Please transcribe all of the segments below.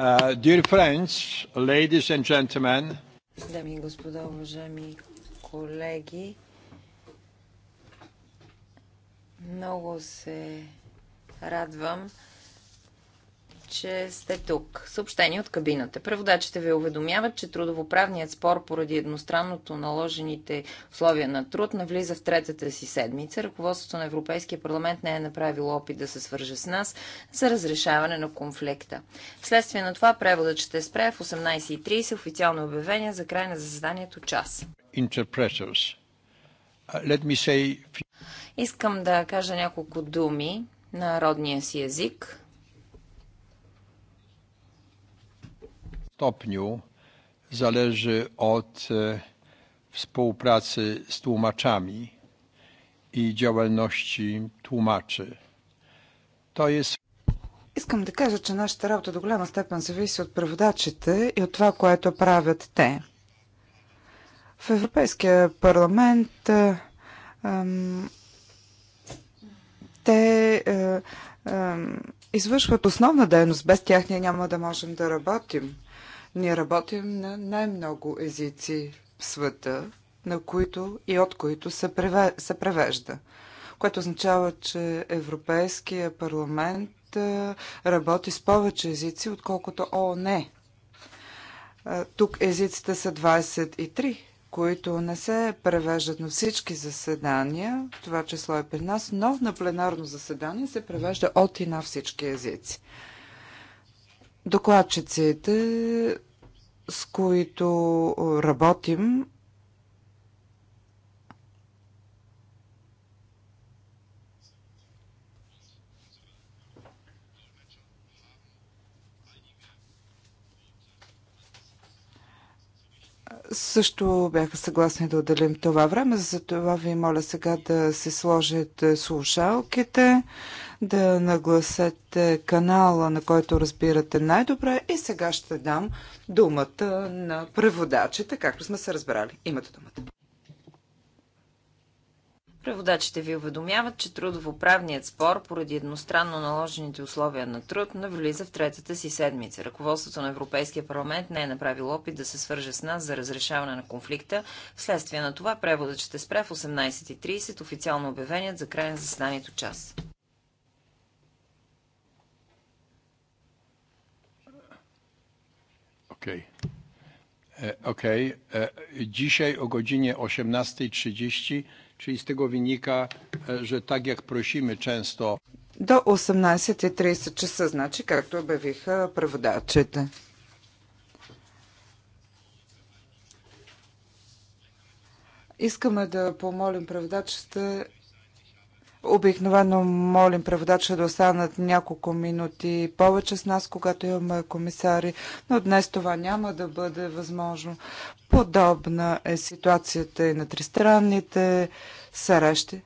Uh, dear friends, ladies and gentlemen. Дами и господа, уважаеми колеги, много се радвам, че сте тук. Съобщение от кабината. Преводачите ви уведомяват, че трудовоправният спор поради едностранното наложените условия на труд навлиза в третата си седмица. Ръководството на Европейския парламент не е направило опит да се свърже с нас за разрешаване на конфликта. Вследствие на това преводът ще спре в 18.30 официално обявение за край на заседанието час. Uh, say... Искам да кажа няколко думи на родния си език stopniu zależy od e, współpracy z tłumaczami i działalności tłumaczy. To jest, Искам да кажа, че нашата работа до голяма степен зависи от преводачите и от това, което правят те. В Европейския парламент е, те е, извършват основна дейност. Без тях ние няма да можем да работим. Ние работим на най-много езици в света, на които и от които се, преве, се превежда. Което означава, че Европейския парламент е, работи с повече езици, отколкото ООН. Е, тук езиците са 23, които не се превеждат на всички заседания, в това число е при нас, но на пленарно заседание се превежда от и на всички езици докладчиците, с които работим, също бяха съгласни да отделим това време, затова ви моля сега да се сложат слушалките, да нагласете канала, на който разбирате най-добре и сега ще дам думата на преводачите, както сме се разбрали. Имате думата. Преводачите ви уведомяват, че трудовоправният спор поради едностранно наложените условия на труд навлиза в третата си седмица. Ръководството на Европейския парламент не е направило опит да се свърже с нас за разрешаване на конфликта. Вследствие на това преводът ще спре в 18.30, официално обявеният за край на заседанието час. Окей. Okay. Okej. Okay. Dzisiaj 18.30 Czyli z tego wynika, e, że tak jak prosimy często. Do 18.30 часа, значи, както обявиха преводачите. Искаме да помолим преводачите Обикновено молим преводача да останат няколко минути повече с нас, когато имаме комисари, но днес това няма да бъде възможно. Подобна е ситуацията и на тристранните срещи.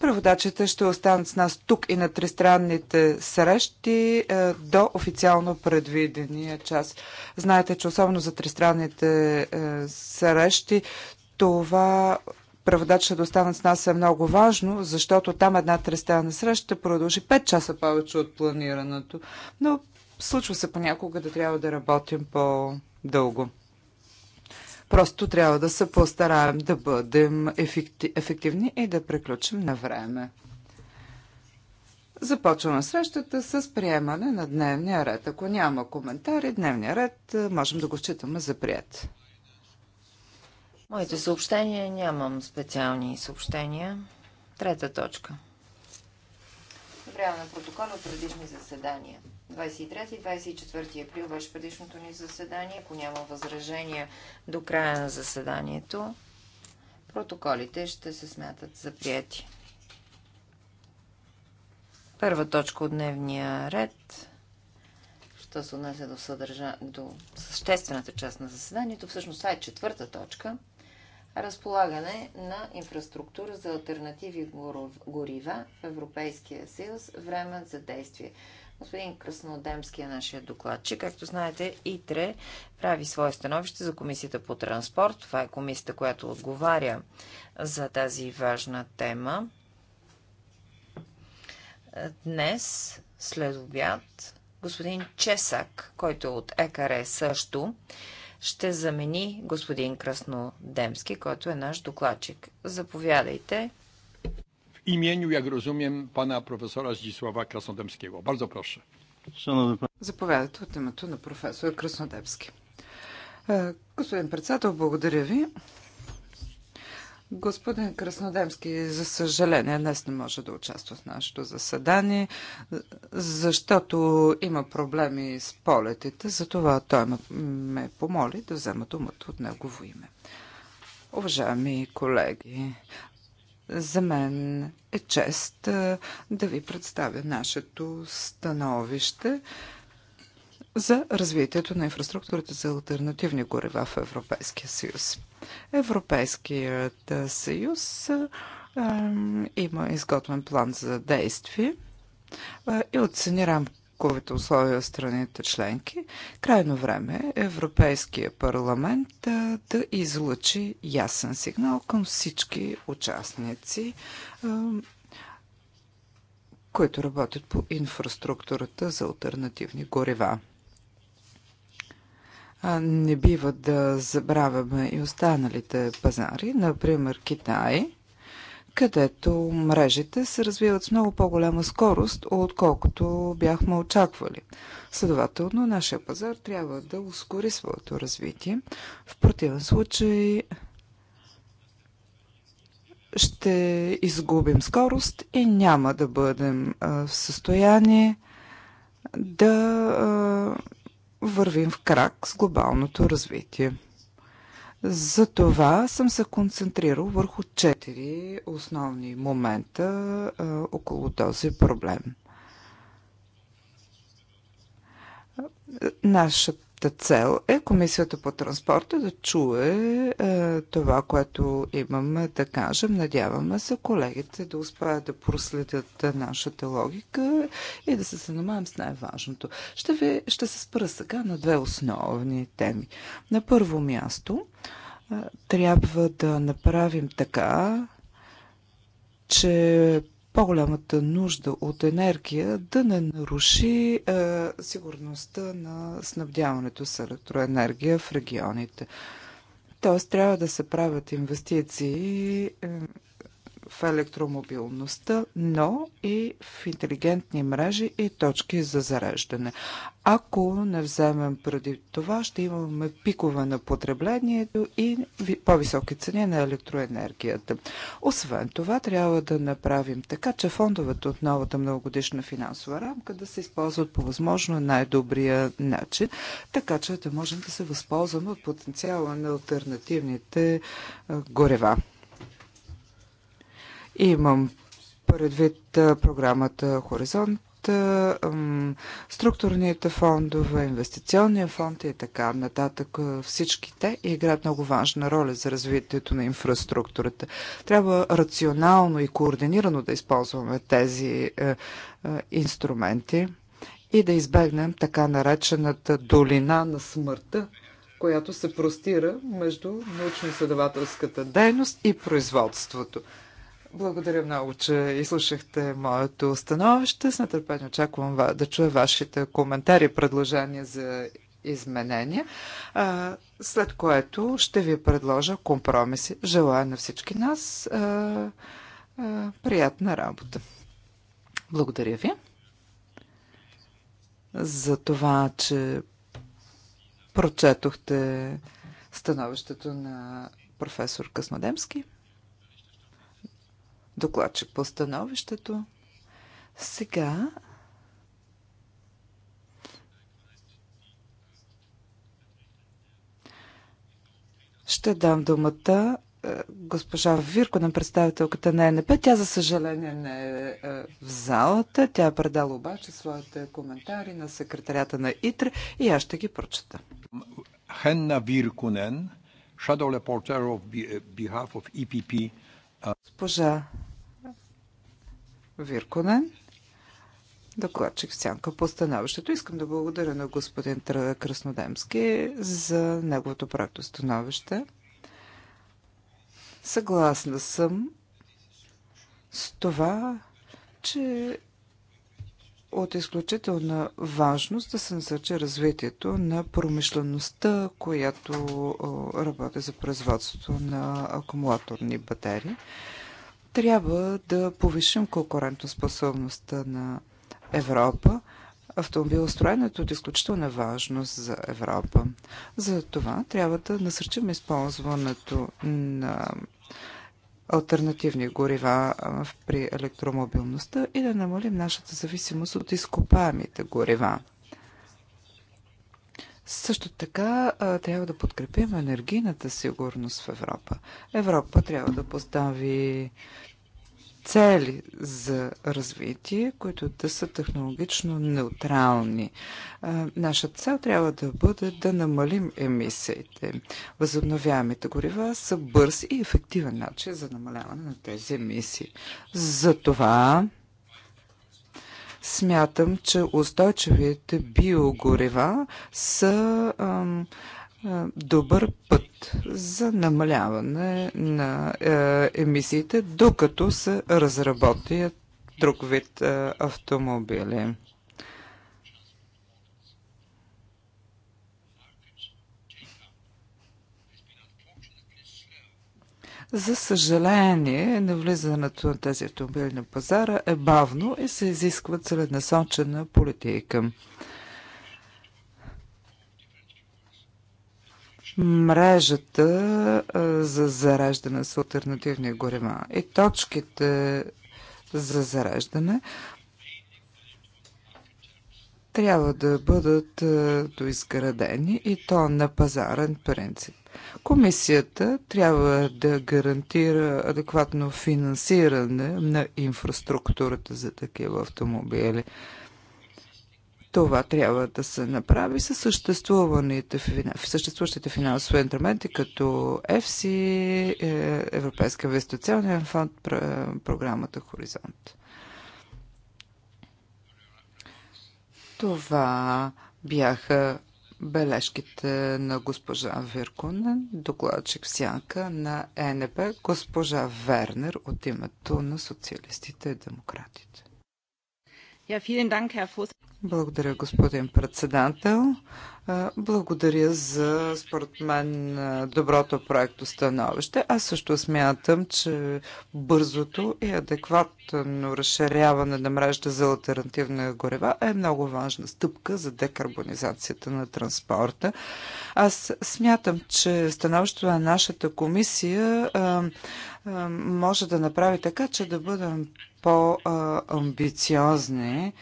Преводачите ще останат с нас тук и на тристранните срещи е, до официално предвидения час. Знаете, че особено за тристранните е, срещи това Праводача да останат с нас е много важно, защото там една тристранна среща ще продължи 5 часа повече от планираното. Но случва се понякога да трябва да работим по-дълго. Просто трябва да се постараем да бъдем ефекти, ефективни и да приключим на време. Започваме срещата с приемане на дневния ред. Ако няма коментари, дневния ред можем да го считаме за прият. Моите съобщения нямам специални съобщения. Трета точка. Време на протокола от предишни заседания. 23-24 април беше предишното ни заседание. Ако няма възражения до края на заседанието, протоколите ще се смятат за прияти. Първа точка от дневния ред що се отнесе до, съдържа... до съществената част на заседанието. Всъщност това е четвърта точка – разполагане на инфраструктура за альтернативи горива в Европейския съюз, време за действие. Господин Краснодемски е нашия докладчик. Както знаете, ИТРЕ прави свое становище за Комисията по транспорт. Това е комисията, която отговаря за тази важна тема. Днес, след обяд, господин Чесак, който е от ЕКАРЕ също, ще замени господин Краснодемски, който е наш докладчик. Заповядайте. В imieniu, jak rozumiem, пана професора Здислава Krasnodębskiego. Бързо proszę. Заповядайте от името на професор Краснодемски. Е, господин председател, благодаря ви. Господин Краснодемски, за съжаление, днес не може да участва в нашето заседание, защото има проблеми с полетите, затова той ме помоли да взема думата от негово име. Уважаеми колеги, за мен е чест да ви представя нашето становище за развитието на инфраструктурата за альтернативни горива в Европейския съюз. Европейският съюз има изготвен план за действие и оцени рамковите условия в страните членки. Крайно време е Европейския парламент да, да излъчи ясен сигнал към всички участници, които работят по инфраструктурата за альтернативни горива не бива да забравяме и останалите пазари, например Китай, където мрежите се развиват с много по-голяма скорост, отколкото бяхме очаквали. Следователно, нашия пазар трябва да ускори своето развитие. В противен случай ще изгубим скорост и няма да бъдем в състояние да вървим в крак с глобалното развитие. За това съм се концентрирал върху четири основни момента а, около този проблем. Нашата цел е Комисията по транспорта да чуе е, това, което имаме да кажем. Надяваме се колегите да успеят да проследят е, нашата логика и да се занимаем с най-важното. Ще, ви, ще се спра сега на две основни теми. На първо място е, трябва да направим така, че по-голямата нужда от енергия да не наруши е, сигурността на снабдяването с електроенергия в регионите. Т.е. трябва да се правят инвестиции е, в електромобилността, но и в интелигентни мрежи и точки за зареждане. Ако не вземем преди това, ще имаме пикове на потреблението и по-високи цени на електроенергията. Освен това, трябва да направим така, че фондовете от новата многогодишна финансова рамка да се използват по възможно най-добрия начин, така че да можем да се възползваме от потенциала на альтернативните горева. Имам предвид програмата Хоризонт, структурните фондове, инвестиционния фонд и така нататък. Всички те играят много важна роля за развитието на инфраструктурата. Трябва рационално и координирано да използваме тези е, е, инструменти и да избегнем така наречената долина на смъртта, която се простира между научно-изследователската дейност и производството. Благодаря много, че изслушахте моето становище. С нетърпение очаквам да чуя вашите коментари и предложения за изменения, след което ще ви предложа компромиси. Желая на всички нас приятна работа. Благодаря ви за това, че прочетохте становището на професор Къснодемски докладчик по становището. Сега ще дам думата е, госпожа на представителката на ЕНП. Тя, за съжаление, не е, е в залата. Тя е предала обаче своите коментари на секретарята на ИТР и аз ще ги прочета. Хенна Виркунен, shadow reporter of behalf of EPP. Госпожа Вирконен. Докладчик Сянка по становището. Искам да благодаря на господин Краснодемски за неговото проекто становище. Съгласна съм с това, че от изключителна важност да се насърчи развитието на промишлеността, която работи за производството на акумулаторни батерии. Трябва да повишим конкурентоспособността на Европа. Автомобилостроенето е от изключителна важност за Европа. За това трябва да насърчим използването на альтернативни горива при електромобилността и да намалим нашата зависимост от изкопаемите горива. Също така трябва да подкрепим енергийната сигурност в Европа. Европа трябва да постави цели за развитие, които да са технологично неутрални. Наша цел трябва да бъде да намалим емисиите. Възобновяемите горива са бърз и ефективен начин за намаляване на тези емисии. Затова Смятам, че устойчивите биогорива са ам, добър път за намаляване на емисиите, докато се разработят друг вид автомобили. За съжаление, навлизането на тези автомобили на пазара е бавно и се изисква целенасочена политика. Мрежата за зареждане с альтернативни горива и точките за зареждане трябва да бъдат е, доизградени и то на пазарен принцип. Комисията трябва да гарантира адекватно финансиране на инфраструктурата за такива автомобили. Това трябва да се направи със съществуващите финансови инструменти, като EFSI, е, Европейска инвестиционен фонд, програмата Хоризонт. Това бяха бележките на госпожа Вирконен, докладчик сянка на ЕНП, госпожа Вернер от името на социалистите и демократите. Благодаря, господин председател. Благодаря за, според мен, доброто проекто становище. Аз също смятам, че бързото и адекватно разширяване на мрежата за альтернативна горева е много важна стъпка за декарбонизацията на транспорта. Аз смятам, че становището на нашата комисия може да направи така, че да бъдем по-амбициозни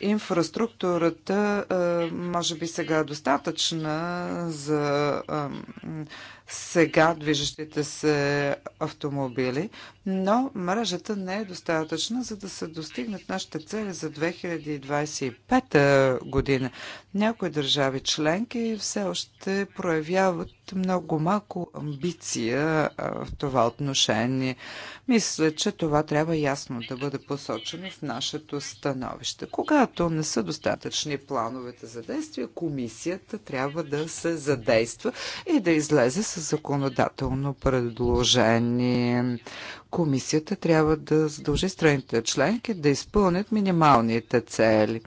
инфраструктурата може би сега е достатъчна за сега движещите се автомобили, но мрежата не е достатъчна, за да се достигнат нашите цели за 2025 година. Някои държави членки все още проявяват много малко амбиция в това отношение. Мисля, че това трябва ясно да бъде посочено в нашето становище. Когато не са достатъчни плановете за действие, комисията трябва да се задейства и да излезе с законодателно предложение. Комисията трябва да задължи страните членки да изпълнят минималните цели.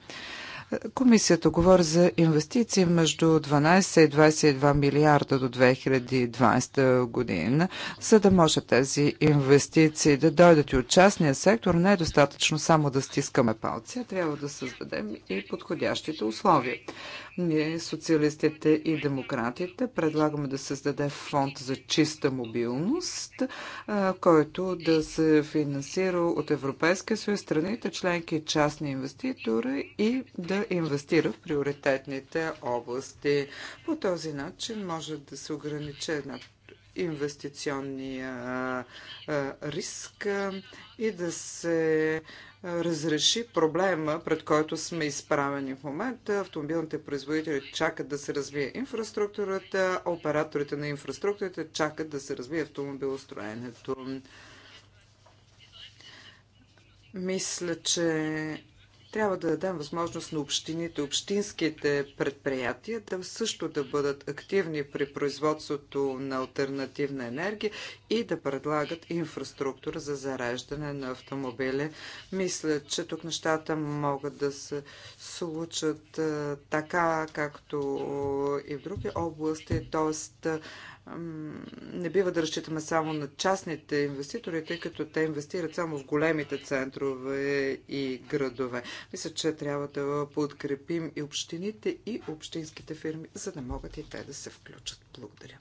Комисията говори за инвестиции между 12 и 22 милиарда до 2020 година, за да може тези инвестиции да дойдат и от частния сектор. Не е достатъчно само да стискаме палци, а трябва да създадем и подходящите условия. Ние, социалистите и демократите, предлагаме да създаде фонд за чиста мобилност, който да се финансира от Европейския съюз, страните, членки, частни инвеститори и да инвестира в приоритетните области. По този начин може да се ограничи една инвестиционния риск и да се разреши проблема, пред който сме изправени в момента. Автомобилните производители чакат да се развие инфраструктурата, операторите на инфраструктурата чакат да се развие автомобилостроенето. Мисля, че трябва да дадем възможност на общините, общинските предприятия да също да бъдат активни при производството на альтернативна енергия и да предлагат инфраструктура за зареждане на автомобили. Мисля, че тук нещата могат да се случат така, както и в други области, т.е не бива да разчитаме само на частните инвеститори, тъй като те инвестират само в големите центрове и градове. Мисля, че трябва да подкрепим и общините, и общинските фирми, за да могат и те да се включат. Благодаря.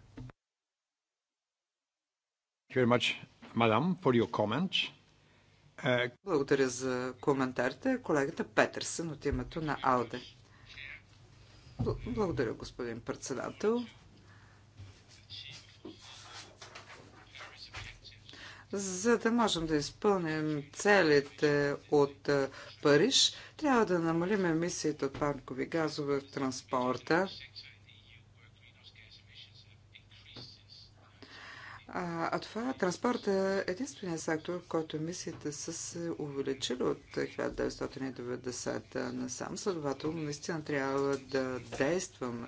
Uh, благодаря за коментарите. Колегата Петърсън от името на АЛДЕ. Благодаря, господин председател. за да можем да изпълним целите от Париж, трябва да намалим емисиите от паркови газове в транспорта. А, а това транспорт е единствения сектор, в който емисиите са се увеличили от 1990 насам. Следователно, наистина трябва да действаме.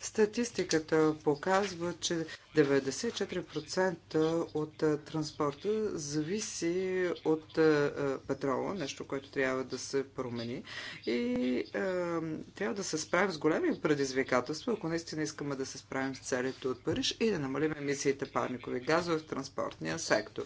Статистиката показва, че 94% от транспорта зависи от петрола, нещо, което трябва да се промени. И е, трябва да се справим с големи предизвикателства, ако наистина искаме да се справим с целите от Париж и да намалим емисиите парникови газове в транспортния сектор.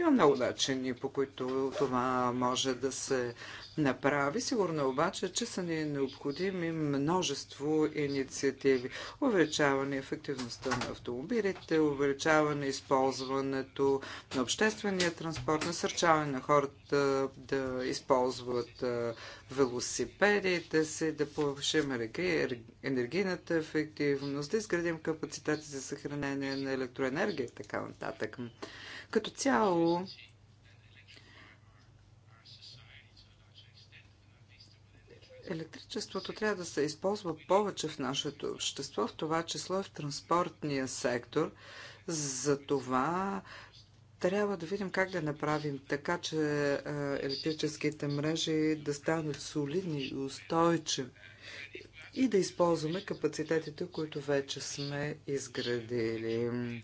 Има много начини, по които това може да се направи. Сигурно обаче, че са ни необходими множество инициативи. Увеличаване ефективността на автомобилите, увеличаване използването на обществения транспорт, насърчаване на хората да използват велосипедите си, да повишим енергийната ефективност, да изградим капацитети за съхранение на електроенергия и така нататък. Като цяло, Електричеството трябва да се използва повече в нашето общество, в това число и в транспортния сектор. За това трябва да видим как да направим така, че е, електрическите мрежи да станат солидни и устойчиви и да използваме капацитетите, които вече сме изградили. Е,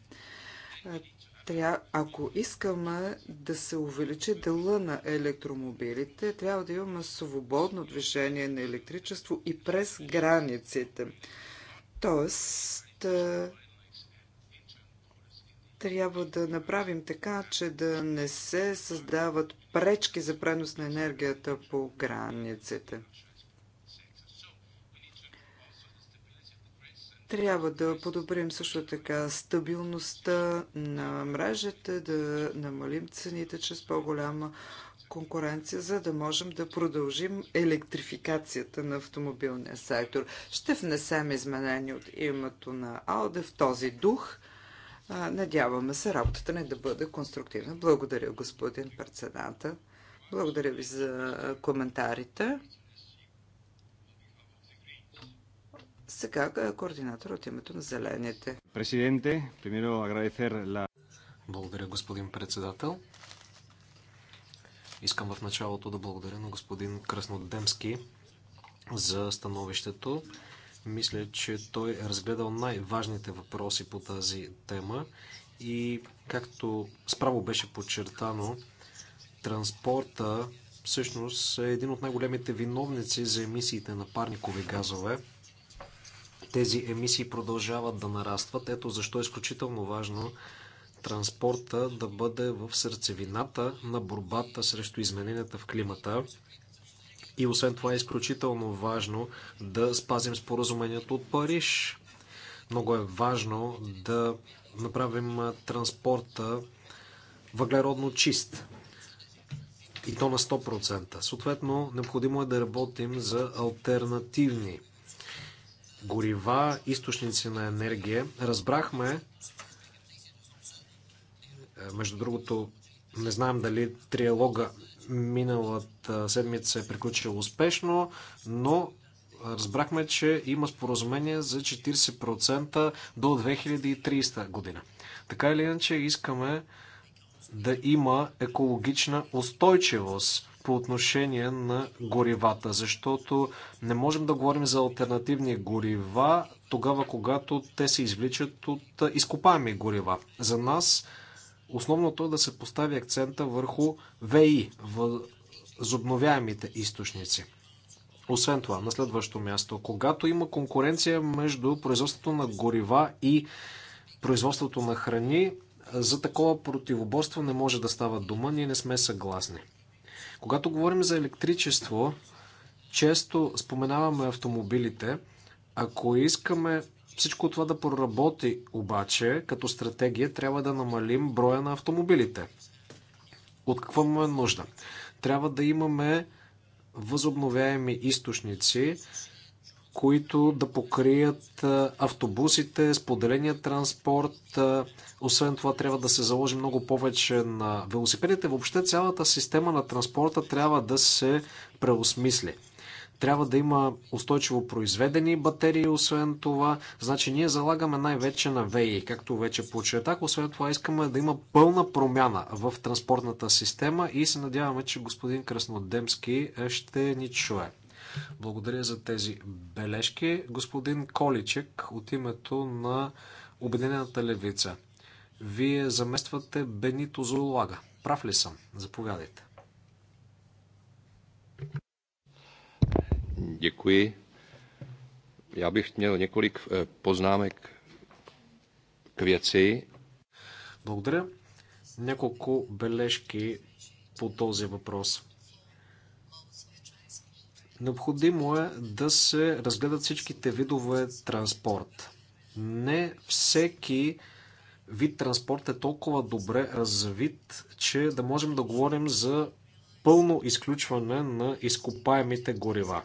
ако искаме да се увеличи дела на електромобилите, трябва да имаме свободно движение на електричество и през границите. Тоест, е, трябва да направим така, че да не се създават пречки за пренос на енергията по границите. Трябва да подобрим също така стабилността на мрежата, да намалим цените чрез по-голяма конкуренция, за да можем да продължим електрификацията на автомобилния сектор. Ще внесем изменения от името на АОДЕ в този дух. Надяваме се работата ни да бъде конструктивна. Благодаря, господин председател. Благодаря ви за коментарите. Сега е, координатор от името на Зелените. Президенте, примерно аградецер ла... Благодаря, господин председател. Искам в началото да благодаря на господин Краснодемски за становището. Мисля, че той е разгледал най-важните въпроси по тази тема и както справо беше подчертано, транспорта всъщност е един от най-големите виновници за емисиите на парникови газове тези емисии продължават да нарастват. Ето защо е изключително важно транспорта да бъде в сърцевината на борбата срещу измененията в климата. И освен това е изключително важно да спазим споразумението от Париж. Много е важно да направим транспорта въглеродно чист. И то на 100%. Съответно, необходимо е да работим за альтернативни горива, източници на енергия. Разбрахме, е, между другото, не знаем дали триалога миналата седмица е приключил успешно, но разбрахме, че има споразумение за 40% до 2030 година. Така или иначе искаме да има екологична устойчивост по отношение на горивата, защото не можем да говорим за альтернативни горива тогава, когато те се извличат от изкопаеми горива. За нас основното е да се постави акцента върху ВИ, възобновяемите източници. Освен това, на следващо място, когато има конкуренция между производството на горива и производството на храни, за такова противоборство не може да става дума, ние не сме съгласни. Когато говорим за електричество, често споменаваме автомобилите. Ако искаме всичко това да проработи, обаче, като стратегия, трябва да намалим броя на автомобилите. От какво му е нужда? Трябва да имаме възобновяеми източници, които да покрият автобусите, споделения транспорт. Освен това трябва да се заложи много повече на велосипедите. Въобще цялата система на транспорта трябва да се преосмисли. Трябва да има устойчиво произведени батерии, освен това. Значи ние залагаме най-вече на ВЕИ, както вече подчертах. Освен това искаме да има пълна промяна в транспортната система и се надяваме, че господин Краснодемски е, ще ни чуе. Благодаря за тези бележки. Господин Количек от името на Обединената левица. Вие замествате Бенито Золага. Прав ли съм? Заповядайте. Děkuji. Já bych měl několik eh, poznámek k věci. Благодаря. Няколко бележки по този въпрос. Необходимо е да се разгледат всичките видове транспорт. Не всеки вид транспорт е толкова добре развит, че да можем да говорим за пълно изключване на изкопаемите горива.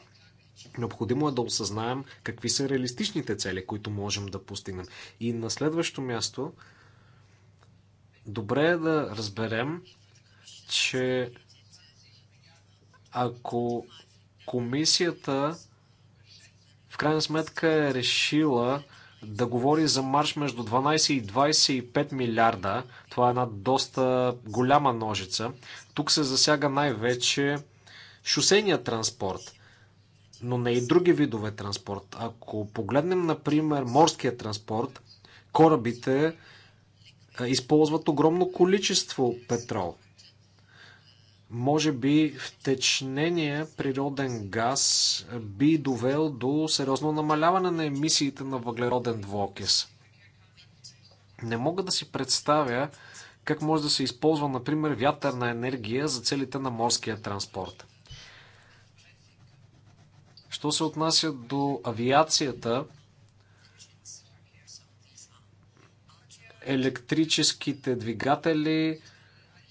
Необходимо е да осъзнаем какви са реалистичните цели, които можем да постигнем. И на следващо място, добре е да разберем, че ако Комисията в крайна сметка е решила да говори за марш между 12 и 25 милиарда. Това е една доста голяма ножица. Тук се засяга най-вече шосейния транспорт, но не и други видове транспорт. Ако погледнем, например, морския транспорт, корабите използват огромно количество петрол може би втечнения природен газ би довел до сериозно намаляване на емисиите на въглероден двуокис. Не мога да си представя как може да се използва, например, вятърна енергия за целите на морския транспорт. Що се отнася до авиацията, електрическите двигатели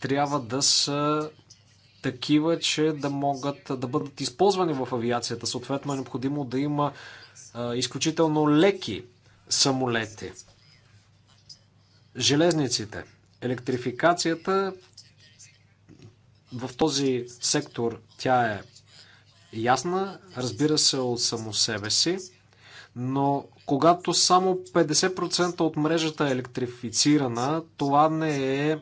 трябва да са такива, че да могат да бъдат използвани в авиацията. Съответно е необходимо да има изключително леки самолети. Железниците, електрификацията в този сектор тя е ясна, разбира се от само себе си, но когато само 50% от мрежата е електрифицирана, това не е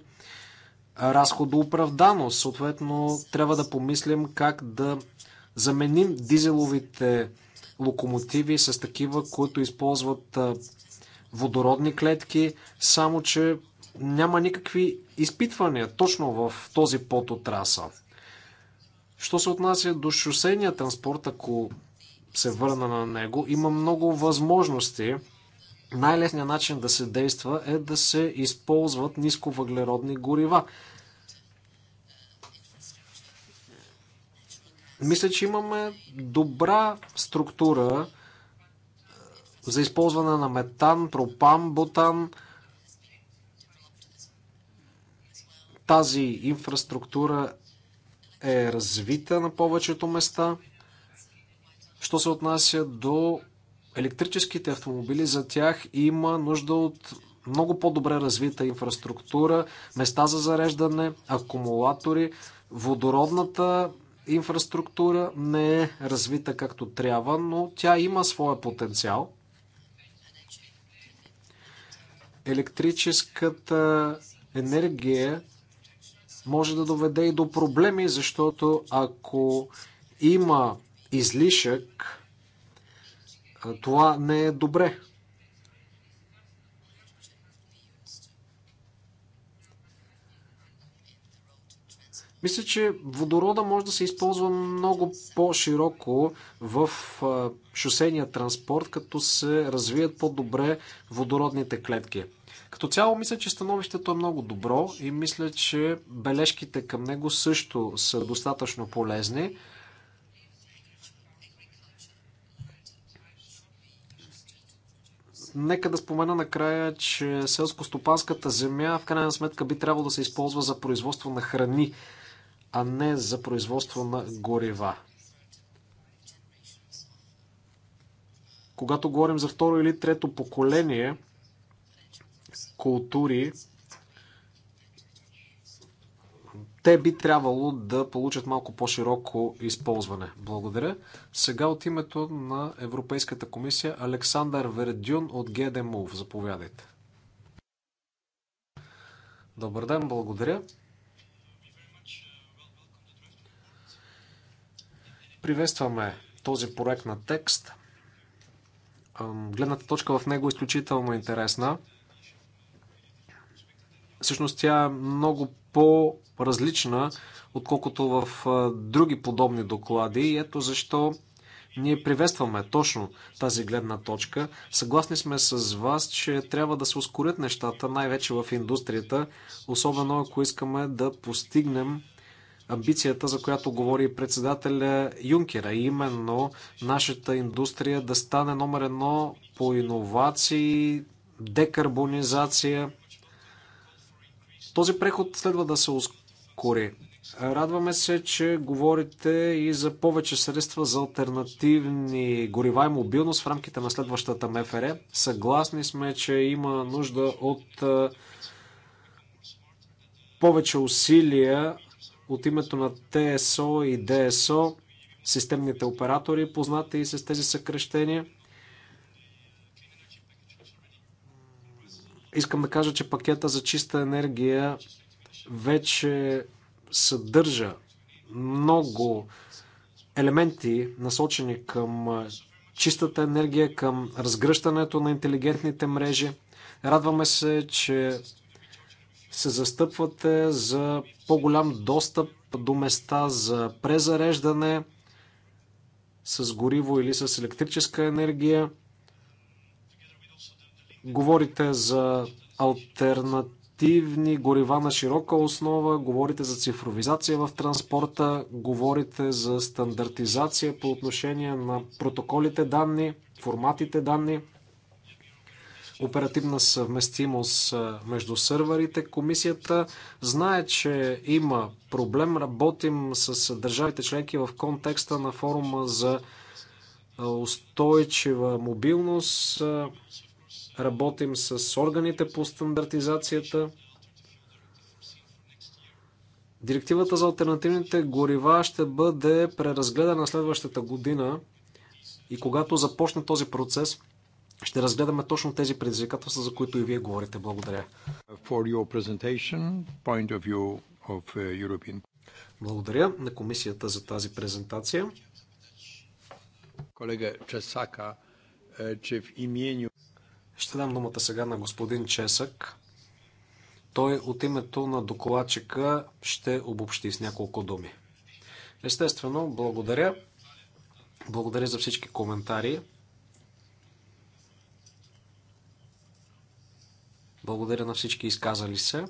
разходооправдано. Съответно, трябва да помислим как да заменим дизеловите локомотиви с такива, които използват водородни клетки, само че няма никакви изпитвания точно в този пототраса. Що се отнася до шосейния транспорт, ако се върна на него, има много възможности най-лесният начин да се действа е да се използват нисковъглеродни горива. Мисля, че имаме добра структура е, за използване на метан, пропан, бутан. Тази инфраструктура е развита на повечето места. Що се отнася до електрическите автомобили, за тях има нужда от много по-добре развита инфраструктура, места за зареждане, акумулатори. Водородната инфраструктура не е развита както трябва, но тя има своя потенциал. Електрическата енергия може да доведе и до проблеми, защото ако има излишък, това не е добре. Мисля, че водорода може да се използва много по-широко в шосения транспорт, като се развият по-добре водородните клетки. Като цяло, мисля, че становището е много добро и мисля, че бележките към него също са достатъчно полезни. Нека да спомена накрая, че селско-стопанската земя в крайна сметка би трябвало да се използва за производство на храни, а не за производство на горива. Когато говорим за второ или трето поколение култури, те би трябвало да получат малко по-широко използване. Благодаря. Сега от името на Европейската комисия Александър Вердюн от ГДМУВ. Заповядайте. Добър ден, благодаря. Приветстваме този проект на текст. Гледната точка в него е изключително интересна. Всъщност тя е много по-различна, отколкото в други подобни доклади. И ето защо ние приветстваме точно тази гледна точка. Съгласни сме с вас, че трябва да се ускорят нещата, най-вече в индустрията, особено ако искаме да постигнем амбицията, за която говори председателя Юнкера, именно нашата индустрия да стане номер едно по иновации, декарбонизация – този преход следва да се ускори. Радваме се, че говорите и за повече средства за альтернативни горива и мобилност в рамките на следващата МФР. Съгласни сме, че има нужда от повече усилия от името на ТСО и ДСО, системните оператори, познати и с тези съкрещения – Искам да кажа, че пакета за чиста енергия вече съдържа много елементи, насочени към чистата енергия, към разгръщането на интелигентните мрежи. Радваме се, че се застъпвате за по-голям достъп до места за презареждане с гориво или с електрическа енергия. Говорите за альтернативни горива на широка основа, говорите за цифровизация в транспорта, говорите за стандартизация по отношение на протоколите данни, форматите данни, оперативна съвместимост между сървърите. Комисията знае, че има проблем. Работим с държавите членки в контекста на форума за устойчива мобилност. Работим с органите по стандартизацията. Директивата за альтернативните горива ще бъде преразгледана следващата година и когато започне този процес, ще разгледаме точно тези предизвикателства, за които и вие говорите. Благодаря. Uh, Благодаря на комисията за тази презентация. Колега Чесака, uh, че в именю... Ще дам думата сега на господин Чесък. Той от името на докладчика ще обобщи с няколко думи. Естествено, благодаря. Благодаря за всички коментари. Благодаря на всички изказали се.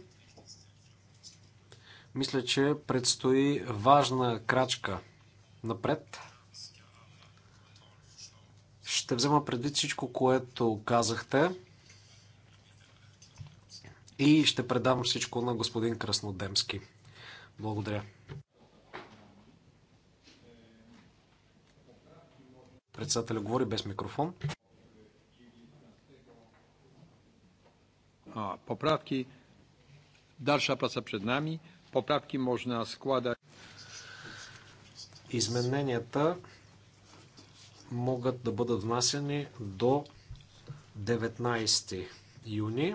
Мисля, че предстои важна крачка напред. Ще взема предвид всичко, което казахте и ще предам всичко на господин Краснодемски. Благодаря. Председателя говори без микрофон. Поправки. poprawki, dalsza пред нами. Поправки може można склада. Измененията могат да бъдат внасяни до 19 юни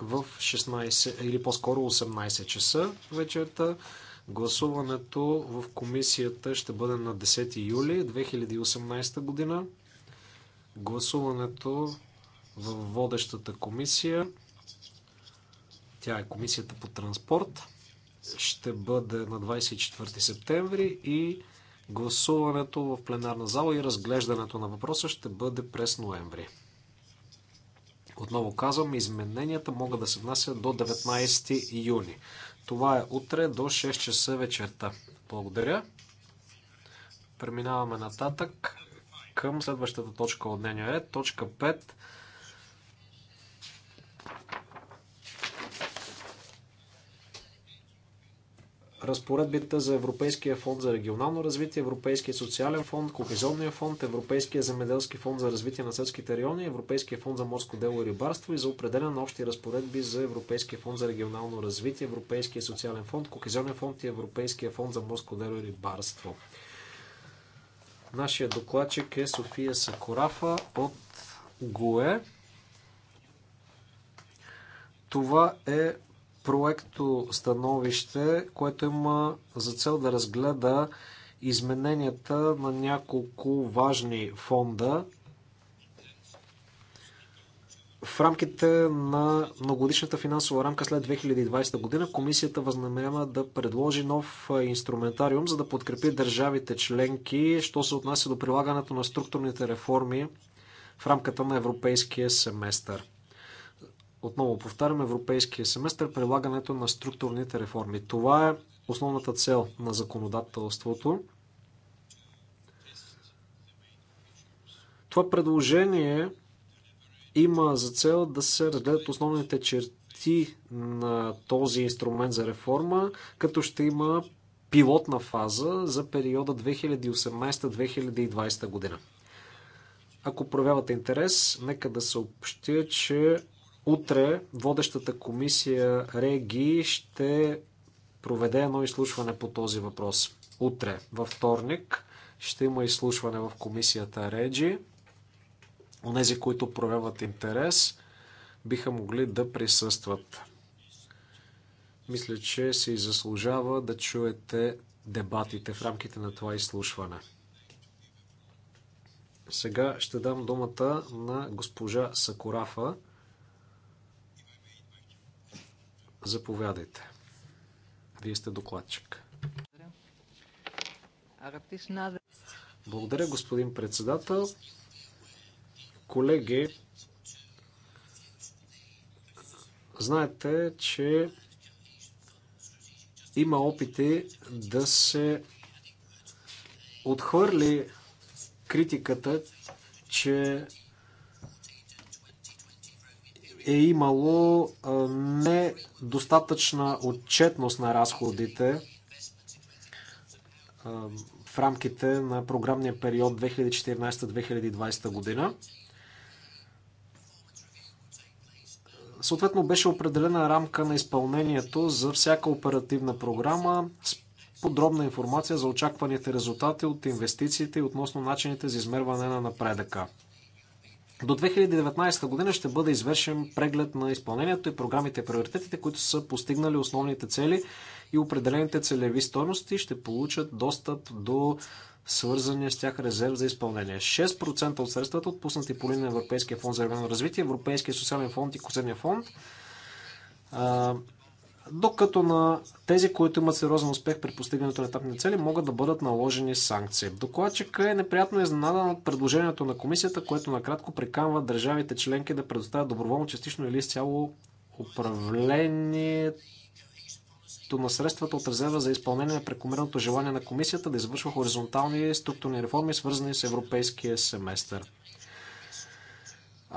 в 16 или по-скоро 18 часа вечерта. Гласуването в комисията ще бъде на 10 юли 2018 година. Гласуването в водещата комисия, тя е комисията по транспорт, ще бъде на 24 септември и Гласуването в пленарна зала и разглеждането на въпроса ще бъде през ноември. Отново казвам, измененията могат да се внасят до 19 юни. Това е утре до 6 часа вечерта. Благодаря. Преминаваме нататък към следващата точка от дневния ред. Точка 5. разпоредбите за Европейския фонд за регионално развитие, Европейския социален фонд, Кохезионния фонд, Европейския земеделски фонд за развитие на селските райони, Европейския фонд за морско дело и рибарство и за определяне на общи разпоредби за Европейския фонд за регионално развитие, Европейския социален фонд, Кохезионния фонд и Европейския фонд за морско дело и рибарство. Нашия докладчик е София Сакорафа от ГУЕ. Това е проекто становище, което има за цел да разгледа измененията на няколко важни фонда в рамките на многодишната финансова рамка след 2020 година комисията възнамерява да предложи нов инструментариум, за да подкрепи държавите членки, що се отнася до прилагането на структурните реформи в рамката на европейския семестър. Отново повтарям европейския семестър, прилагането на структурните реформи. Това е основната цел на законодателството. Това предложение има за цел да се разгледат основните черти на този инструмент за реформа, като ще има пилотна фаза за периода 2018-2020 година. Ако проявявате интерес, нека да съобщя, че Утре водещата комисия Реги ще проведе едно изслушване по този въпрос. Утре, във вторник, ще има изслушване в комисията Реджи. Онези, които проявят интерес, биха могли да присъстват. Мисля, че се и заслужава да чуете дебатите в рамките на това изслушване. Сега ще дам думата на госпожа Сакурафа, Заповядайте. Вие сте докладчик. Благодаря, господин председател. Колеги, знаете, че има опити да се отхвърли критиката, че е имало недостатъчна отчетност на разходите в рамките на програмния период 2014-2020 година. Съответно беше определена рамка на изпълнението за всяка оперативна програма с подробна информация за очакваните резултати от инвестициите и относно начините за измерване на напредъка. До 2019 година ще бъде извършен преглед на изпълнението и програмите и приоритетите, които са постигнали основните цели и определените целеви стойности ще получат достъп до свързания с тях резерв за изпълнение. 6% от средствата, отпуснати по линия на Европейския фонд за регионално развитие, Европейския социален фонд и Коземния фонд, докато на тези, които имат сериозен успех при постигането на етапни цели, могат да бъдат наложени санкции. Докладчика е неприятно изненадан от предложението на комисията, което накратко приканва държавите членки да предоставят доброволно, частично или изцяло управлението на средствата от резерва за изпълнение на прекомерното желание на комисията да извършва хоризонтални структурни реформи, свързани с европейския семестър.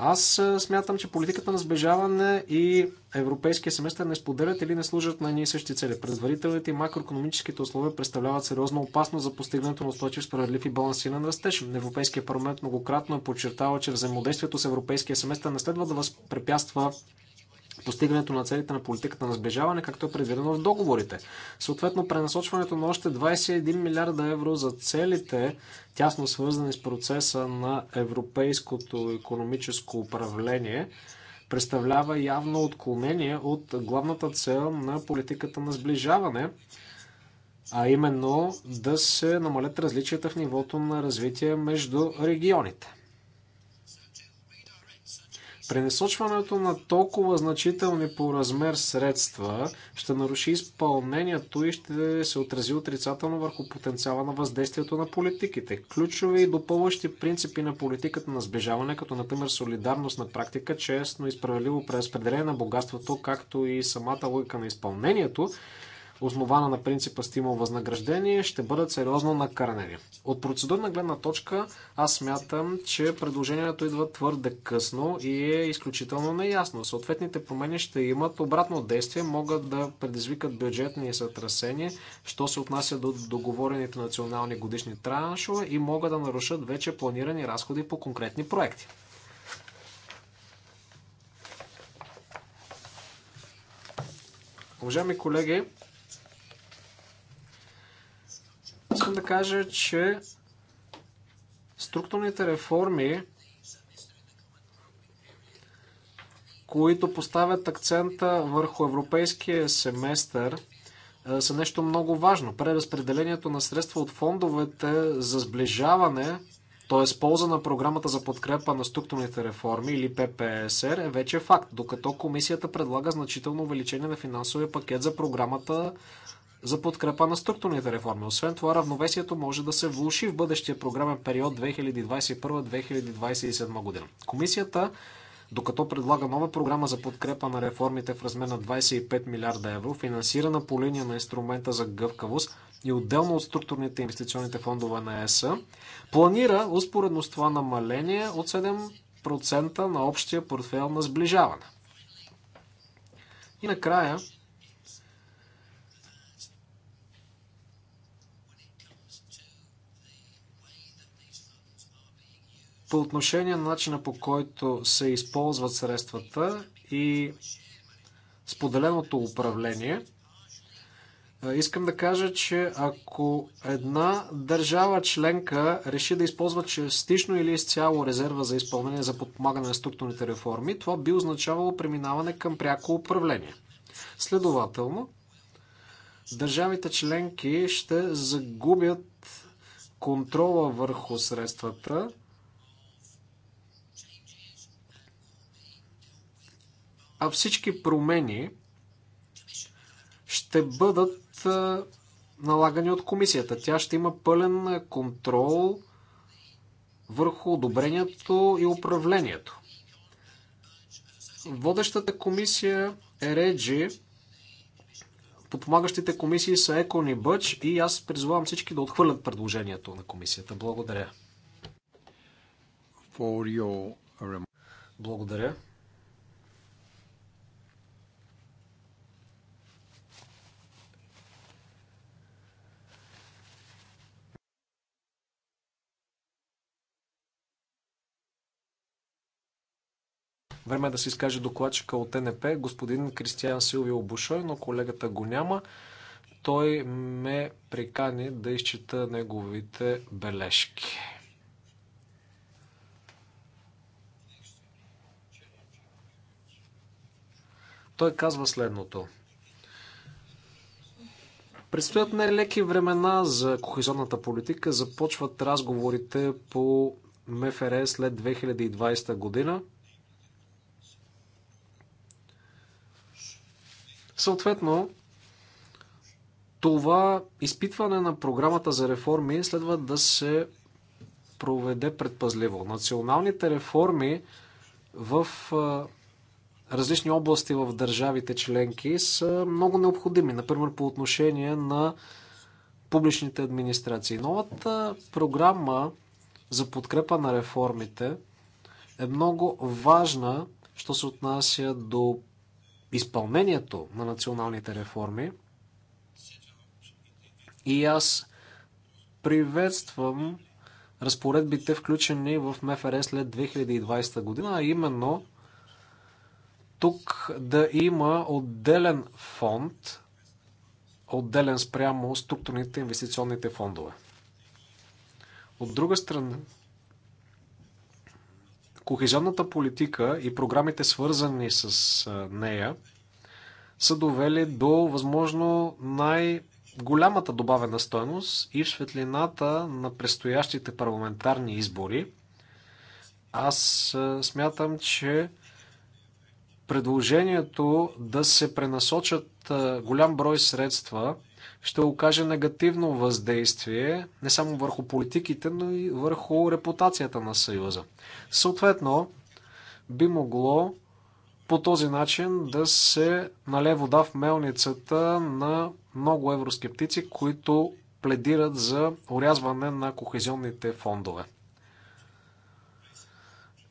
Аз смятам, че политиката на сближаване и европейския семестър не споделят или не служат на ние същи цели. Предварителните и макроекономическите условия представляват сериозна опасност за постигането на устойчив, справедлив и балансиран растеж. Европейския парламент многократно е подчертава, че взаимодействието с европейския семестър не следва да възпрепятства постигането на целите на политиката на сближаване, както е предвидено в договорите. Съответно, пренасочването на още 21 милиарда евро за целите, тясно свързани с процеса на европейското економическо управление, представлява явно отклонение от главната цел на политиката на сближаване, а именно да се намалят различията в нивото на развитие между регионите. Пренесочването на толкова значителни по размер средства ще наруши изпълнението и ще се отрази отрицателно върху потенциала на въздействието на политиките. Ключови и допълващи принципи на политиката на сближаване, като например солидарност на практика, честно и справедливо преразпределение на богатството, както и самата логика на изпълнението, основана на принципа стимул възнаграждение, ще бъдат сериозно накърнени. От процедурна гледна точка аз смятам, че предложението идва твърде късно и е изключително неясно. Съответните промени ще имат обратно действие, могат да предизвикат бюджетни сътрасения, що се отнася до договорените национални годишни траншове и могат да нарушат вече планирани разходи по конкретни проекти. Уважаеми колеги, искам да кажа, че структурните реформи, които поставят акцента върху европейския семестър, е, са нещо много важно. Преразпределението на средства от фондовете за сближаване, т.е. полза на програмата за подкрепа на структурните реформи или ППСР е вече факт, докато комисията предлага значително увеличение на финансовия пакет за програмата за подкрепа на структурните реформи. Освен това, равновесието може да се влуши в бъдещия програмен период 2021-2027 година. Комисията докато предлага нова програма за подкрепа на реформите в размер на 25 милиарда евро, финансирана по линия на инструмента за гъвкавост и отделно от структурните инвестиционните фондове на ЕС, планира успоредно с това намаление от 7% на общия портфел на сближаване. И накрая, по отношение на начина по който се използват средствата и споделеното управление, искам да кажа, че ако една държава членка реши да използва частично или изцяло резерва за изпълнение за подпомагане на структурните реформи, това би означавало преминаване към пряко управление. Следователно, държавите членки ще загубят контрола върху средствата, а всички промени ще бъдат налагани от комисията. Тя ще има пълен контрол върху одобрението и управлението. Водещата комисия е Реджи, подпомагащите комисии са Екон и Бъч и аз призвавам всички да отхвърлят предложението на комисията. Благодаря. Your... Благодаря Време е да се изкаже докладчика от НП, господин Кристиан Силвио Бушой, но колегата го няма. Той ме прикани да изчита неговите бележки. Той казва следното. Предстоят нелеки времена за кохезионната политика. Започват разговорите по МФР е след 2020 година. Съответно, това изпитване на програмата за реформи следва да се проведе предпазливо. Националните реформи в различни области в държавите членки са много необходими, например по отношение на публичните администрации. Новата програма за подкрепа на реформите е много важна, що се отнася до изпълнението на националните реформи. И аз приветствам разпоредбите, включени в МФР след 2020 година, а именно тук да има отделен фонд, отделен спрямо структурните инвестиционните фондове. От друга страна, Кохезионната политика и програмите свързани с нея са довели до възможно най-голямата добавена стойност и в светлината на предстоящите парламентарни избори. Аз смятам, че предложението да се пренасочат голям брой средства – ще окаже негативно въздействие не само върху политиките, но и върху репутацията на Съюза. Съответно, би могло по този начин да се нале вода в мелницата на много евроскептици, които пледират за урязване на кохезионните фондове.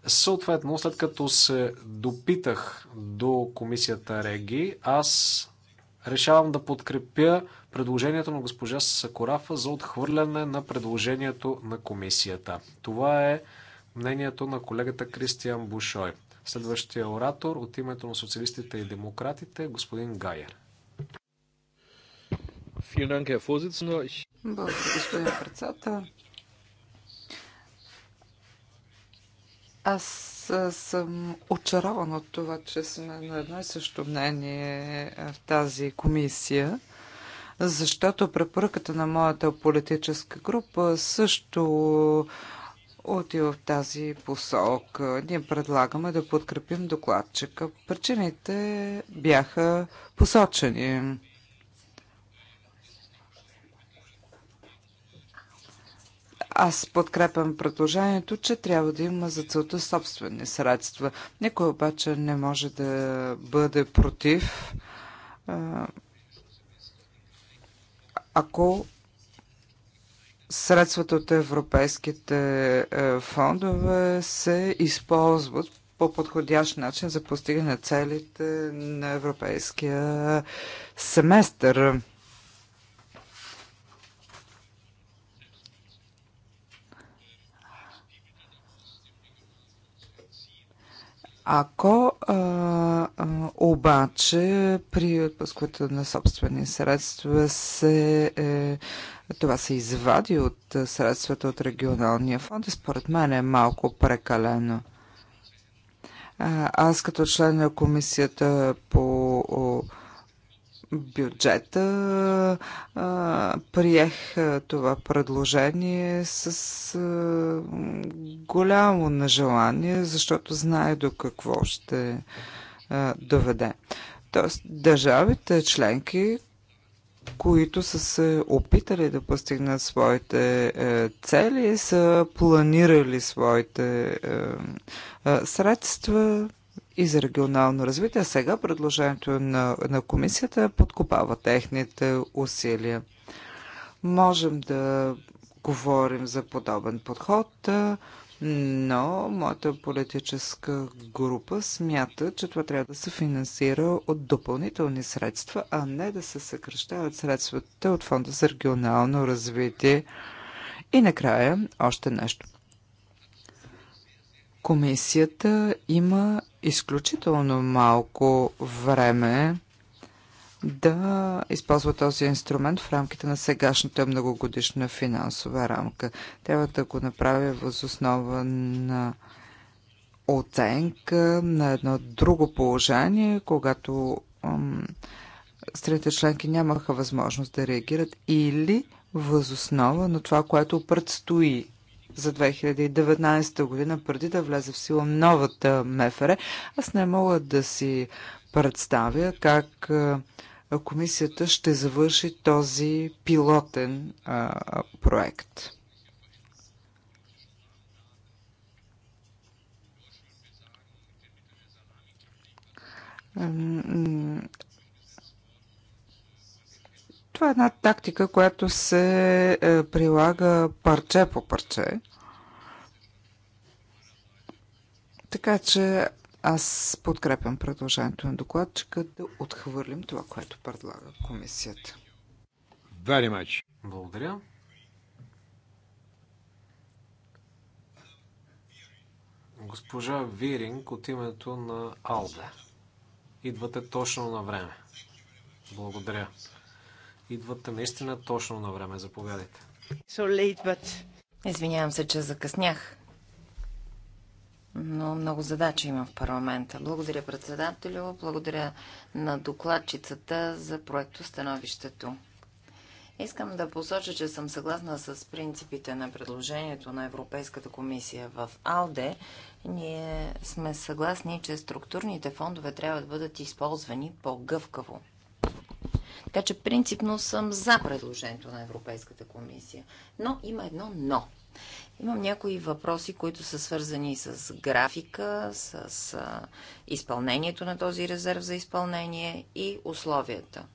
Съответно, след като се допитах до комисията Реги, аз решавам да подкрепя предложението на госпожа Сакорафа за отхвърляне на предложението на комисията. Това е мнението на колегата Кристиан Бушой. Следващия оратор от името на социалистите и демократите, господин Гайер. Благодаря, господин председател. Аз съм очарован от това, че сме на едно и също мнение в тази комисия защото препоръката на моята политическа група също оти в тази посока. Ние предлагаме да подкрепим докладчика. Причините бяха посочени. Аз подкрепям предложението, че трябва да има за целта собствени средства. Никой обаче не може да бъде против ако средствата от европейските е, фондове се използват по подходящ начин за постигане целите на европейския семестър. Ако а, а, обаче при отпускването на собствени средства се, е, това се извади от средствата от регионалния фонд, и според мен е малко прекалено. А, аз като член на комисията по бюджета. Приех това предложение с голямо нежелание, защото знае до какво ще доведе. Тоест, държавите членки, които са се опитали да постигнат своите е, цели, са планирали своите е, е, средства и за регионално развитие. Сега предложението на, на комисията подкопава техните усилия. Можем да говорим за подобен подход, но моята политическа група смята, че това трябва да се финансира от допълнителни средства, а не да се съкръщават средствата от Фонда за регионално развитие. И накрая още нещо. Комисията има изключително малко време да използва този инструмент в рамките на сегашната многогодишна финансова рамка. Трябва да го направя възоснова на оценка на едно друго положение, когато страните членки нямаха възможност да реагират или възоснова на това, което предстои за 2019 година, преди да влезе в сила новата МФР, аз не мога да си представя как комисията ще завърши този пилотен а, проект. Това е една тактика, която се е, прилага парче по парче. Така че аз подкрепям предложението на докладчика да отхвърлим това, което предлага комисията. Very much. Благодаря. Госпожа Виринг от името на Алде. Идвате точно на време. Благодаря. Идвате наистина точно на време. Заповядайте. So late, but... Извинявам се, че закъснях. Но много задачи има в парламента. Благодаря председателю, благодаря на докладчицата за проекто становището. Искам да посоча, че съм съгласна с принципите на предложението на Европейската комисия в АЛДЕ. Ние сме съгласни, че структурните фондове трябва да бъдат използвани по-гъвкаво. Така че принципно съм за предложението на Европейската комисия. Но има едно но. Имам някои въпроси, които са свързани с графика, с изпълнението на този резерв за изпълнение и условията.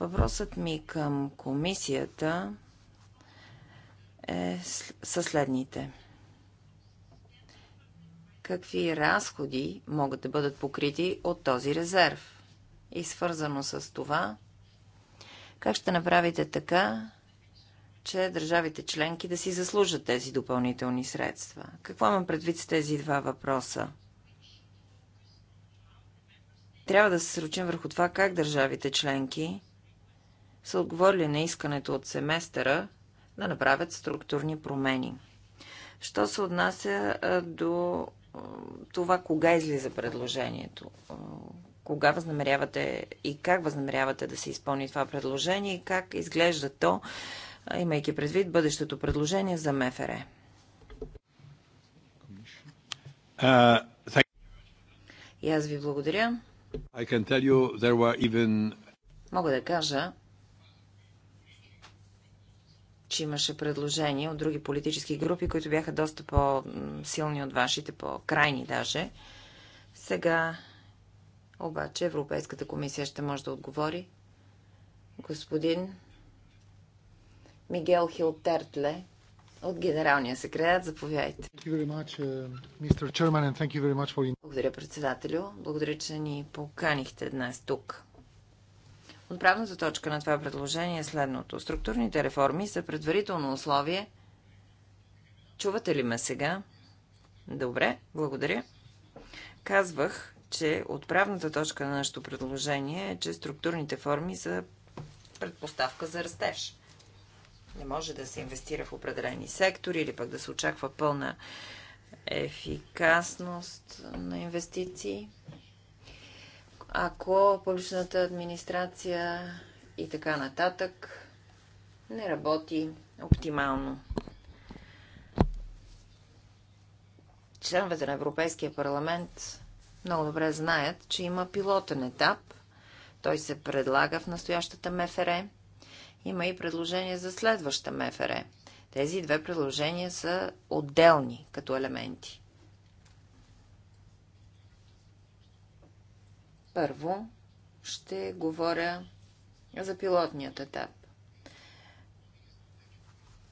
Въпросът ми към комисията е със следните. Какви разходи могат да бъдат покрити от този резерв? и свързано с това, как ще направите така, че държавите членки да си заслужат тези допълнителни средства? Какво имам предвид с тези два въпроса? Трябва да се сручим върху това как държавите членки са отговорили на искането от семестъра да направят структурни промени. Що се отнася до това кога излиза предложението? кога възнамерявате и как възнамерявате да се изпълни това предложение и как изглежда то, имайки предвид бъдещето предложение за МФР? Uh, и аз ви благодаря. You, even... Мога да кажа, че имаше предложения от други политически групи, които бяха доста по-силни от вашите, по-крайни даже. Сега обаче Европейската комисия ще може да отговори. Господин Мигел Хилтертле от Генералния секретар. Заповядайте. Uh, благодаря, председателю. Благодаря, че ни поканихте днес тук. Отправната точка на това предложение е следното. Структурните реформи са предварително условие. Чувате ли ме сега? Добре, благодаря. Казвах, че отправната точка на нашето предложение е, че структурните форми са предпоставка за растеж. Не може да се инвестира в определени сектори или пък да се очаква пълна ефикасност на инвестиции. Ако публичната администрация и така нататък не работи оптимално. Членовете на Европейския парламент много добре знаят, че има пилотен етап. Той се предлага в настоящата МФР. Има и предложение за следваща МФР. Тези две предложения са отделни като елементи. Първо ще говоря за пилотният етап.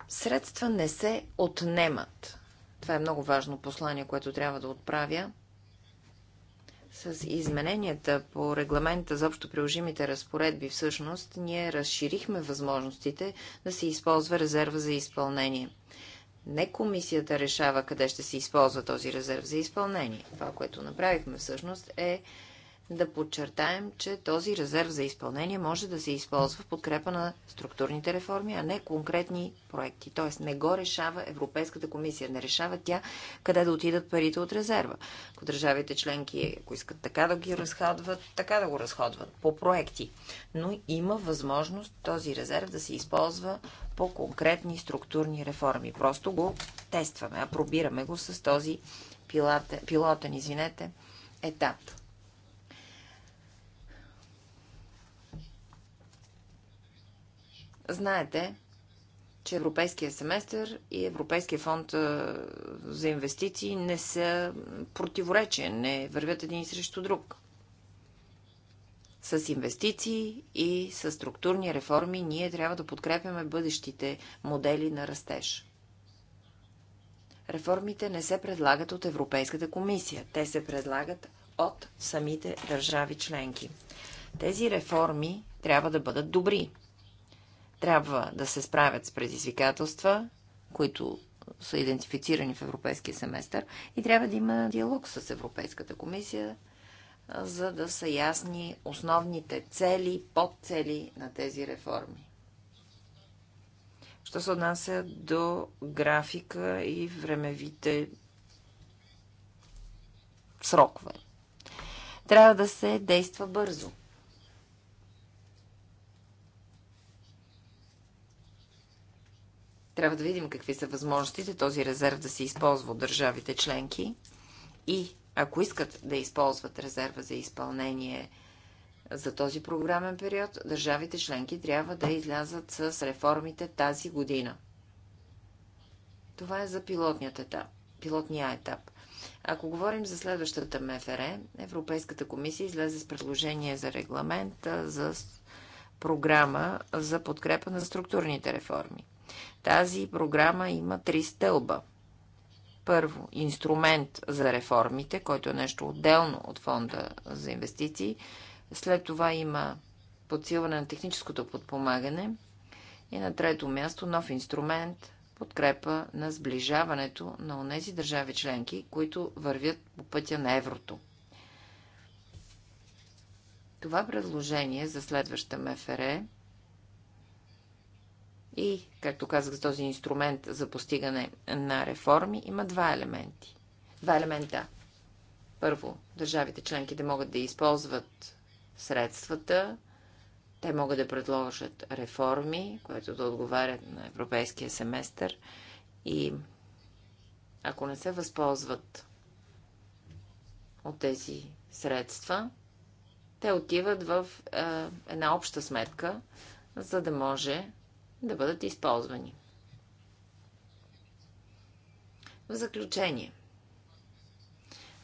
Средства не се отнемат. Това е много важно послание, което трябва да отправя с измененията по регламента за общо приложимите разпоредби всъщност ние разширихме възможностите да се използва резерва за изпълнение. Не комисията решава къде ще се използва този резерв за изпълнение. Това, което направихме всъщност е да подчертаем, че този резерв за изпълнение може да се използва в подкрепа на структурните реформи, а не конкретни проекти. Тоест не го решава Европейската комисия, не решава тя къде да отидат парите от резерва. Ако държавите членки, ако искат така да ги разходват, така да го разходват по проекти. Но има възможност този резерв да се използва по конкретни структурни реформи. Просто го тестваме, апробираме го с този пилотен, пилотен извинете, етап. Знаете, че Европейския семестър и Европейския фонд за инвестиции не са противоречия, не вървят един срещу друг. С инвестиции и с структурни реформи ние трябва да подкрепяме бъдещите модели на растеж. Реформите не се предлагат от Европейската комисия. Те се предлагат от самите държави членки. Тези реформи трябва да бъдат добри трябва да се справят с предизвикателства, които са идентифицирани в европейския семестър и трябва да има диалог с Европейската комисия, за да са ясни основните цели, подцели на тези реформи. Що се отнася до графика и времевите срокове. Трябва да се действа бързо. Трябва да видим какви са възможностите този резерв да се използва от държавите членки и ако искат да използват резерва за изпълнение за този програмен период, държавите членки трябва да излязат с реформите тази година. Това е за пилотният етап, пилотния етап. Ако говорим за следващата МФР, Европейската комисия излезе с предложение за регламент за програма за подкрепа на структурните реформи. Тази програма има три стълба. Първо, инструмент за реформите, който е нещо отделно от фонда за инвестиции. След това има подсилване на техническото подпомагане. И на трето място, нов инструмент подкрепа на сближаването на онези държави членки, които вървят по пътя на еврото. Това предложение за следваща МФР и, както казах, с този инструмент за постигане на реформи има два елементи. Два елемента. Първо, държавите членки да могат да използват средствата, те могат да предложат реформи, които да отговарят на европейския семестър и ако не се възползват от тези средства, те отиват в е, една обща сметка, за да може да бъдат използвани. В заключение,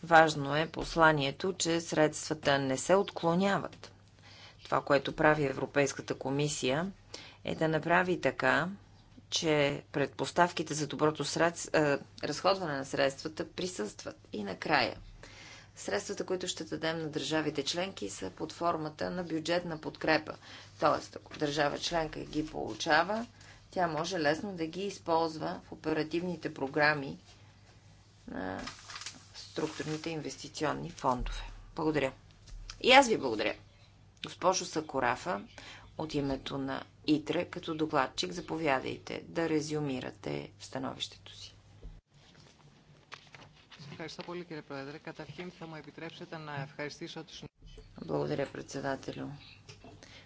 важно е посланието, че средствата не се отклоняват. Това, което прави Европейската комисия, е да направи така, че предпоставките за доброто средств, разходване на средствата присъстват. И накрая. Средствата, които ще дадем на държавите членки, са под формата на бюджетна подкрепа. Тоест, ако държава членка ги получава, тя може лесно да ги използва в оперативните програми на структурните инвестиционни фондове. Благодаря. И аз ви благодаря. Госпожо Сакорафа, от името на ИТРЕ, като докладчик, заповядайте да резюмирате становището си. Ευχαριστώ πολύ κύριε Πρόεδρε. Καταρχήν θα μου επιτρέψετε να ευχαριστήσω τους... Благодаря председателю.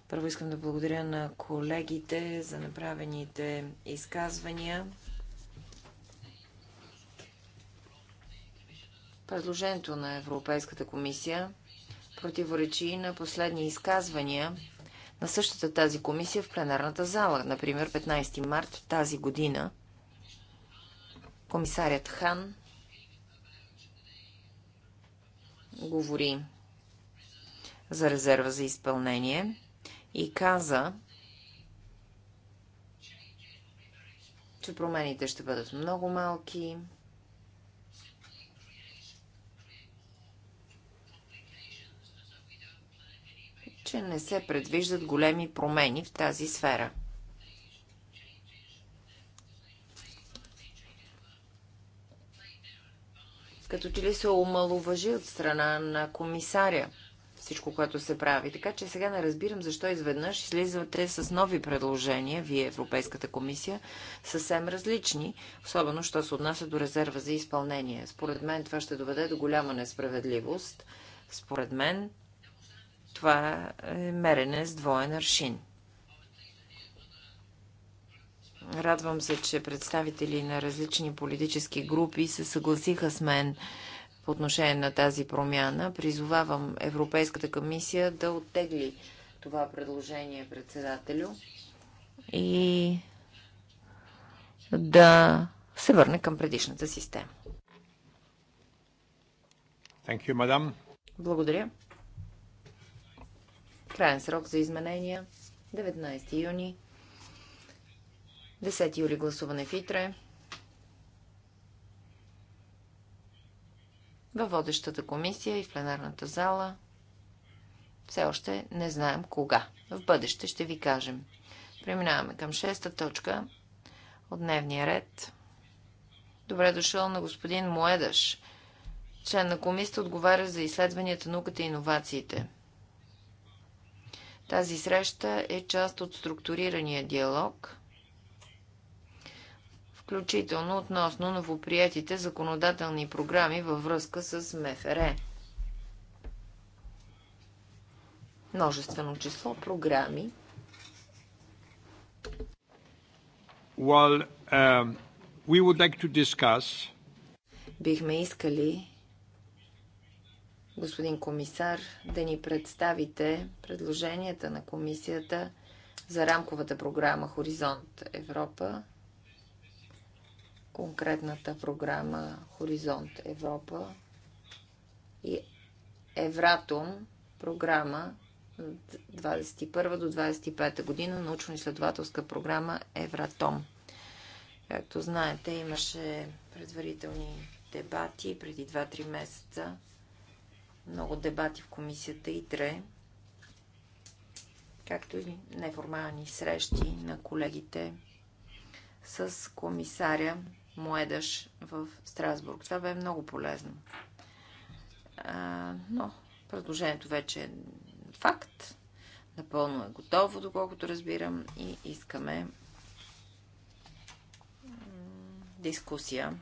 Първо искам да благодаря на колегите за направените изказвания. Предложението на Европейската комисия противоречи на последни изказвания на същата тази комисия в пленарната зала. Например, 15 март тази година комисарят Хан говори за резерва за изпълнение и каза, че промените ще бъдат много малки. че не се предвиждат големи промени в тази сфера. като че ли се омалуважи от страна на комисаря всичко, което се прави. Така че сега не разбирам защо изведнъж излизате с нови предложения, вие Европейската комисия, съвсем различни, особено що се отнася до резерва за изпълнение. Според мен това ще доведе до голяма несправедливост. Според мен това е мерене с двоен аршин. Радвам се, че представители на различни политически групи се съгласиха с мен по отношение на тази промяна. Призовавам Европейската комисия да оттегли това предложение председателю и да се върне към предишната система. Thank you, madam. Благодаря. Крайен срок за изменения 19 юни 10 юли гласуване в Итре. Във водещата комисия и в пленарната зала. Все още не знаем кога. В бъдеще ще ви кажем. Преминаваме към шеста точка от дневния ред. Добре дошъл на господин Моедаш, член на комисията отговаря за изследванията, науката и иновациите. Тази среща е част от структурирания диалог включително относно новоприятите законодателни програми във връзка с МФР. Множествено число програми. Well, um, we would like to discuss... Бихме искали, господин комисар, да ни представите предложенията на комисията за рамковата програма Хоризонт Европа конкретната програма Хоризонт Европа и Евратум програма 21 до 25 година, научно-изследователска програма Евратом. Както знаете, имаше предварителни дебати преди 2-3 месеца. Много дебати в комисията ИТРЕ, както и неформални срещи на колегите с комисаря Моедаш в Страсбург. Това бе много полезно. А, но предложението вече е факт. Напълно е готово, доколкото разбирам, и искаме дискусия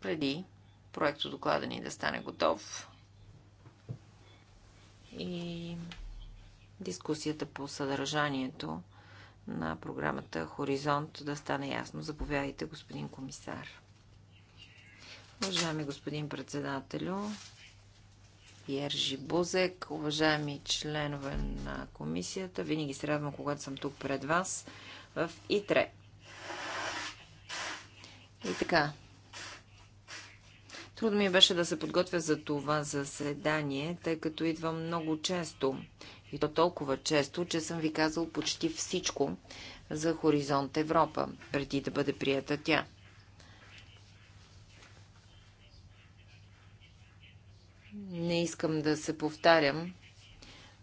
преди проекто доклада ни да стане готов и дискусията по съдържанието на програмата Хоризонт да стане ясно. Заповядайте, господин комисар. Уважаеми господин председателю, Ержи Бузек, уважаеми членове на комисията, винаги се радвам, когато съм тук пред вас в ИТРЕ. И така, Трудно ми беше да се подготвя за това заседание, тъй като идвам много често и то толкова често, че съм ви казал почти всичко за Хоризонт Европа, преди да бъде прията тя. Не искам да се повтарям,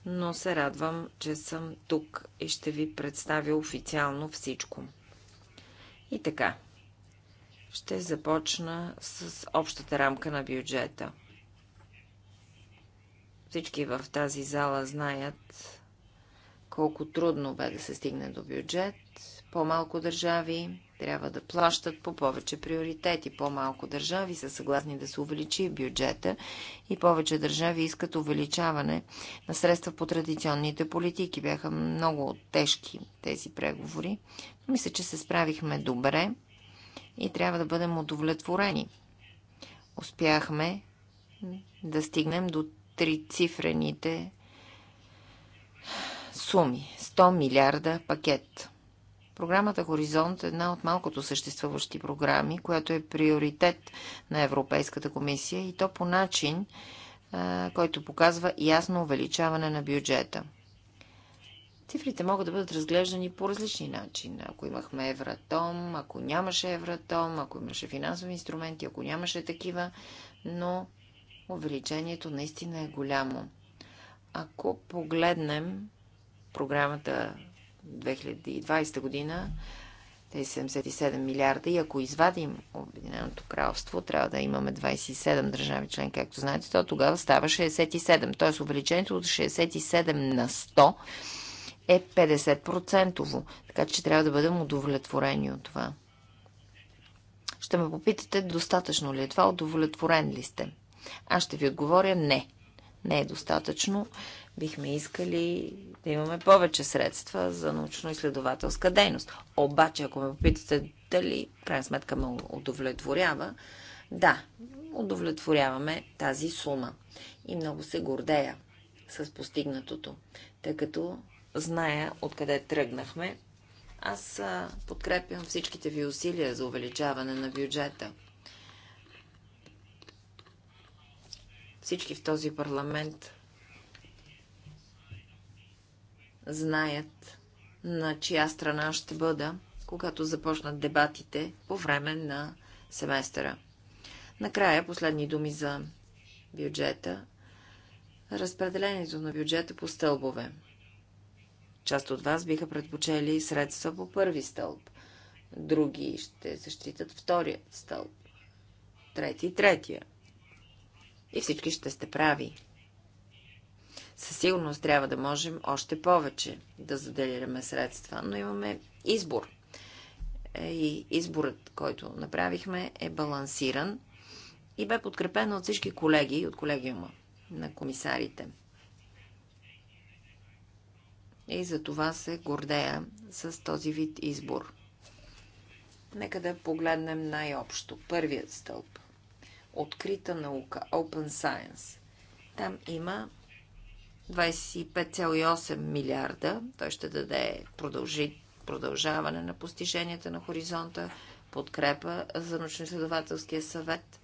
но се радвам, че съм тук и ще ви представя официално всичко. И така, ще започна с общата рамка на бюджета. Всички в тази зала знаят колко трудно бе да се стигне до бюджет. По-малко държави трябва да плащат по повече приоритети. По-малко държави са съгласни да се увеличи бюджета и повече държави искат увеличаване на средства по традиционните политики. Бяха много тежки тези преговори, но мисля, че се справихме добре и трябва да бъдем удовлетворени. Успяхме да стигнем до трицифрените суми. 100 милиарда пакет. Програмата Хоризонт е една от малкото съществуващи програми, която е приоритет на Европейската комисия и то по начин, който показва ясно увеличаване на бюджета. Цифрите могат да бъдат разглеждани по различни начини. Ако имахме евратом, ако нямаше евратом, ако имаше финансови инструменти, ако нямаше такива, но увеличението наистина е голямо. Ако погледнем програмата 2020 година, тези 77 милиарда и ако извадим Обединеното кралство, трябва да имаме 27 държави член, както знаете, то тогава става 67. Т.е. увеличението от 67 на 100 е 50%. Така че трябва да бъдем удовлетворени от това. Ще ме попитате, достатъчно ли е това, удовлетворен ли сте? Аз ще ви отговоря не. Не е достатъчно. Бихме искали да имаме повече средства за научно-изследователска дейност. Обаче, ако ме попитате дали крайна сметка ме удовлетворява, да, удовлетворяваме тази сума. И много се гордея с постигнатото, тъй като зная откъде тръгнахме. Аз подкрепям всичките ви усилия за увеличаване на бюджета – Всички в този парламент знаят на чия страна ще бъда, когато започнат дебатите по време на семестъра. Накрая последни думи за бюджета. Разпределението на бюджета по стълбове. Част от вас биха предпочели средства по първи стълб. Други ще защитат втория стълб. Трети и третия. И всички ще сте прави. Със сигурност трябва да можем още повече да заделяме средства, но имаме избор. Е, и изборът, който направихме, е балансиран и бе подкрепен от всички колеги от колегиума на комисарите. И за това се гордея с този вид избор. Нека да погледнем най-общо. Първият стълб открита наука, Open Science. Там има 25,8 милиарда. Той ще даде продължи, продължаване на постиженията на хоризонта, подкрепа за научно-изследователския съвет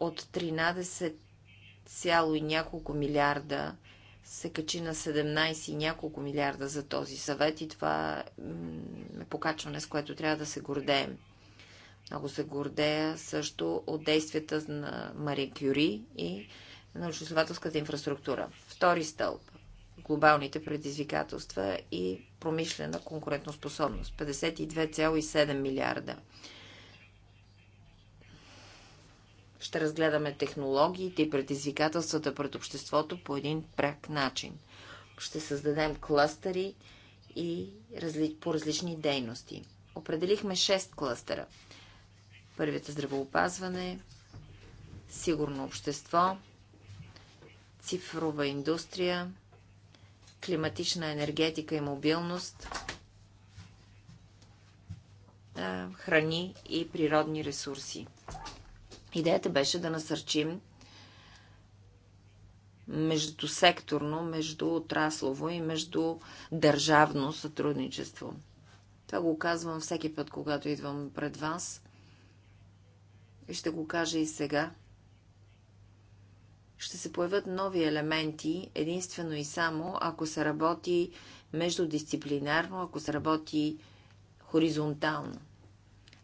от 13 и няколко милиарда се качи на 17 и няколко милиарда за този съвет и това е покачване, с което трябва да се гордеем. Много се гордея също от действията на Мария Кюри и научно-изследователската инфраструктура. Втори стълб глобалните предизвикателства и промишлена конкурентоспособност. 52,7 милиарда. Ще разгледаме технологиите и предизвикателствата пред обществото по един пряк начин. Ще създадем клъстери и по различни дейности. Определихме 6 клъстера – Първият е здравоопазване, сигурно общество, цифрова индустрия, климатична енергетика и мобилност, храни и природни ресурси. Идеята беше да насърчим между секторно, между отраслово и между държавно сътрудничество. Това го казвам всеки път, когато идвам пред вас, и ще го кажа и сега, ще се появят нови елементи единствено и само, ако се работи междудисциплинарно, ако се работи хоризонтално.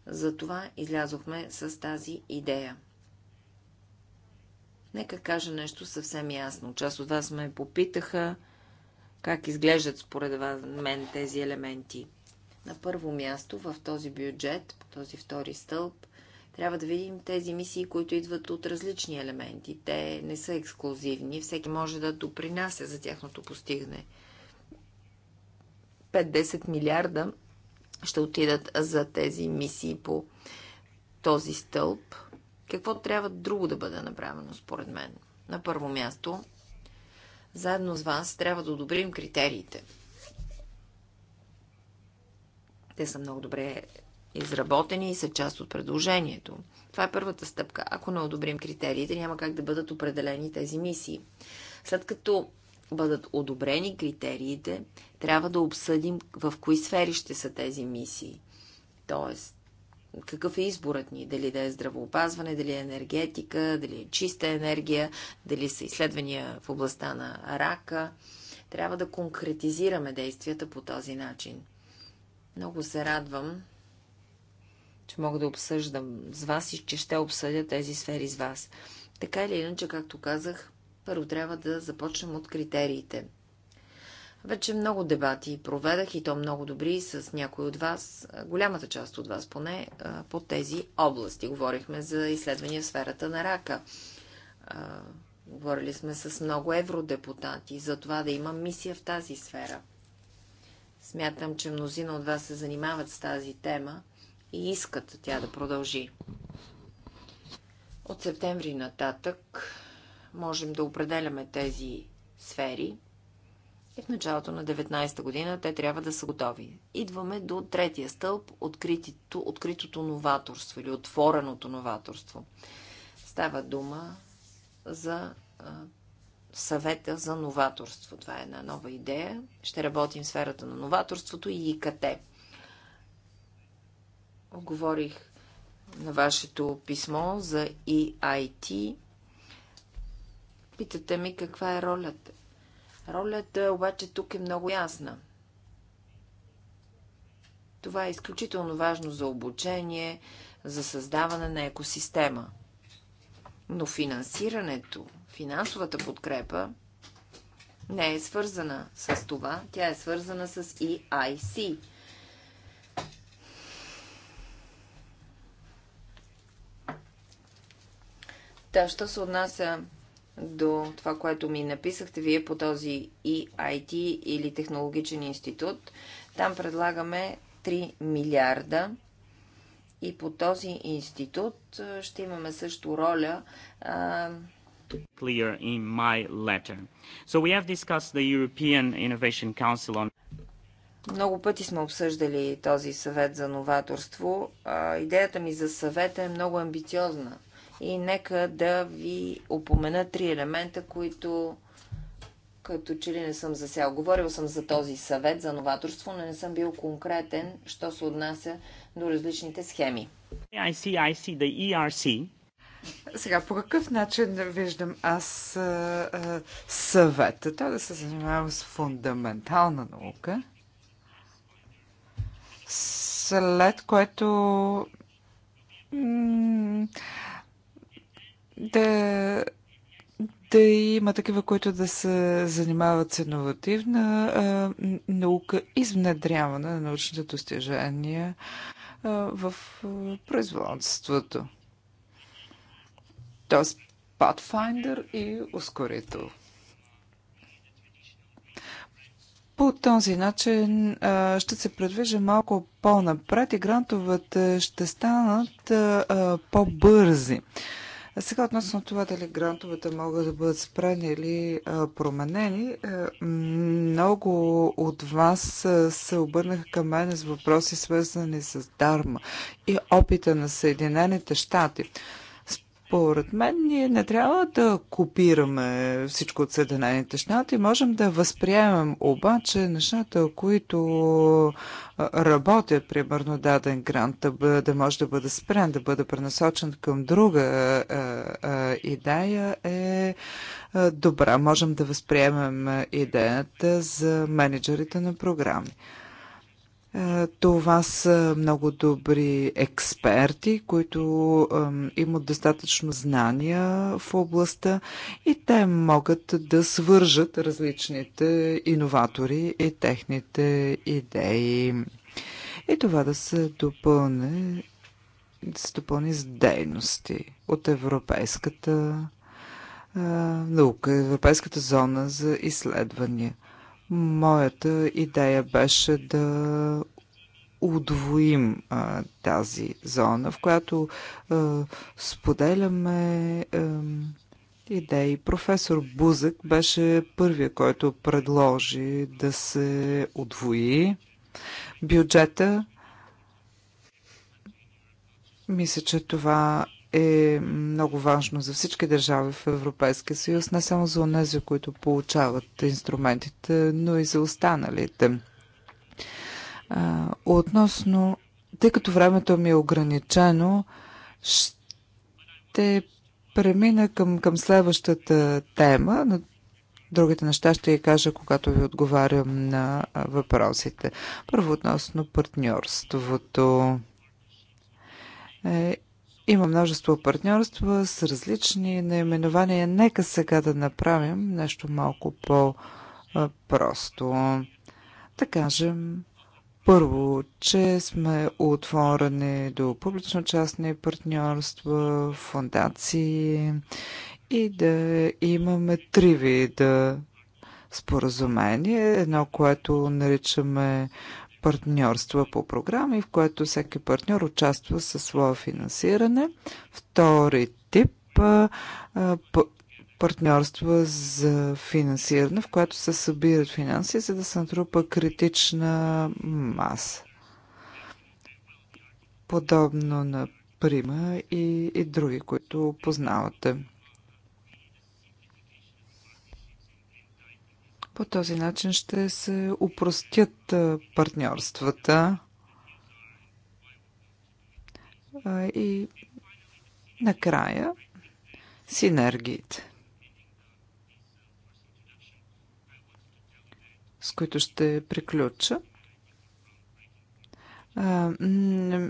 Затова излязохме с тази идея. Нека кажа нещо съвсем ясно. Част от вас ме попитаха как изглеждат според мен тези елементи. На първо място в този бюджет, по този втори стълб, трябва да видим тези мисии, които идват от различни елементи. Те не са ексклюзивни. Всеки може да допринася за тяхното постигане. 5-10 милиарда ще отидат за тези мисии по този стълб. Какво трябва друго да бъде направено, според мен? На първо място, заедно с вас трябва да одобрим критериите. Те са много добре изработени и са част от предложението. Това е първата стъпка. Ако не одобрим критериите, няма как да бъдат определени тези мисии. След като бъдат одобрени критериите, трябва да обсъдим в кои сфери ще са тези мисии. Тоест, какъв е изборът ни? Дали да е здравоопазване, дали е енергетика, дали е чиста енергия, дали са изследвания в областта на рака. Трябва да конкретизираме действията по този начин. Много се радвам, че мога да обсъждам с вас и че ще обсъдя тези сфери с вас. Така или иначе, както казах, първо трябва да започнем от критериите. Вече много дебати проведах и то много добри с някои от вас, голямата част от вас поне, по тези области. Говорихме за изследвания в сферата на рака. Говорили сме с много евродепутати за това да има мисия в тази сфера. Смятам, че мнозина от вас се занимават с тази тема и искат тя да продължи. От септември нататък можем да определяме тези сфери и в началото на 19-та година те трябва да са готови. Идваме до третия стълб откритото, откритото новаторство или отвореното новаторство. Става дума за съвета за новаторство. Това е една нова идея. Ще работим в сферата на новаторството и ИКТ. Отговорих на вашето писмо за EIT. Питате ми каква е ролята. Ролята обаче тук е много ясна. Това е изключително важно за обучение, за създаване на екосистема. Но финансирането, финансовата подкрепа не е свързана с това. Тя е свързана с EIC. Та, що се отнася до това, което ми написахте вие по този EIT или Технологичен институт, там предлагаме 3 милиарда и по този институт ще имаме също роля а, clear in my letter. So we have discussed the European Innovation Council on много пъти сме обсъждали този съвет за новаторство. А, идеята ми за съвета е много амбициозна. И нека да ви упомена три елемента, които като че ли не съм засял. Говорил съм за този съвет за новаторство, но не съм бил конкретен, що се отнася до различните схеми. I see, I see the ERC. Сега, по какъв начин виждам аз а, а, съвета? Той да се занимава с фундаментална наука, след което да, да има такива, които да се занимават с иновативна а, наука и внедряване на научните достижения а, в а, производството. Тоест Pathfinder и ускорител. По този начин ще се предвижи малко по-напред и грантовете ще станат по-бързи. А сега относно това дали грантовете могат да бъдат спрени или променени, е, много от вас се обърнаха към мен с въпроси свързани с Дарма и опита на Съединените щати. Според мен ние не трябва да копираме всичко от Съединените щати. Можем да възприемем обаче нещата, които работят, примерно даден грант, да, бъде, да може да бъде спрен, да бъде пренасочен към друга а, а, идея е а, добра. Можем да възприемем идеята за менеджерите на програми. Е, това са много добри експерти, които имат достатъчно знания в областта и те могат да свържат различните иноватори и техните идеи. И това да се допълне, да се допълни с дейности от европейската наука, европейската зона за изследвания. Моята идея беше да удвоим а, тази зона, в която а, споделяме а, идеи. Професор Бузък беше първия, който предложи да се удвои бюджета. Мисля, че това е много важно за всички държави в Европейския съюз, не само за онези, които получават инструментите, но и за останалите. Относно, тъй като времето ми е ограничено, ще премина към, към следващата тема, другите неща ще я кажа, когато ви отговарям на въпросите. Първо относно партньорството е, има множество партньорства с различни наименования. Нека сега да направим нещо малко по-просто. Да кажем, първо, че сме отворени до публично-частни партньорства, фундации и да имаме три вида споразумение, едно, което наричаме партньорства по програми, в което всеки партньор участва със свое финансиране. Втори тип партньорства за финансиране, в което се събират финанси, за да се натрупа критична маса. Подобно на Прима и, и други, които познавате. По този начин ще се упростят партньорствата и накрая синергиите. с които ще приключа.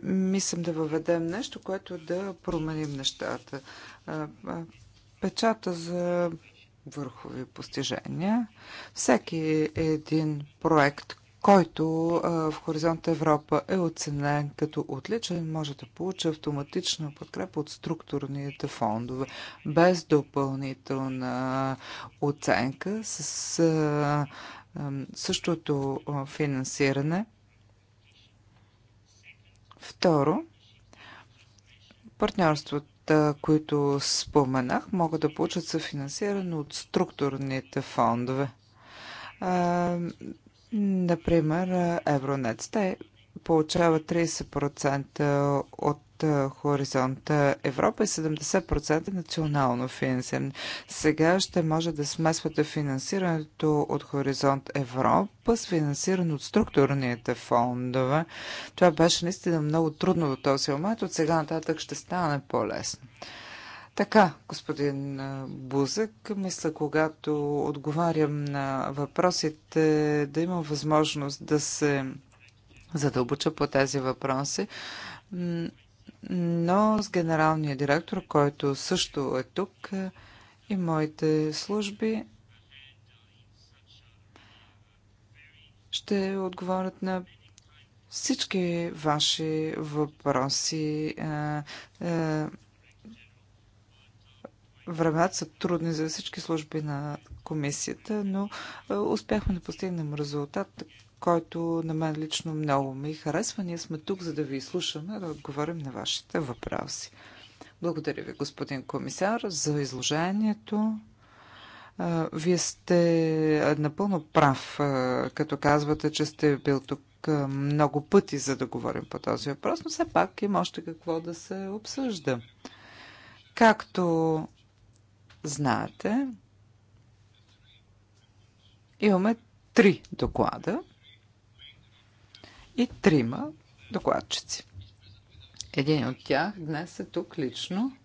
мислям да въведем нещо, което да променим нещата. печата за върхови постижения. Всеки един проект, който в Хоризонт Европа е оценен като отличен, може да получи автоматична подкрепа от структурните фондове, без допълнителна оценка, с същото финансиране. Второ, партньорството които споменах, могат да получат съфинансиране от структурните фондове. Например, Евронет. Те получава 30% от Хоризонта Европа и е 70% национално финансиране. Сега ще може да смесвате финансирането от Хоризонт Европа с финансиране от структурните фондове. Това беше наистина много трудно до този момент. От сега нататък ще стане по-лесно. Така, господин Бузък, мисля, когато отговарям на въпросите, да имам възможност да се задълбоча по тези въпроси. Но с генералния директор, който също е тук, и моите служби ще отговорят на всички ваши въпроси. Е, е, времената са трудни за всички служби на комисията, но е, успяхме да постигнем резултат, който на мен лично много ми харесва. Ние сме тук, за да ви слушаме, да отговорим на вашите въпроси. Благодаря ви, господин комисар, за изложението. Вие сте напълно прав, като казвате, че сте бил тук много пъти, за да говорим по този въпрос, но все пак има още какво да се обсъжда. Както знаете, имаме три доклада и трима докладчици. Един от тях днес е тук лично.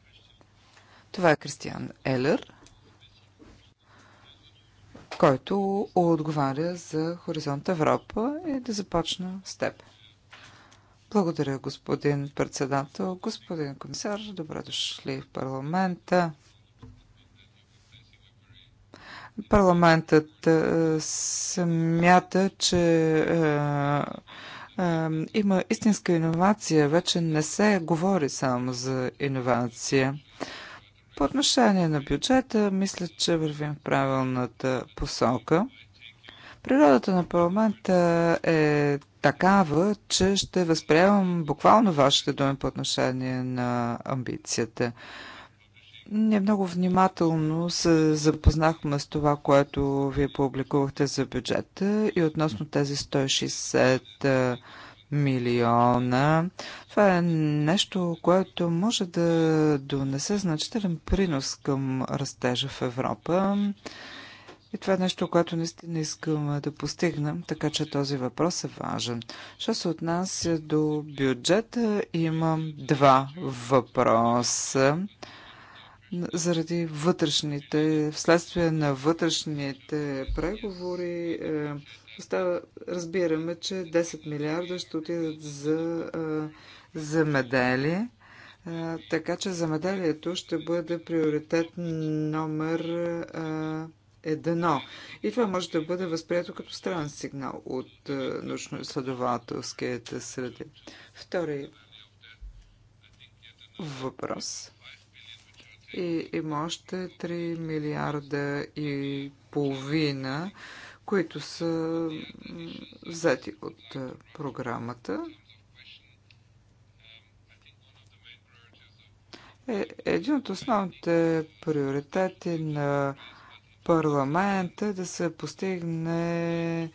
Това е Кристиан Елер, който отговаря за Хоризонт Европа и да започна с теб. Благодаря, господин председател, господин комисар. Добре дошли в парламента. Парламентът е, смята, че е, има истинска иновация. Вече не се говори само за иновация. По отношение на бюджета, мисля, че вървим в правилната посока. Природата на парламента е такава, че ще възприемам буквално вашите думи по отношение на амбицията не много внимателно се запознахме с това, което вие публикувахте за бюджета и относно тези 160 милиона. Това е нещо, което може да донесе значителен принос към растежа в Европа. И това е нещо, което наистина искам да постигнем, така че този въпрос е важен. Що се отнася до бюджета, имам два въпроса заради вътрешните, вследствие на вътрешните преговори, е, остава, разбираме, че 10 милиарда ще отидат за е, замеделие. Е, така че замеделието ще бъде приоритет номер едно. И това може да бъде възприето като странен сигнал от научно-изследователските среди. Втори въпрос и има още 3 милиарда и половина, които са взети от е, програмата. Е, един от основните приоритети на парламента е да се постигне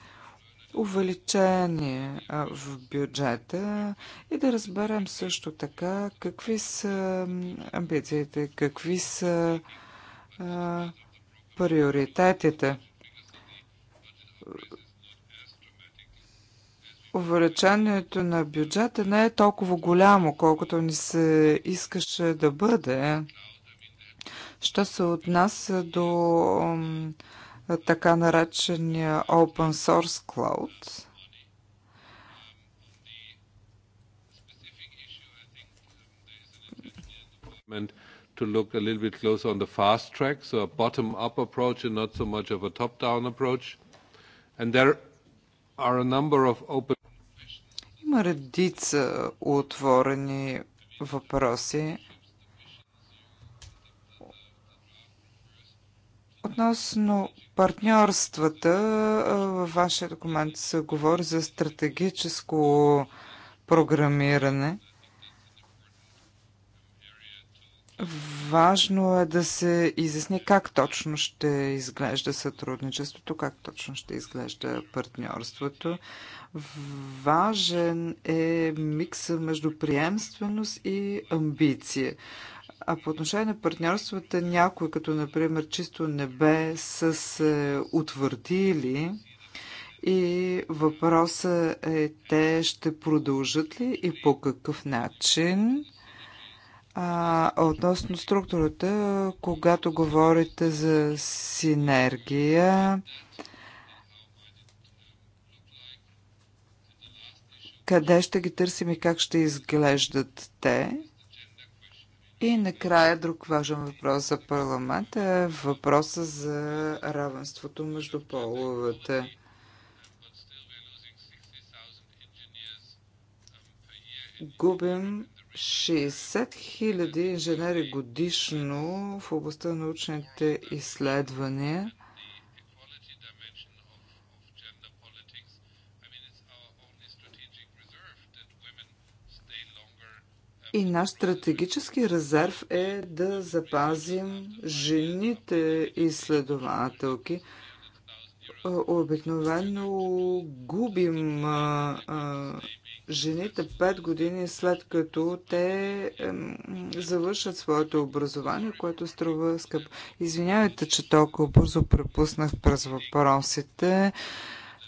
увеличение в бюджета и да разберем също така какви са амбициите, какви са а, приоритетите. Увеличението на бюджета не е толкова голямо, колкото ни се искаше да бъде. Що се отнася до така наречения Open Source Cloud. To look a little bit closer on the fast track, so a bottom-up approach and not so much of a top-down approach. And there are a number of open. Има редица отворени въпроси. Относно партньорствата. Във вашия документ се говори за стратегическо програмиране. Важно е да се изясни как точно ще изглежда сътрудничеството, как точно ще изглежда партньорството. Важен е микса между приемственост и амбиция. А по отношение на партньорствата, някой, като например Чисто небе, са се утвърдили и въпросът е те ще продължат ли и по какъв начин. А, относно структурата, когато говорите за синергия, къде ще ги търсим и как ще изглеждат те? И накрая друг важен въпрос за парламента е въпроса за равенството между половете. Губим 60 000 инженери годишно в областта на научните изследвания И наш стратегически резерв е да запазим жените изследователки. Е, обикновено губим жените 5 години след като те завършат своето образование, което струва скъп. Извинявайте, че толкова бързо препуснах през въпросите.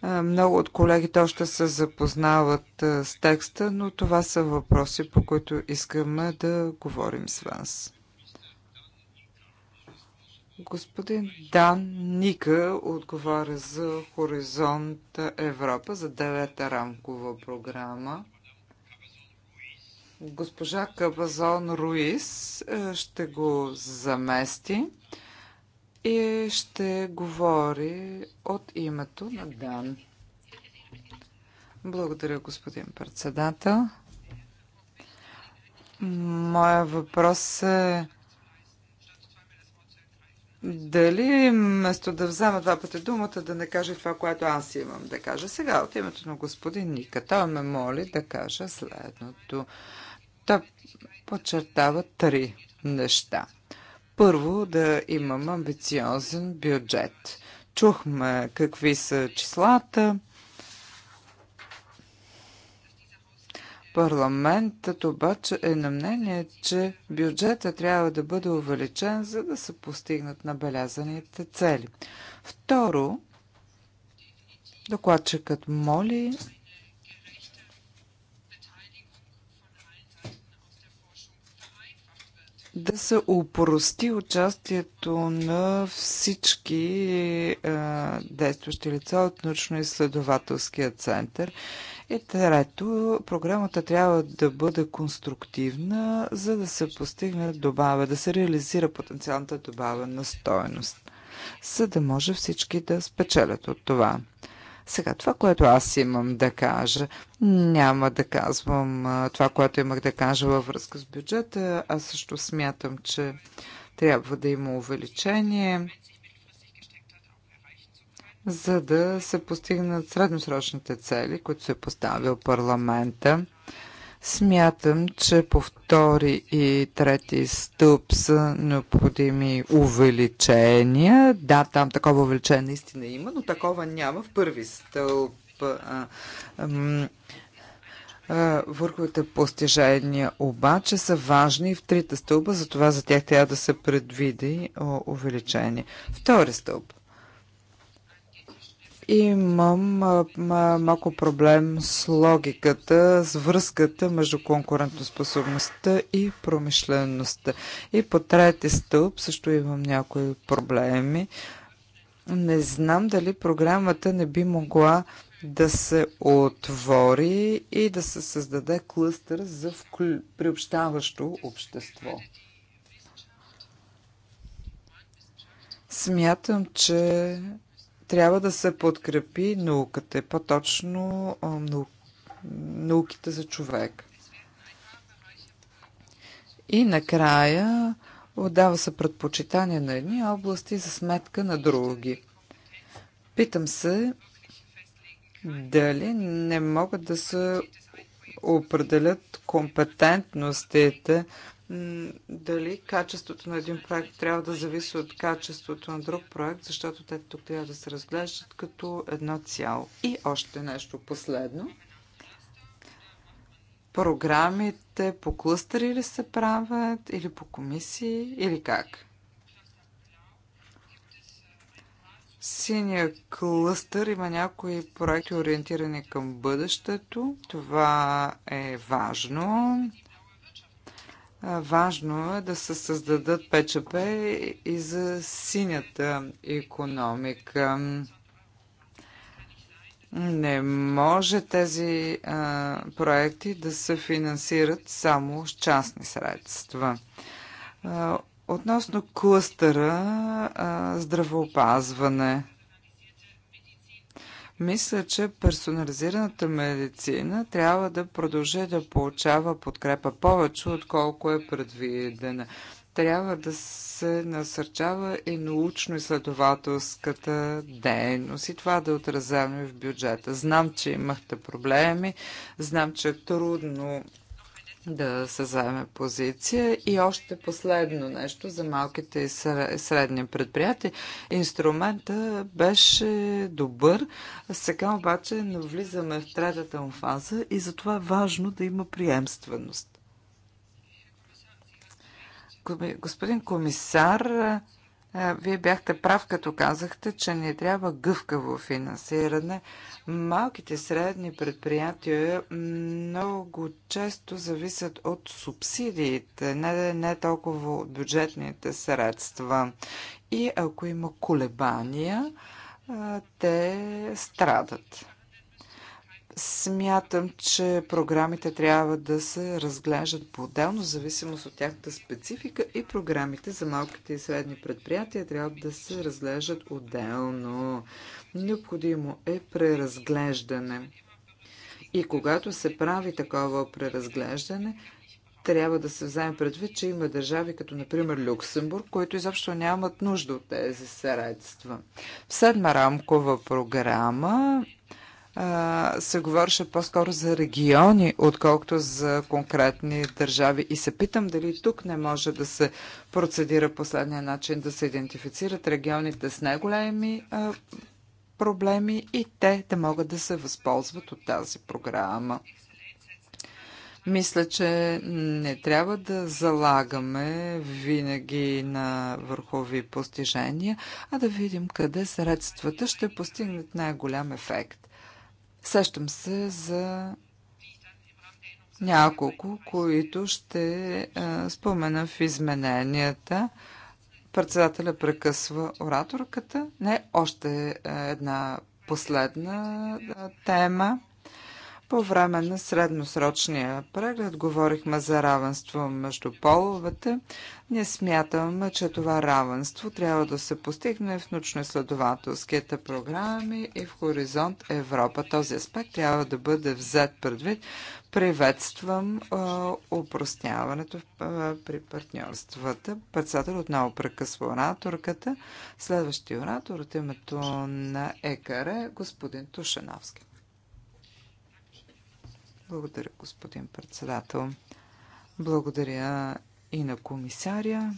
Много от колегите още се запознават с текста, но това са въпроси, по които искаме да говорим с вас. Господин Дан Ника отговаря за Хоризонт Европа, за девета рамкова програма. Госпожа Кабазон Руис ще го замести и ще говори от името на Дан. Благодаря, господин председател. Моя въпрос е дали вместо да взема два пъти думата, да не кажа това, което аз имам да кажа сега от името на господин Ника. Той ме моли да кажа следното. Той подчертава три неща. Първо да имам амбициозен бюджет. Чухме какви са числата. Парламентът обаче е на мнение, че бюджета трябва да бъде увеличен, за да се постигнат набелязаните цели. Второ, докладчикът моли да се упрости участието на всички а, е, действащи лица от научно-изследователския център. И трето, програмата трябва да бъде конструктивна, за да се постигне добава, да се реализира потенциалната добавена стоеност, за да може всички да спечелят от това. Сега това, което аз имам да кажа, няма да казвам това, което имах да кажа във връзка с бюджета. Аз също смятам, че трябва да има увеличение, за да се постигнат средносрочните цели, които се е поставил парламента. Смятам, че по втори и трети стълб са необходими увеличения. Да, там такова увеличение наистина има, но такова няма в първи стълб. Върховите постижения обаче са важни и в трите стълба, затова за тях трябва да се предвиди увеличение. Втори стълб. Имам малко проблем с логиката, с връзката между конкурентоспособността и промишлеността. И по трети стълб също имам някои проблеми. Не знам дали програмата не би могла да се отвори и да се създаде клъстър за вклю... приобщаващо общество. Смятам, че трябва да се подкрепи науката, по-точно нау... науките за човек. И накрая отдава се предпочитание на едни области за сметка на други. Питам се дали не могат да се определят компетентностите дали качеството на един проект трябва да зависи от качеството на друг проект, защото те тук трябва да се разглеждат като едно цяло. И още нещо последно. Програмите по клъстери ли се правят или по комисии или как? синия клъстър има някои проекти ориентирани към бъдещето. Това е важно. Важно е да се създадат ПЧП и за синята економика. Не може тези а, проекти да се финансират само с частни средства. А, относно клъстъра а, здравеопазване. Мисля, че персонализираната медицина трябва да продължи да получава подкрепа повече, отколко е предвидена. Трябва да се насърчава и научно-изследователската дейност и това да е отразено и в бюджета. Знам, че имахте проблеми, знам, че е трудно да се заеме позиция. И още последно нещо за малките и средни предприятия. Инструмента беше добър, сега обаче навлизаме в третата му фаза и затова е важно да има приемственост. Господин комисар, вие бяхте прав, като казахте, че не трябва гъвкаво финансиране. Малките средни предприятия много често зависят от субсидиите, не, не толкова от бюджетните средства. И ако има колебания, те страдат. Смятам, че програмите трябва да се разглеждат по-отделно, в зависимост от тяхната специфика и програмите за малките и средни предприятия трябва да се разглеждат отделно. Необходимо е преразглеждане. И когато се прави такова преразглеждане, трябва да се вземе предвид, че има държави, като например Люксембург, които изобщо нямат нужда от тези средства. В седма рамкова програма се говореше по-скоро за региони, отколкото за конкретни държави. И се питам дали тук не може да се процедира последния начин, да се идентифицират регионите с най-големи проблеми и те да могат да се възползват от тази програма. Мисля, че не трябва да залагаме винаги на върхови постижения, а да видим къде средствата ще постигнат най-голям ефект. Сещам се за няколко, които ще спомена в измененията. Председателя прекъсва ораторката. Не, още една последна тема. По време на средносрочния преглед говорихме за равенство между половете. Ние смятаме, че това равенство трябва да се постигне в научно-изследователските програми и в Хоризонт Европа. Този аспект трябва да бъде взет предвид. Приветствам упростяването при партньорствата. Председател отново прекъсва ораторката. Следващия оратор от името на ЕКАРЕ, господин Тушеновски. Благодаря, господин председател. Благодаря и на комисаря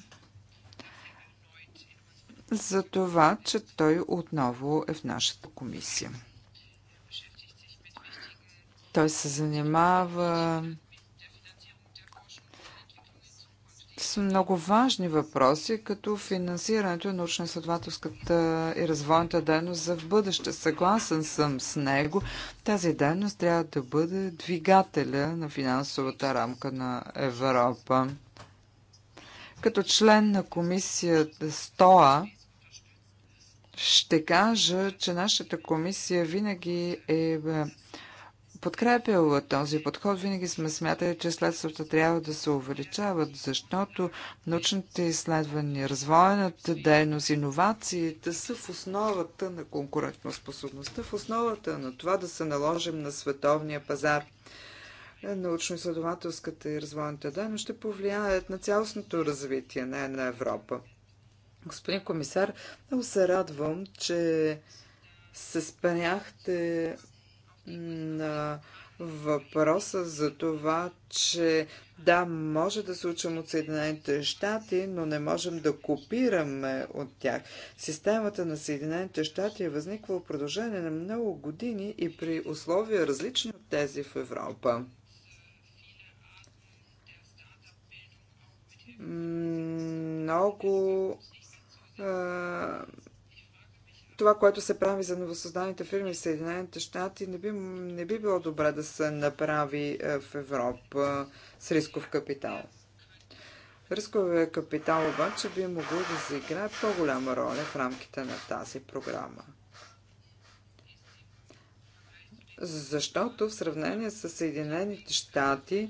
за това, че той отново е в нашата комисия. Той се занимава са много важни въпроси, като финансирането на научно-изследователската и развойната дейност за в бъдеще. Съгласен съм с него. Тази дейност трябва да бъде двигателя на финансовата рамка на Европа. Като член на комисията СТОА, ще кажа, че нашата комисия винаги е, е подкрепял този подход. Винаги сме смятали, че следствата трябва да се увеличават, защото научните изследвания, развойната дейност, иновациите са в основата на конкурентоспособността, в основата на това да се наложим на световния пазар научно-изследователската и развойната дейност ще повлияят на цялостното развитие не на Европа. Господин комисар, много се радвам, че се спряхте на въпроса за това, че да, може да се учим от Съединените щати, но не можем да копираме от тях. Системата на Съединените щати е възниквала в продължение на много години и при условия различни от тези в Европа. Много това, което се прави за новосъзданите фирми в Съединените щати, не би, не би било добре да се направи е, в Европа е, с рисков капитал. Рисковия капитал обаче би могъл да заиграе по-голяма роля в рамките на тази програма. Защото в сравнение с Съединените щати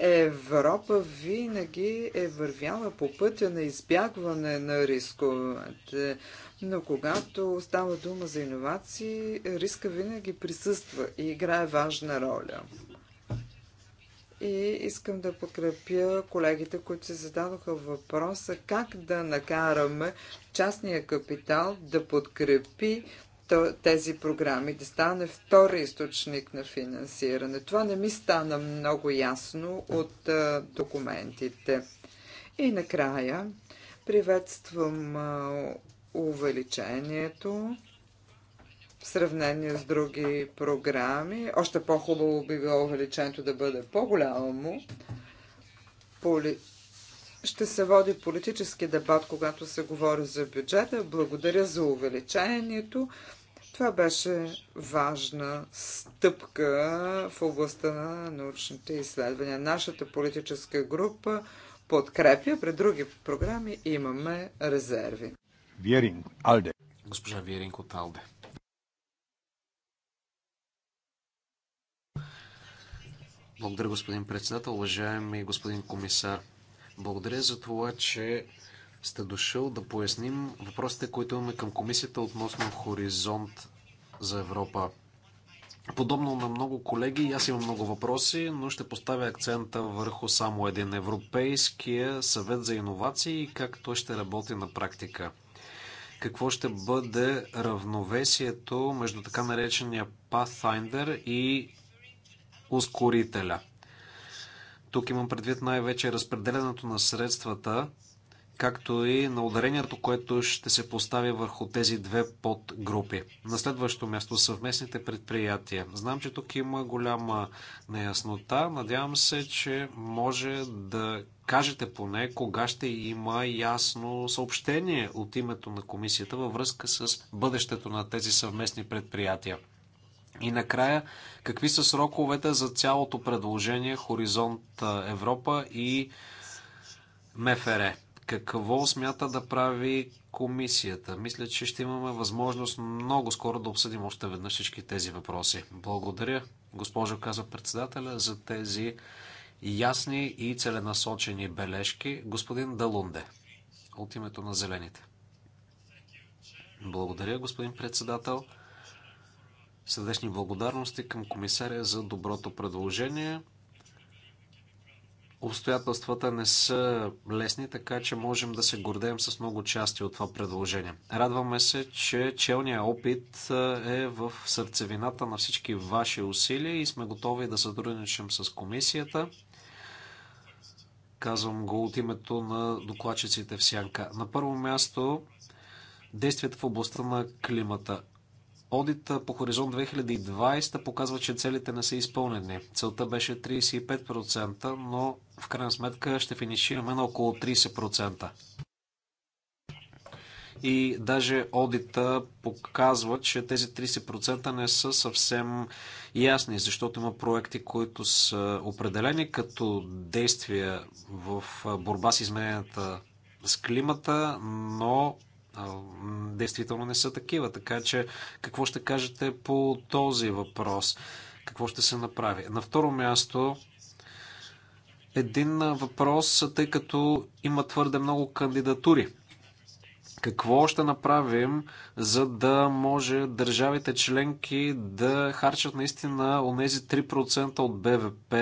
Европа винаги е вървяла по пътя на избягване на рисковете, но когато става дума за иновации, риска винаги присъства и играе важна роля. И искам да подкрепя колегите, които се зададоха въпроса как да накараме частния капитал да подкрепи тези програми, да стане втори източник на финансиране. Това не ми стана много ясно от документите. И накрая приветствам увеличението в сравнение с други програми. Още по-хубаво би било увеличението да бъде по-голямо. Поли... Ще се води политически дебат, когато се говори за бюджета. Благодаря за увеличението. Това беше важна стъпка в областта на научните изследвания. Нашата политическа група подкрепя. При други програми имаме резерви. Виринг, Алде. Госпожа Виринг от Алде. Благодаря, господин председател. Уважаеми господин комисар, благодаря за това, че сте дошъл да поясним въпросите, които имаме към комисията относно Хоризонт за Европа. Подобно на много колеги, аз имам много въпроси, но ще поставя акцента върху само един Европейския съвет за иновации и как той ще работи на практика. Какво ще бъде равновесието между така наречения Pathfinder и ускорителя? Тук имам предвид най-вече разпределенето на средствата както и на ударението, което ще се постави върху тези две подгрупи. На следващо място съвместните предприятия. Знам, че тук има голяма неяснота. Надявам се, че може да кажете поне кога ще има ясно съобщение от името на комисията във връзка с бъдещето на тези съвместни предприятия. И накрая, какви са сроковете за цялото предложение Хоризонт Европа и МФР? какво смята да прави комисията. Мисля, че ще имаме възможност много скоро да обсъдим още веднъж всички тези въпроси. Благодаря, госпожо каза председателя, за тези ясни и целенасочени бележки. Господин Далунде, от името на Зелените. Благодаря, господин председател. Сърдечни благодарности към комисаря за доброто предложение. Обстоятелствата не са лесни, така че можем да се гордеем с много части от това предложение. Радваме се, че челният опит е в сърцевината на всички ваши усилия и сме готови да сътрудничим с комисията. Казвам го от името на докладчиците в Сянка. На първо място, действията в областта на климата. Одита по Хоризонт 2020 показва, че целите не са изпълнени. Целта беше 35%, но в крайна сметка ще финишираме на около 30%. И даже одита показва, че тези 30% не са съвсем ясни, защото има проекти, които са определени като действия в борба с измененията с климата, но действително не са такива. Така че какво ще кажете по този въпрос? Какво ще се направи? На второ място, един въпрос, тъй като има твърде много кандидатури. Какво ще направим, за да може държавите членки да харчат наистина онези 3% от БВП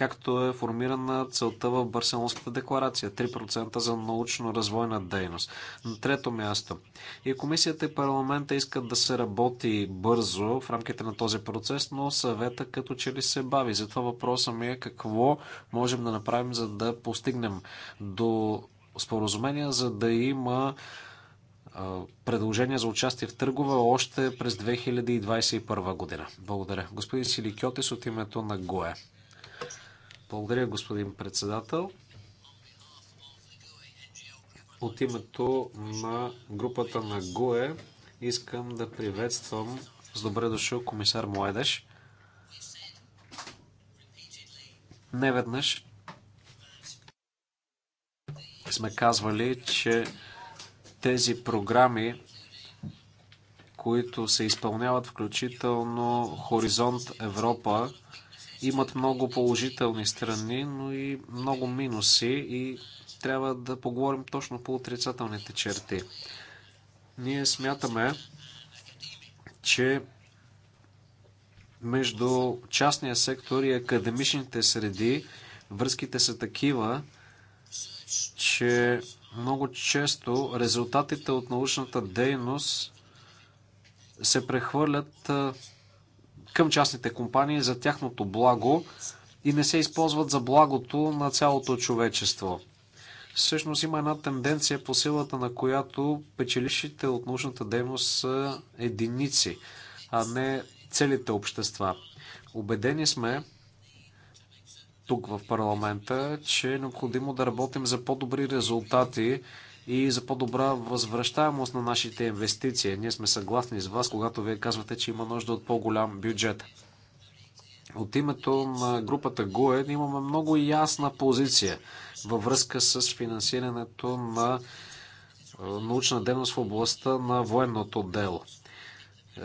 както е формирана целта в Барселонската декларация 3% за научно-развойна дейност. На трето място. И комисията и парламента искат да се работи бързо в рамките на този процес, но съвета като че ли се бави. Затова въпросът ми е какво можем да направим, за да постигнем до споразумения, за да има предложения за участие в търгове още през 2021 година. Благодаря. Господин Силикиотис от името на ГОЕ. Благодаря, господин председател. От името на групата на ГУЕ искам да приветствам с добре дошъл комисар Моедеш. Неведнъж сме казвали, че тези програми, които се изпълняват включително Хоризонт Европа, имат много положителни страни, но и много минуси и трябва да поговорим точно по отрицателните черти. Ние смятаме, че между частния сектор и академичните среди връзките са такива, че много често резултатите от научната дейност се прехвърлят към частните компании за тяхното благо и не се използват за благото на цялото човечество. Всъщност има една тенденция по силата на която печелищите от научната дейност са единици, а не целите общества. Обедени сме тук в парламента, че е необходимо да работим за по-добри резултати и за по-добра възвръщаемост на нашите инвестиции. Ние сме съгласни с вас, когато вие казвате, че има нужда от по-голям бюджет. От името на групата ГОЕ имаме много ясна позиция във връзка с финансирането на научна дейност в областта на военното дело.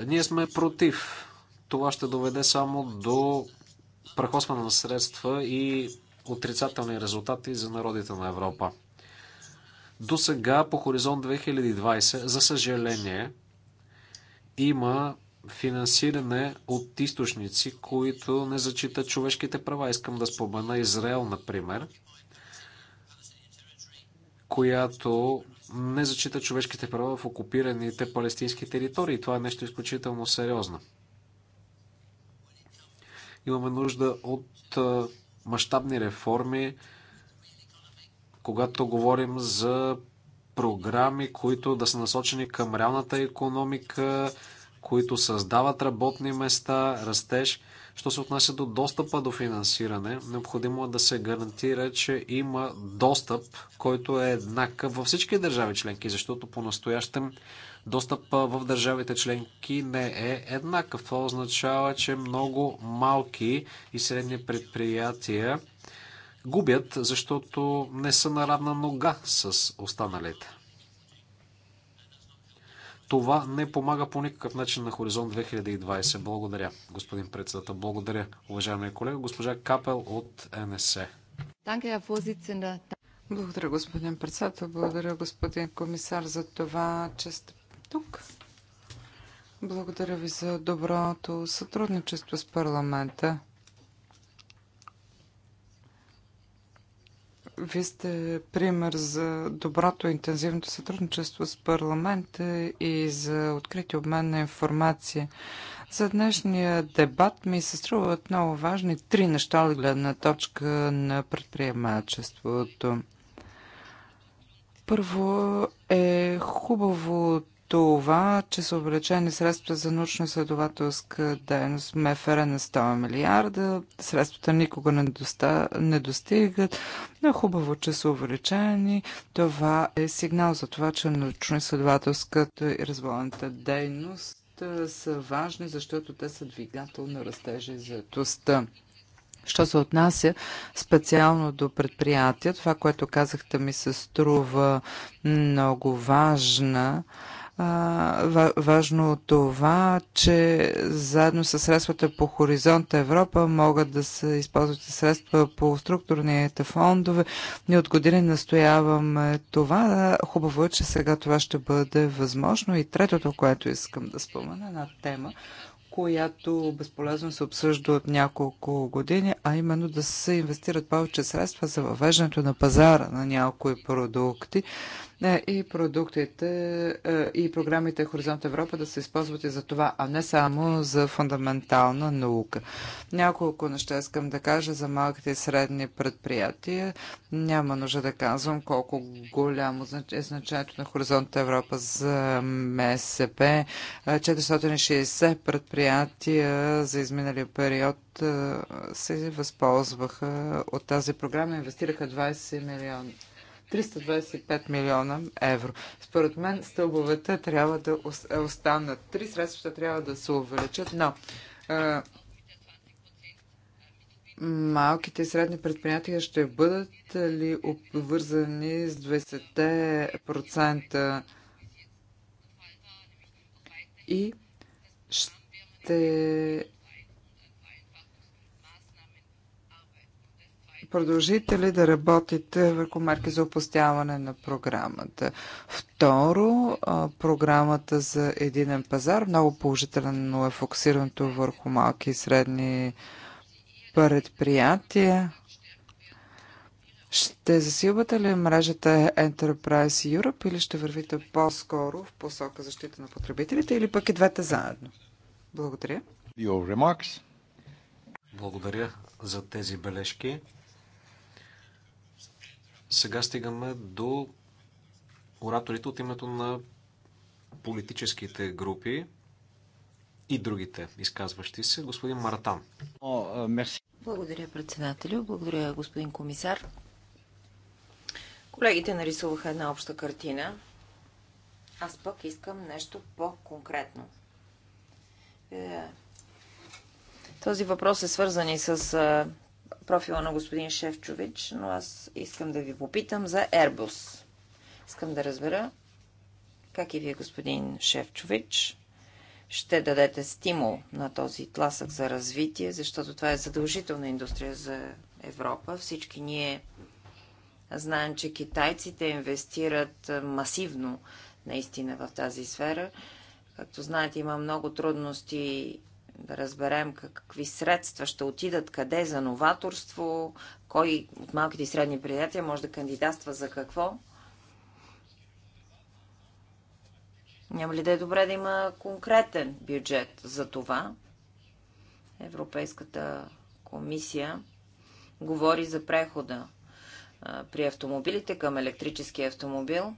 Ние сме против. Това ще доведе само до прахосване на средства и отрицателни резултати за народите на Европа. До сега по Хоризонт 2020, за съжаление, има финансиране от източници, които не зачитат човешките права. Искам да спомена Израел, например, която не зачита човешките права в окупираните палестински територии. Това е нещо изключително сериозно. Имаме нужда от мащабни реформи, когато говорим за програми, които да са насочени към реалната економика, които създават работни места, растеж. Що се отнася до достъпа до финансиране, необходимо е да се гарантира, че има достъп, който е еднакъв във всички държави членки, защото по-настоящем достъп в държавите членки не е еднакъв. Това означава, че много малки и средни предприятия губят, защото не са на равна нога с останалите. Това не помага по никакъв начин на Хоризонт 2020. Благодаря, господин председател. Благодаря, уважаемия колега. Госпожа Капел от НСЕ. Благодаря, господин председател. Благодаря, господин комисар, за това, че сте тук. Благодаря ви за доброто сътрудничество с парламента. Вие сте пример за доброто интензивното сътрудничество с парламента и за открити обмен на информация. За днешния дебат ми се струват много важни три неща от гледна точка на предприемачеството. Първо е хубаво това, че са увеличени средства за научно-изследователска дейност. МФР на 100 милиарда, средствата никога не, доста, не достигат, но е хубаво, че са увеличени. Това е сигнал за това, че научно-изследователската и развойната дейност са важни, защото те са двигател на растежа и заетостта. Що се отнася специално до предприятия, това, което казахте, ми се струва много важна важно това, че заедно с средствата по Хоризонта Европа могат да се използват средства по структурните фондове. Ние от години настояваме това. Хубаво е, че сега това ще бъде възможно. И третото, което искам да спомена, една тема, която безполезно се обсъжда от няколко години, а именно да се инвестират повече средства за въвеждането на пазара на някои продукти, и продуктите е, и програмите Хоризонт Европа да се използват и за това, а не само за фундаментална наука. Няколко неща искам да кажа за малките и средни предприятия. Няма нужда да казвам колко голямо значи- е значението на Хоризонт Европа за МСП. 460 е, предприятия за изминалия период е, се възползваха от тази програма. Инвестираха 20 милиона 325 милиона евро. Според мен стълбовете трябва да е, останат. Три средства трябва да се увеличат, но а, е, малките и средни предприятия ще бъдат ли обвързани с 20% и ще продължите ли да работите върху мерки за опустяване на програмата? Второ, програмата за единен пазар. Много положително е фокусирането върху малки и средни предприятия. Ще засилвате ли мрежата Enterprise Europe или ще вървите по-скоро в посока защита на потребителите или пък и двете заедно? Благодаря. Благодаря за тези бележки. Сега стигаме до ораторите от името на политическите групи и другите изказващи се. Господин Маратан. Е, Благодаря, председателю. Благодаря, господин комисар. Колегите нарисуваха една обща картина. Аз пък искам нещо по-конкретно. Е, този въпрос е свързан и с е, профила на господин Шевчович, но аз искам да ви попитам за Airbus. Искам да разбера как и вие, господин Шевчович, ще дадете стимул на този тласък за развитие, защото това е задължителна индустрия за Европа. Всички ние знаем, че китайците инвестират масивно наистина в тази сфера. Както знаете, има много трудности да разберем какви средства ще отидат къде за новаторство, кой от малките и средни предприятия може да кандидатства за какво. Няма ли да е добре да има конкретен бюджет за това? Европейската комисия говори за прехода при автомобилите към електрически автомобил.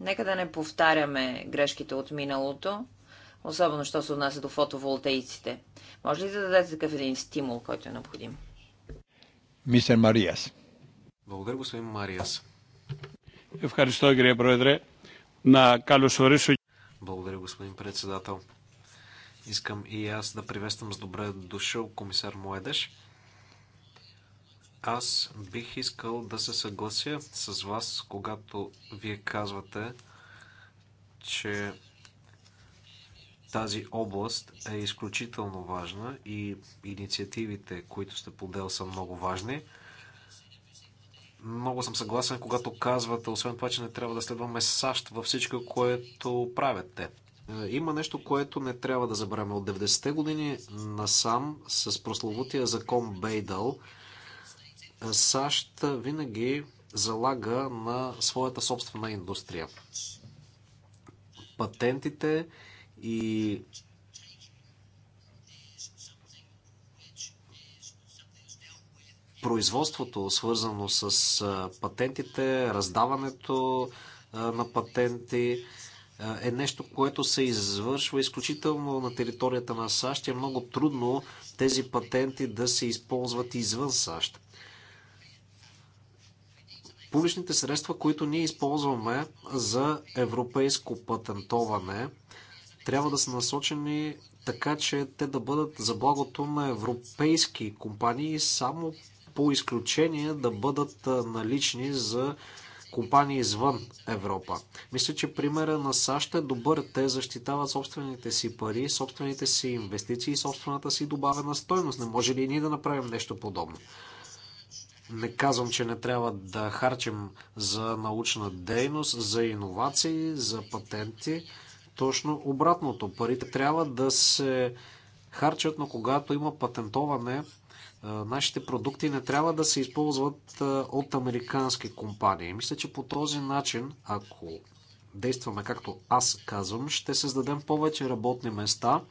Нека да не повтаряме грешките от миналото особено що се отнася до фотоволтаиците. Може ли да дадете такъв един стимул, който е необходим? Мистер Мариас. Благодаря, господин Мариас. Ευχαριστώ, κύριε Πρόεδρε. Να καλωσορίσω... Благодаря, господин председател. Искам и аз да приветствам с добре дошъл комисар Моедеш. Аз бих искал да се съглася с вас, когато вие казвате, че тази област е изключително важна и инициативите, които сте подел, са много важни. Много съм съгласен, когато казвате, освен това, че не трябва да следваме САЩ във всичко, което правят те. Е, има нещо, което не трябва да забравяме. От 90-те години насам с прословутия закон Бейдъл, е, САЩ винаги залага на своята собствена индустрия. Патентите, и производството, свързано с патентите, раздаването на патенти, е нещо, което се извършва изключително на територията на САЩ и е много трудно тези патенти да се използват извън САЩ. Публичните средства, които ние използваме за европейско патентоване – трябва да са насочени така, че те да бъдат за благото на европейски компании, само по изключение да бъдат налични за компании извън Европа. Мисля, че примера на САЩ е добър. Те защитават собствените си пари, собствените си инвестиции и собствената си добавена стойност. Не може ли и ние да направим нещо подобно? Не казвам, че не трябва да харчим за научна дейност, за иновации, за патенти точно обратното. Парите трябва да се харчат, но когато има патентоване, нашите продукти не трябва да се използват от американски компании. Мисля, че по този начин, ако действаме както аз казвам, ще създадем повече работни места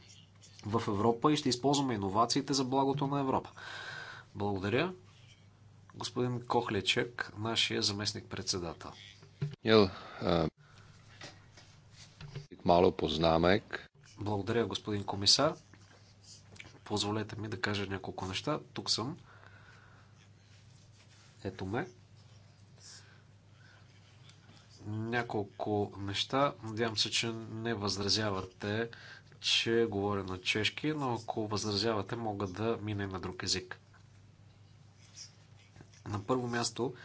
в Европа и ще използваме иновациите за благото на Европа. Благодаря. Господин Кохлечек, нашия заместник председател. Мало познамек. Благодаря, господин комисар. Позволете ми да кажа няколко неща. Тук съм. Ето ме. Няколко неща. Надявам се, че не възразявате, че говоря на чешки, но ако възразявате, мога да мина на друг език. На първо място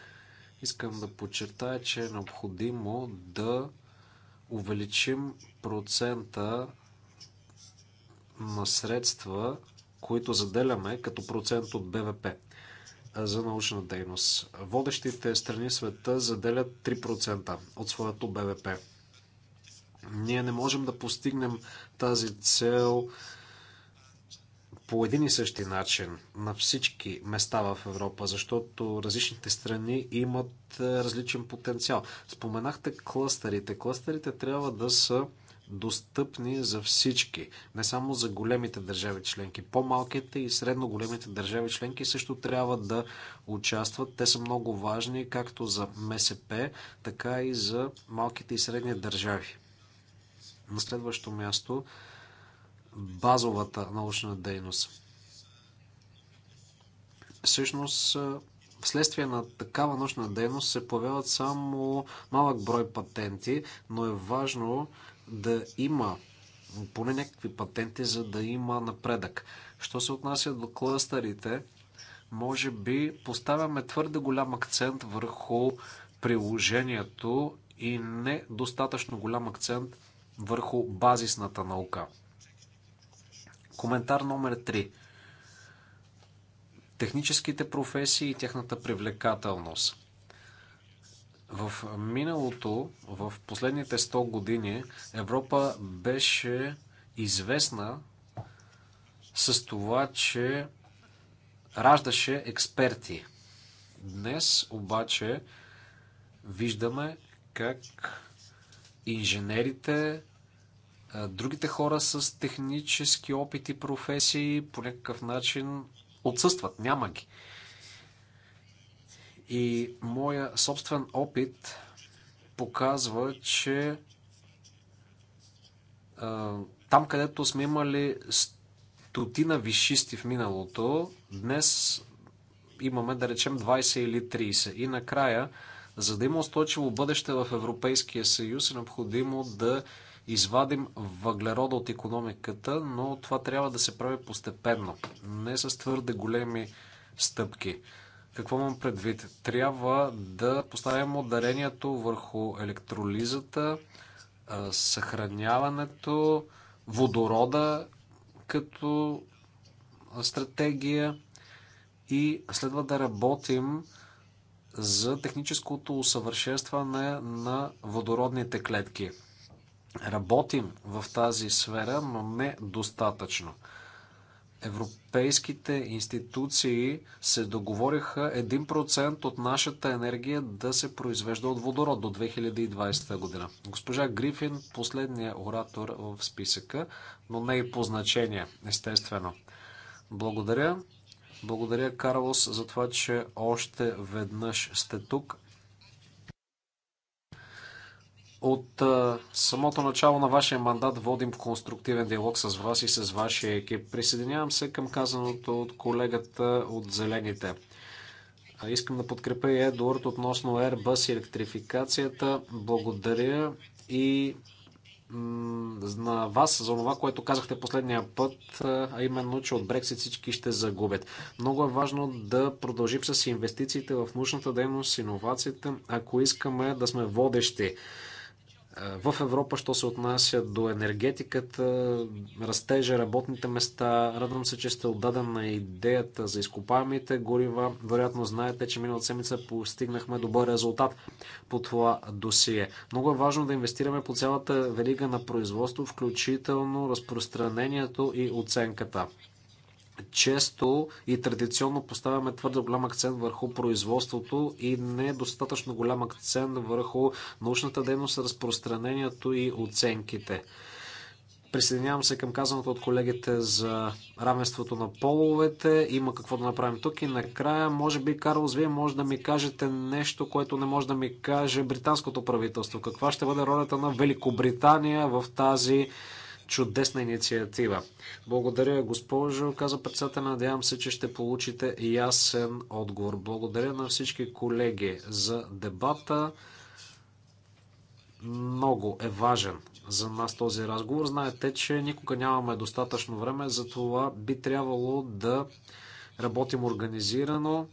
искам да подчертая, че е необходимо да увеличим процента на средства, които заделяме като процент от БВП за научна дейност. Водещите страни света заделят 3% от своето БВП. Ние не можем да постигнем тази цел по един и същи начин на всички места в Европа, защото различните страни имат е, различен потенциал. Споменахте клъстерите. Клъстерите трябва да са достъпни за всички, не само за големите държави членки. По-малките и средно големите държави членки също трябва да участват. Те са много важни както за МСП, така и за малките и средни държави. На следващо място базовата научна дейност. Всъщност, вследствие на такава научна дейност се появяват само малък брой патенти, но е важно да има поне някакви патенти, за да има напредък. Що се отнася до клъстерите, може би поставяме твърде голям акцент върху приложението и не достатъчно голям акцент върху базисната наука. Коментар номер 3. Техническите професии и тяхната привлекателност. В миналото, в последните 100 години, Европа беше известна с това, че раждаше експерти. Днес обаче виждаме как инженерите, Другите хора с технически опит и професии по някакъв начин отсъстват, няма ги. И моя собствен опит показва, че там, където сме имали стотина вишисти в миналото, днес имаме, да речем, 20 или 30. И накрая, за да има устойчиво бъдеще в Европейския съюз, е необходимо да извадим въглерода от економиката, но това трябва да се прави постепенно, не с твърде големи стъпки. Какво имам предвид? Трябва да поставим ударението върху електролизата, съхраняването, водорода като стратегия и следва да работим за техническото усъвършенстване на водородните клетки. Работим в тази сфера, но не достатъчно. Европейските институции се договориха 1% от нашата енергия да се произвежда от водород до 2020 година. Госпожа Грифин, последния оратор в списъка, но не и по значение, естествено. Благодаря. Благодаря, Карлос, за това, че още веднъж сте тук. От а, самото начало на вашия мандат водим конструктивен диалог с вас и с вашия екип. Присъединявам се към казаното от колегата от Зелените. А, искам да подкрепя и Едуард относно Airbus и електрификацията. Благодаря и на вас за това, което казахте последния път, а именно, че от Брексит всички ще загубят. Много е важно да продължим с инвестициите в научната дейност, иновациите, ако искаме да сме водещи в Европа, що се отнася до енергетиката, растежа, работните места. Радвам се, че сте отдаден на идеята за изкопаемите горива. Вероятно знаете, че миналата седмица постигнахме добър резултат по това досие. Много е важно да инвестираме по цялата верига на производство, включително разпространението и оценката често и традиционно поставяме твърде голям акцент върху производството и недостатъчно голям акцент върху научната дейност, разпространението и оценките. Присъединявам се към казаното от колегите за равенството на половете. Има какво да направим тук. И накрая, може би, Карлос, вие може да ми кажете нещо, което не може да ми каже британското правителство. Каква ще бъде ролята на Великобритания в тази чудесна инициатива. Благодаря, госпожо, каза председател. Надявам се, че ще получите ясен отговор. Благодаря на всички колеги за дебата. Много е важен за нас този разговор. Знаете, че никога нямаме достатъчно време, затова би трябвало да работим организирано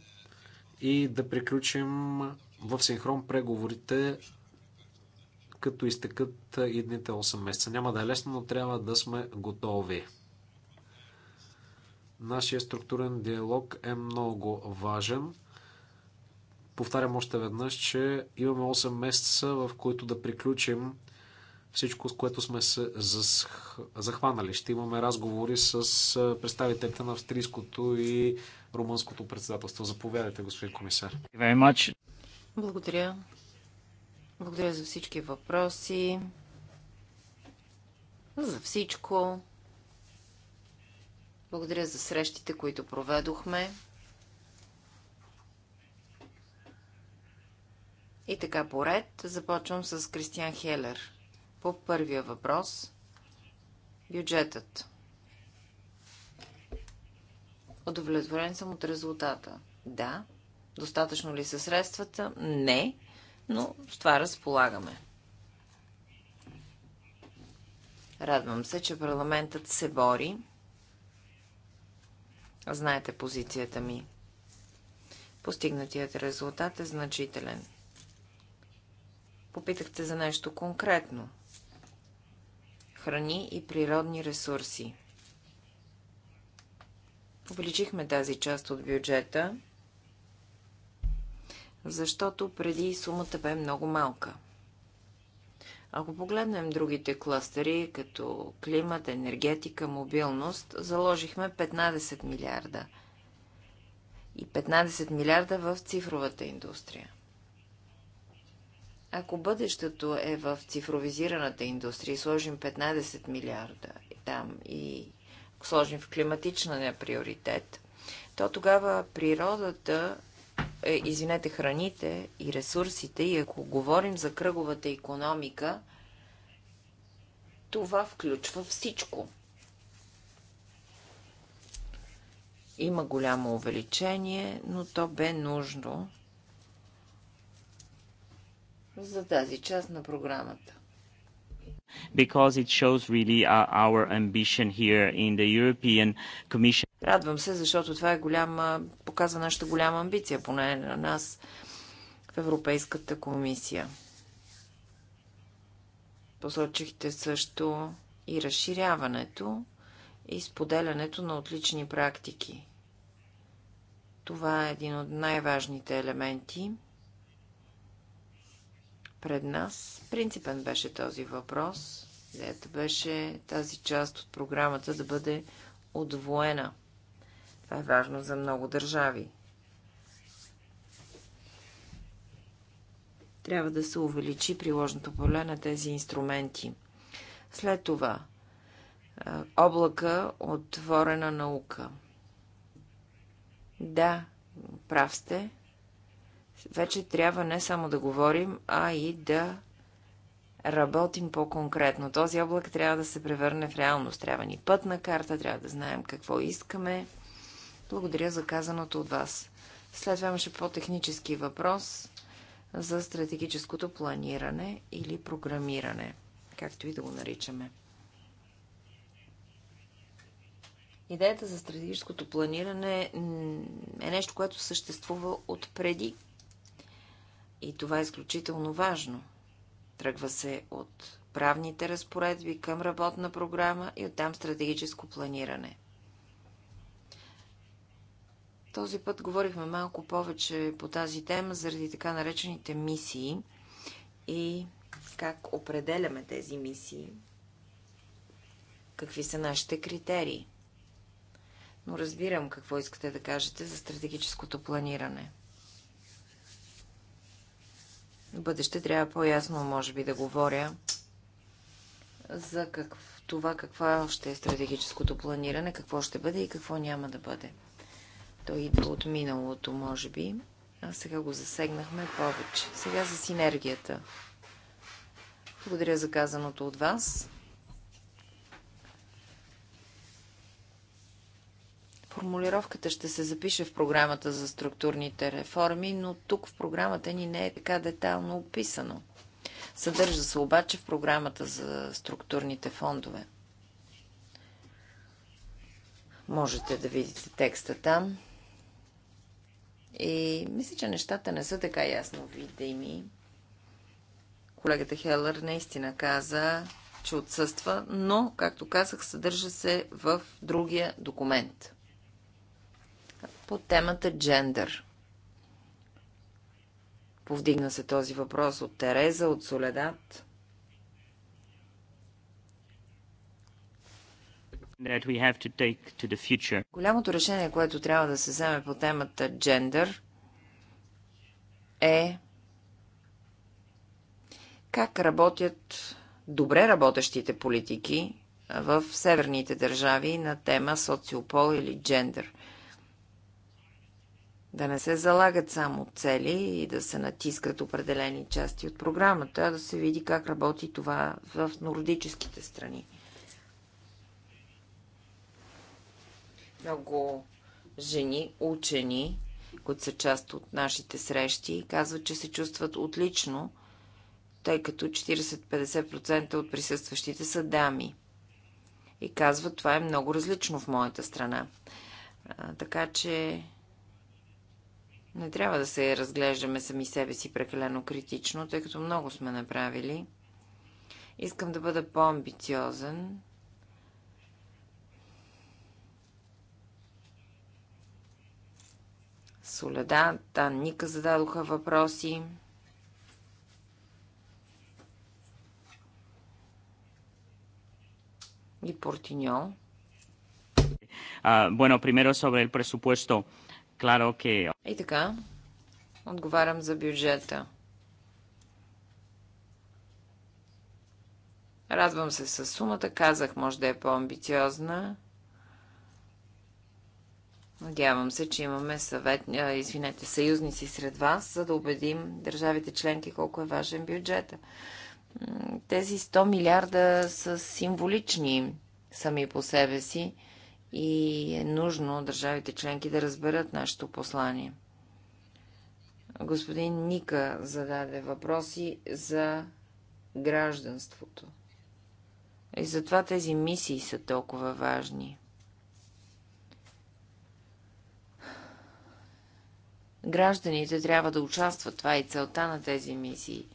и да приключим в синхрон преговорите като изтекат едните 8 месеца. Няма да е лесно, но трябва да сме готови. Нашия структурен диалог е много важен. Повтарям още веднъж, че имаме 8 месеца, в които да приключим всичко, с което сме се захванали. Ще имаме разговори с представителите на австрийското и румънското председателство. Заповядайте, господин комисар. Благодаря. Благодаря за всички въпроси, за всичко. Благодаря за срещите, които проведохме. И така поред започвам с Кристиан Хелер. По първия въпрос – бюджетът. Удовлетворен съм от резултата. Да. Достатъчно ли са средствата? Не но с това разполагаме. Радвам се, че парламентът се бори. Знаете позицията ми. Постигнатият резултат е значителен. Попитахте за нещо конкретно. Храни и природни ресурси. Увеличихме тази част от бюджета защото преди сумата бе много малка. Ако погледнем другите кластери, като климат, енергетика, мобилност, заложихме 15 милиарда. И 15 милиарда в цифровата индустрия. Ако бъдещето е в цифровизираната индустрия и сложим 15 милиарда и там и сложим в климатична приоритет, то тогава природата е, извинете, храните и ресурсите, и ако говорим за кръговата економика, това включва всичко. Има голямо увеличение, но то бе нужно за тази част на програмата. Because it shows really uh, our ambition here in the European Commission. Радвам се, защото това е голяма, показва нашата голяма амбиция, поне на нас в Европейската комисия. Посочихте също и разширяването и споделянето на отлични практики. Това е един от най-важните елементи пред нас. Принципен беше този въпрос. Идеята беше тази част от програмата да бъде отвоена – това е важно за много държави. Трябва да се увеличи приложното поле на тези инструменти. След това облака отворена наука. Да, прав сте. Вече трябва не само да говорим, а и да работим по-конкретно. Този облак трябва да се превърне в реалност. Трябва ни пътна карта, трябва да знаем какво искаме. Благодаря за казаното от вас. След това имаше по-технически въпрос за стратегическото планиране или програмиране, както и да го наричаме. Идеята за стратегическото планиране е нещо, което съществува отпреди. И това е изключително важно. Тръгва се от правните разпоредби към работна програма и оттам стратегическо планиране – този път говорихме малко повече по тази тема заради така наречените мисии и как определяме тези мисии, какви са нашите критерии. Но разбирам какво искате да кажете за стратегическото планиране. В бъдеще трябва по-ясно, може би, да говоря за какво, това каква ще е стратегическото планиране, какво ще бъде и какво няма да бъде. Той идва от миналото, може би, а сега го засегнахме повече. Сега за синергията. Благодаря за казаното от вас. Формулировката ще се запише в програмата за структурните реформи, но тук в програмата ни не е така детайлно описано. Съдържа се обаче в програмата за структурните фондове. Можете да видите текста там. И е, мисля, че нещата не са така ясно видими. Колегата Хелър наистина каза, че отсъства, но, както казах, съдържа се в другия документ. По темата джендър. Повдигна се този въпрос от Тереза, от Соледат. Голямото решение, което трябва да се вземе по темата джендър, е как работят добре работещите политики в северните държави на тема социопол или джендър. Да не се залагат само цели и да се натискат определени части от програмата, а да се види как работи това в нордическите страни. Много жени, учени, които са част от нашите срещи, казват, че се чувстват отлично, тъй като 40-50% от присъстващите са дами. И казват, това е много различно в моята страна. А, така че не трябва да се разглеждаме сами себе си прекалено критично, тъй като много сме направили. Искам да бъда по-амбициозен Соледа, Тан Ника зададоха въпроси. И Портиньо. Uh, bueno, primero sobre el presupuesto. Claro que... И така, отговарям за бюджета. Радвам се с сумата, казах, може да е по-амбициозна. Надявам се, че имаме съвет, извинете, съюзници сред вас, за да убедим държавите членки колко е важен бюджета. Тези 100 милиарда са символични сами по себе си и е нужно държавите членки да разберат нашето послание. Господин Ника зададе въпроси за гражданството. И затова тези мисии са толкова важни. Гражданите трябва да участват. Това е и целта на тези мисии.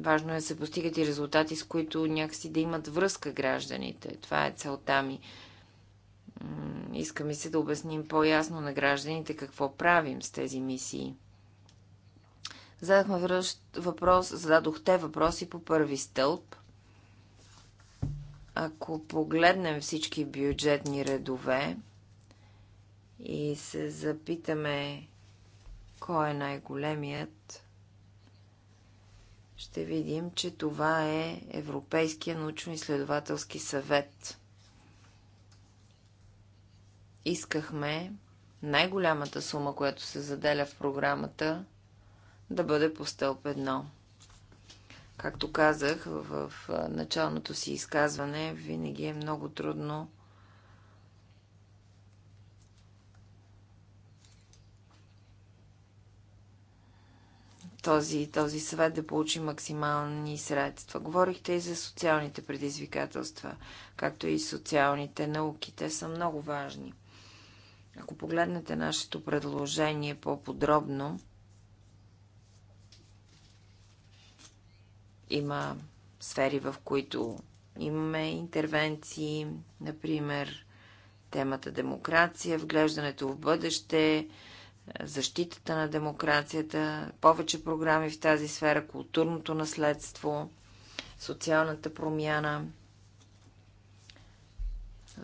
Важно е да се постигат и резултати, с които някакси да имат връзка гражданите. Това е целта ми. Искаме се да обясним по-ясно на гражданите какво правим с тези мисии. Задахме въпрос, зададохте въпроси по първи стълб. Ако погледнем всички бюджетни редове, и се запитаме кой е най-големият, ще видим, че това е Европейския научно-изследователски съвет. Искахме най-голямата сума, която се заделя в програмата, да бъде по стълб едно. Както казах в началното си изказване, винаги е много трудно този, този съвет да получи максимални средства. Говорихте и за социалните предизвикателства, както и социалните науки. Те са много важни. Ако погледнете нашето предложение по-подробно, има сфери, в които имаме интервенции, например темата демокрация, вглеждането в бъдеще, защитата на демокрацията, повече програми в тази сфера, културното наследство, социалната промяна,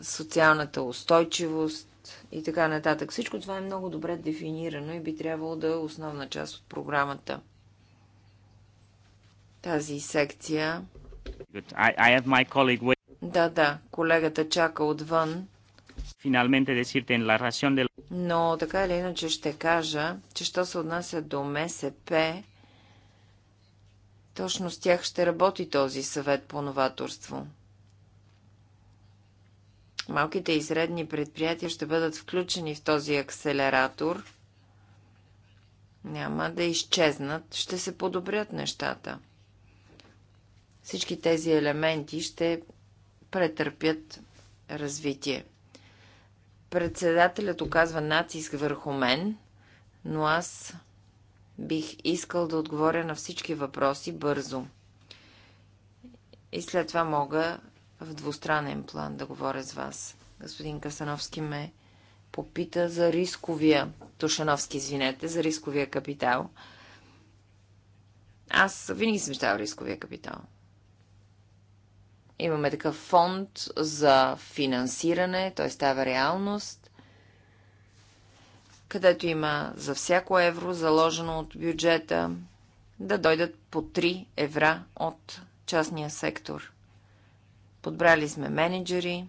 социалната устойчивост и така нататък. Всичко това е много добре дефинирано и би трябвало да е основна част от програмата. Тази секция. I, I have my colleague... Да, да, колегата чака отвън. Но така или иначе ще кажа, че що се отнася до МСП, точно с тях ще работи този съвет по новаторство. Малките и средни предприятия ще бъдат включени в този акселератор. Няма да изчезнат, ще се подобрят нещата. Всички тези елементи ще претърпят развитие. Председателят оказва натиск върху мен, но аз бих искал да отговоря на всички въпроси бързо. И след това мога в двустранен план да говоря с вас. Господин Касановски ме попита за рисковия, Тушановски, извинете, за рисковия капитал. Аз винаги съм щал рисковия капитал. Имаме такъв фонд за финансиране, той става реалност, където има за всяко евро, заложено от бюджета, да дойдат по 3 евра от частния сектор. Подбрали сме менеджери,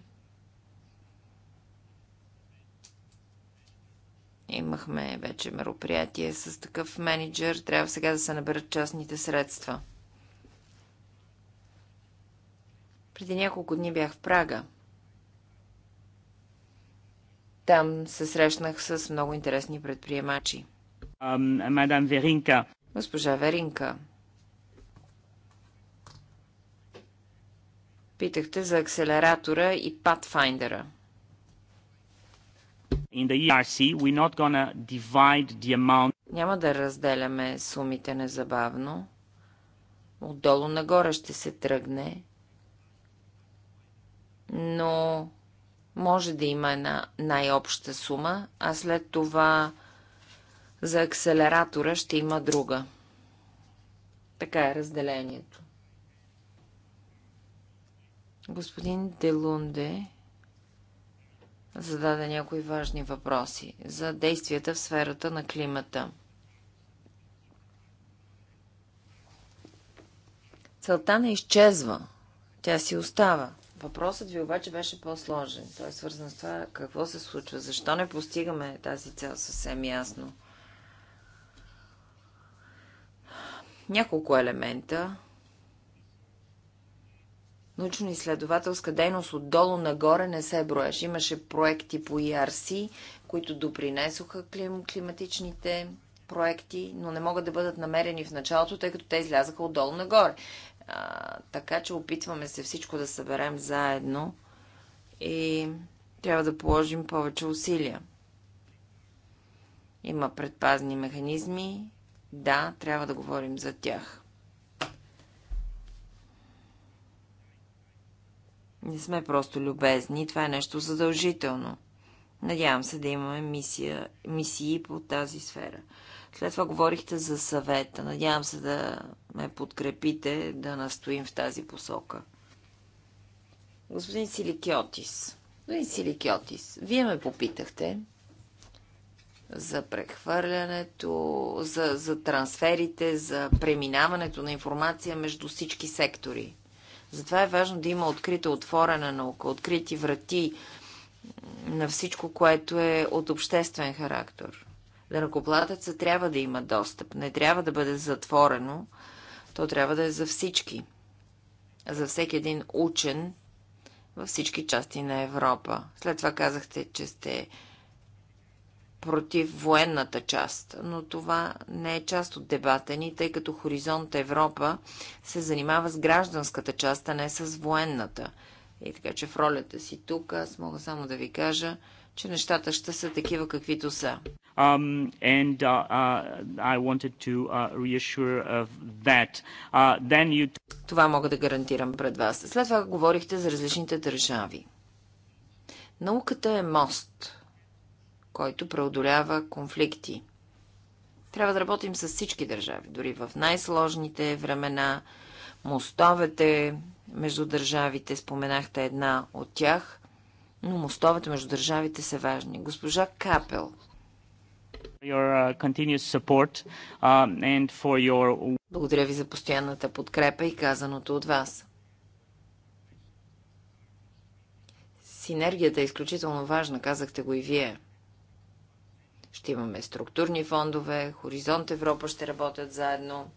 имахме вече мероприятие с такъв менеджер, трябва сега да се наберат частните средства – Преди няколко дни бях в Прага. Там се срещнах с много интересни предприемачи. Мадам um, Веринка. Госпожа Веринка. Питахте за акселератора и патфайндера. In the ERC, we're not gonna divide the amount. Няма да разделяме сумите незабавно. Отдолу нагоре ще се тръгне но може да има една най-обща сума, а след това за акселератора ще има друга. Така е разделението. Господин Делунде зададе някои важни въпроси за действията в сферата на климата. Целта не изчезва, тя си остава. Въпросът ви обаче беше по-сложен. Той е свързан с това какво се случва, защо не постигаме тази цел съвсем ясно. Няколко елемента. Научно-изследователска дейност отдолу нагоре не се броеш. Имаше проекти по ERC, които допринесоха клим, климатичните проекти, но не могат да бъдат намерени в началото, тъй като те излязаха отдолу нагоре. А, така че опитваме се всичко да съберем заедно и трябва да положим повече усилия. Има предпазни механизми. Да, трябва да говорим за тях. Не сме просто любезни, това е нещо задължително. Надявам се да имаме мисия, мисии по тази сфера. След това говорихте за съвета. Надявам се да ме подкрепите да настоим в тази посока. Господин Силикиотис. Господин Силикиотис, вие ме попитахте за прехвърлянето, за, за трансферите, за преминаването на информация между всички сектори. Затова е важно да има открита, отворена наука, открити врати на всичко, което е от обществен характер. Дънакоплатеца трябва да има достъп. Не трябва да бъде затворено. То трябва да е за всички. За всеки един учен във всички части на Европа. След това казахте, че сте против военната част, но това не е част от дебата ни, тъй като Хоризонт Европа се занимава с гражданската част, а не с военната. И така че в ролята си тук аз мога само да ви кажа, че нещата ще са такива каквито са. Um, and uh, uh, I wanted to uh, reassure of uh, that. Uh, then you... Това мога да гарантирам пред вас. След това говорихте за различните държави. Науката е мост, който преодолява конфликти. Трябва да работим с всички държави, дори в най-сложните времена. Мостовете между държавите, споменахте една от тях – но мостовете между държавите са важни. Госпожа Капел. Uh, support, uh, your... Благодаря ви за постоянната подкрепа и казаното от вас. Синергията е изключително важна, казахте го и вие. Ще имаме структурни фондове, Хоризонт Европа ще работят заедно.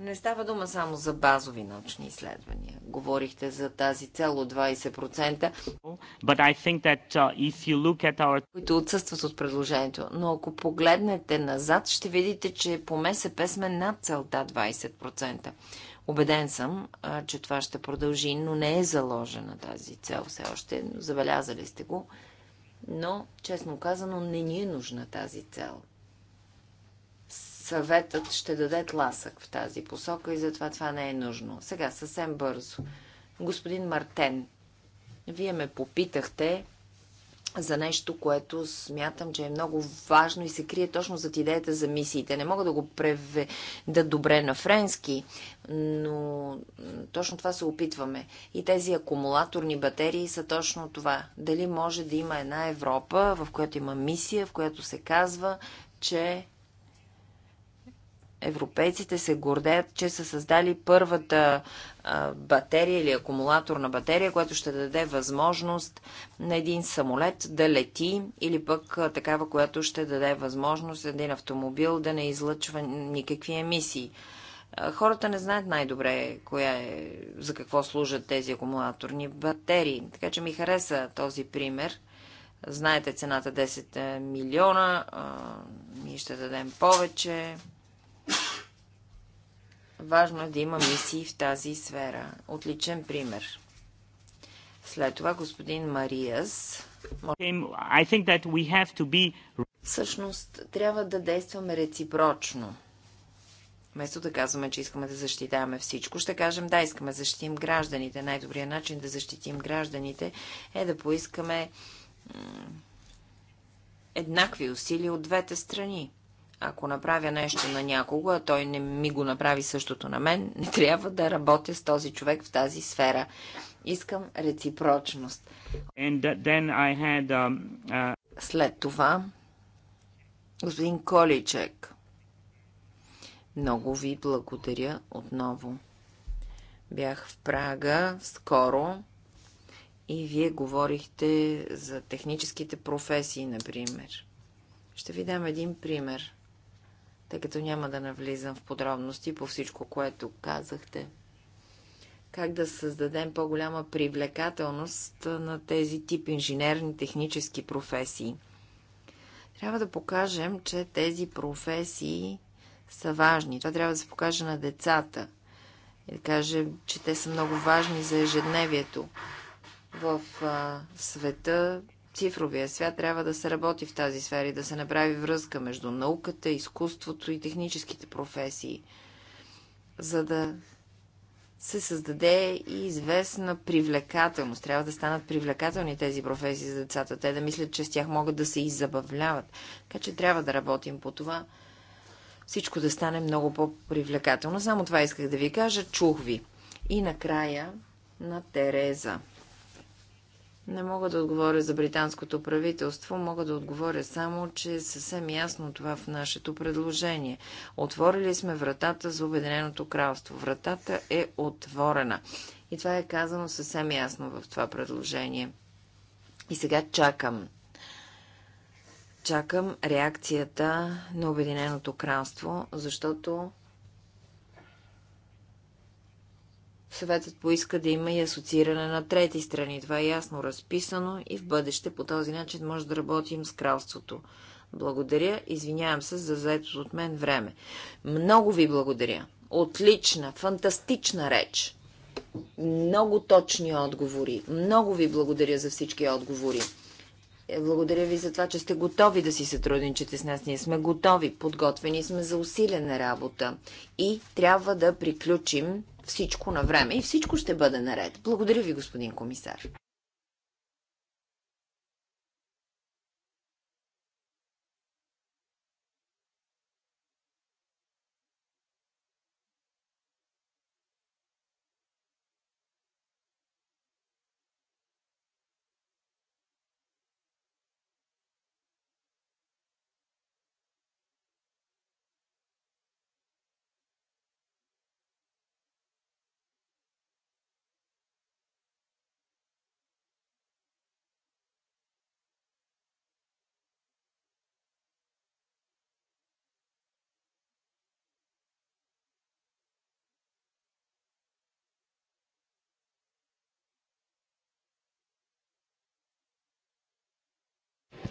Не става дума само за базови научни изследвания. Говорихте за тази цел от 20%, uh, our... които отсъстват от предложението. Но ако погледнете назад, ще видите, че по МСП сме над целта 20%. Обеден съм, че това ще продължи, но не е заложена тази цел все още. Забелязали сте го. Но, честно казано, не ни е нужна тази цел съветът ще даде тласък в тази посока и затова това не е нужно. Сега съвсем бързо. Господин Мартен, вие ме попитахте за нещо, което смятам, че е много важно и се крие точно зад идеята за мисиите. Не мога да го преведа добре на френски, но точно това се опитваме. И тези акумулаторни батерии са точно това. Дали може да има една Европа, в която има мисия, в която се казва, че европейците се гордеят, че са създали първата батерия или акумулаторна батерия, която ще даде възможност на един самолет да лети или пък такава, която ще даде възможност един автомобил да не излъчва никакви емисии. Хората не знаят най-добре коя е, за какво служат тези акумулаторни батерии. Така че ми хареса този пример. Знаете цената 10 милиона. Ние ще дадем повече. Важно е да има мисии в тази сфера. Отличен пример. След това господин Мариас. Be... Всъщност трябва да действаме реципрочно. Вместо да казваме, че искаме да защитаваме всичко, ще кажем да, искаме да защитим гражданите. Най-добрият начин да защитим гражданите е да поискаме еднакви усилия от двете страни. Ако направя нещо на някого, а той не ми го направи същото на мен, не трябва да работя с този човек в тази сфера. Искам реципрочност. Had, um, uh... След това, господин Количек, много ви благодаря отново. Бях в Прага скоро и вие говорихте за техническите професии, например. Ще ви дам един пример тъй като няма да навлизам в подробности по всичко, което казахте. Как да създадем по-голяма привлекателност на тези тип инженерни технически професии? Трябва да покажем, че тези професии са важни. Това трябва да се покаже на децата. И да каже, че те са много важни за ежедневието. В а, света цифровия свят трябва да се работи в тази сфера и да се направи връзка между науката, изкуството и техническите професии, за да се създаде и известна привлекателност. Трябва да станат привлекателни тези професии за децата. Те да мислят, че с тях могат да се и забавляват. Така че трябва да работим по това. Всичко да стане много по-привлекателно. Само това исках да ви кажа. Чух ви. И накрая на Тереза. Не мога да отговоря за британското правителство, мога да отговоря само, че е съвсем ясно това в нашето предложение. Отворили сме вратата за Обединеното кралство. Вратата е отворена. И това е казано съвсем ясно в това предложение. И сега чакам. Чакам реакцията на Обединеното кралство, защото Съветът поиска да има и асоцииране на трети страни. Това е ясно разписано и в бъдеще по този начин може да работим с кралството. Благодаря. Извинявам се за заето от мен време. Много ви благодаря. Отлична, фантастична реч. Много точни отговори. Много ви благодаря за всички отговори. Е, благодаря ви за това, че сте готови да си сътрудничите с нас. Ние сме готови, подготвени сме за усилена работа и трябва да приключим всичко на време и всичко ще бъде наред. Благодаря ви, господин комисар.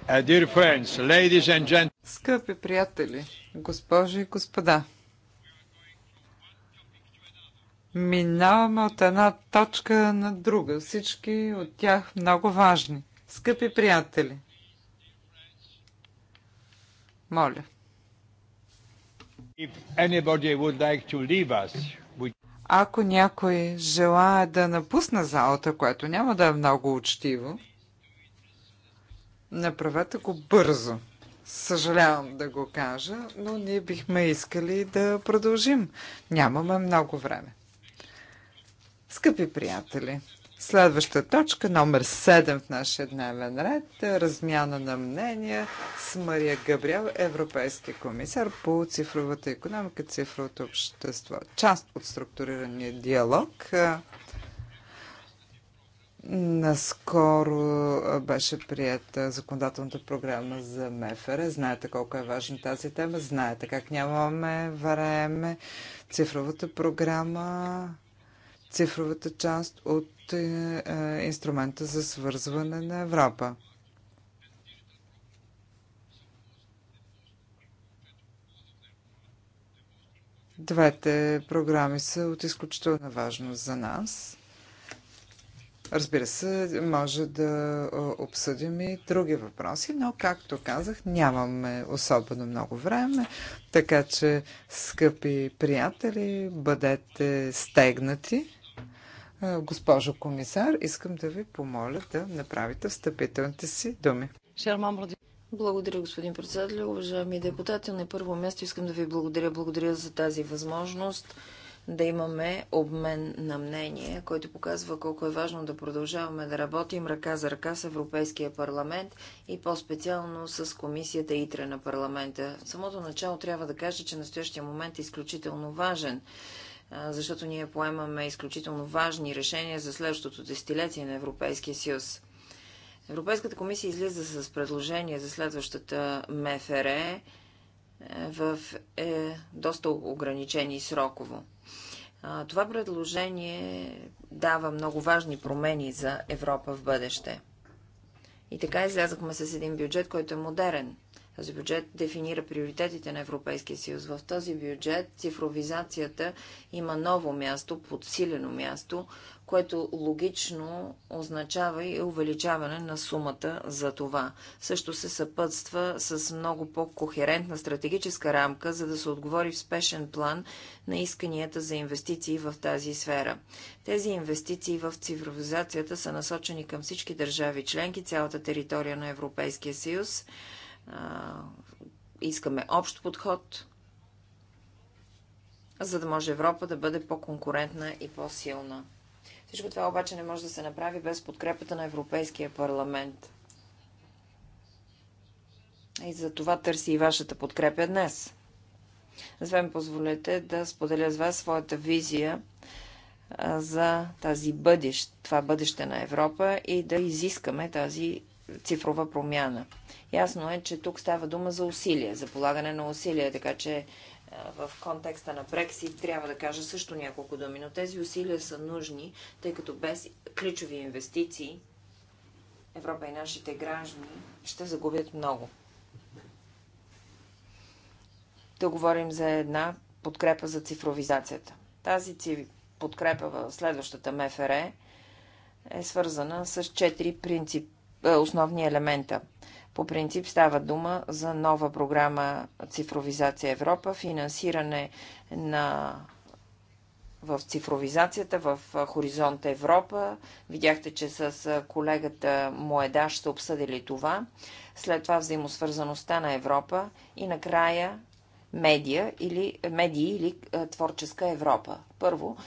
Uh, Скъпи приятели, госпожи и господа, минаваме от една точка на друга, всички от тях много важни. Скъпи приятели, моля. Like us, Ако някой желая да напусне залата, което няма да е много учтиво, Направете го бързо. Съжалявам да го кажа, но ние бихме искали да продължим. Нямаме много време. Скъпи приятели, следваща точка, номер 7 в нашия дневен ред, размяна на мнения с Мария Габриел, европейски комисар по цифровата економика, цифровото общество. Част от структурирания диалог Наскоро беше прията законодателната програма за МФР. Знаете колко е важна тази тема. Знаете как нямаме време. Цифровата програма, цифровата част от е, е, инструмента за свързване на Европа. Двете програми са от изключителна важност за нас. Разбира се, може да обсъдим и други въпроси, но, както казах, нямаме особено много време, така че, скъпи приятели, бъдете стегнати. Госпожо комисар, искам да ви помоля да направите встъпителните си думи. Благодаря, господин председател. Уважаеми депутати, на първо място искам да ви благодаря. Благодаря за тази възможност да имаме обмен на мнение, който показва колко е важно да продължаваме да работим ръка за ръка с Европейския парламент и по-специално с комисията ИТРЕ на парламента. В самото начало трябва да кажа, че настоящия момент е изключително важен защото ние поемаме изключително важни решения за следващото десетилетие на Европейския съюз. Европейската комисия излиза с предложение за следващата МФР е, в е, доста ограничени сроково. Това предложение дава много важни промени за Европа в бъдеще. И така излязахме с един бюджет, който е модерен. Този бюджет дефинира приоритетите на Европейския съюз. В този бюджет цифровизацията има ново място, подсилено място, което логично означава и увеличаване на сумата за това. Също се съпътства с много по-кохерентна стратегическа рамка, за да се отговори в спешен план на исканията за инвестиции в тази сфера. Тези инвестиции в цифровизацията са насочени към всички държави членки, цялата територия на Европейския съюз. Искаме общ подход, за да може Европа да бъде по-конкурентна и по-силна. Всичко това обаче не може да се направи без подкрепата на Европейския парламент. И за това търси и вашата подкрепа днес. За това ми позволете да споделя с вас своята визия за тази бъдещ, това бъдеще на Европа и да изискаме тази цифрова промяна. Ясно е, че тук става дума за усилия, за полагане на усилия, така че в контекста на Брексит трябва да кажа също няколко думи, но тези усилия са нужни, тъй като без ключови инвестиции Европа и нашите граждани ще загубят много. Да говорим за една подкрепа за цифровизацията. Тази подкрепа в следващата МФР е свързана с четири принцип... Е, основни елемента – по принцип става дума за нова програма Цифровизация Европа, финансиране на в цифровизацията, в Хоризонт Европа. Видяхте, че с колегата Моедаш са обсъдили това. След това взаимосвързаността на Европа и накрая медия или, медии или творческа Европа. Първо,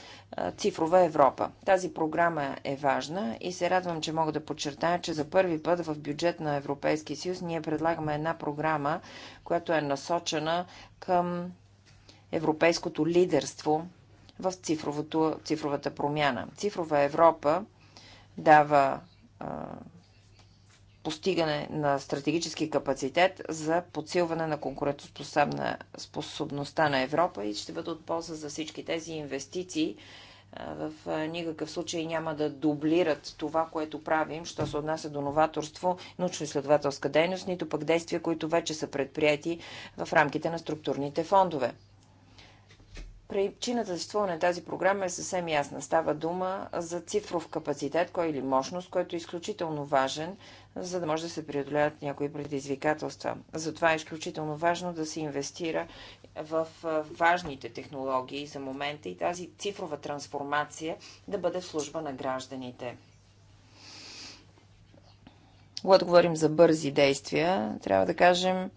Цифрова Европа. Тази програма е важна и се радвам, че мога да подчертая, че за първи път в бюджет на Европейския съюз ние предлагаме една програма, която е насочена към европейското лидерство в цифровата промяна. Цифрова Европа дава постигане на стратегически капацитет за подсилване на конкурентоспособността на Европа и ще бъде от полза за всички тези инвестиции, в никакъв случай няма да дублират това, което правим, що се отнася до новаторство, научно-изследователска дейност, нито пък действия, които вече са предприяти в рамките на структурните фондове. Причината за съществуване на тази програма е съвсем ясна. Става дума за цифров капацитет кой или мощност, който е изключително важен, за да може да се преодоляват някои предизвикателства. Затова е изключително важно да се инвестира в важните технологии за момента и тази цифрова трансформация да бъде в служба на гражданите. Когато говорим за бързи действия, трябва да кажем,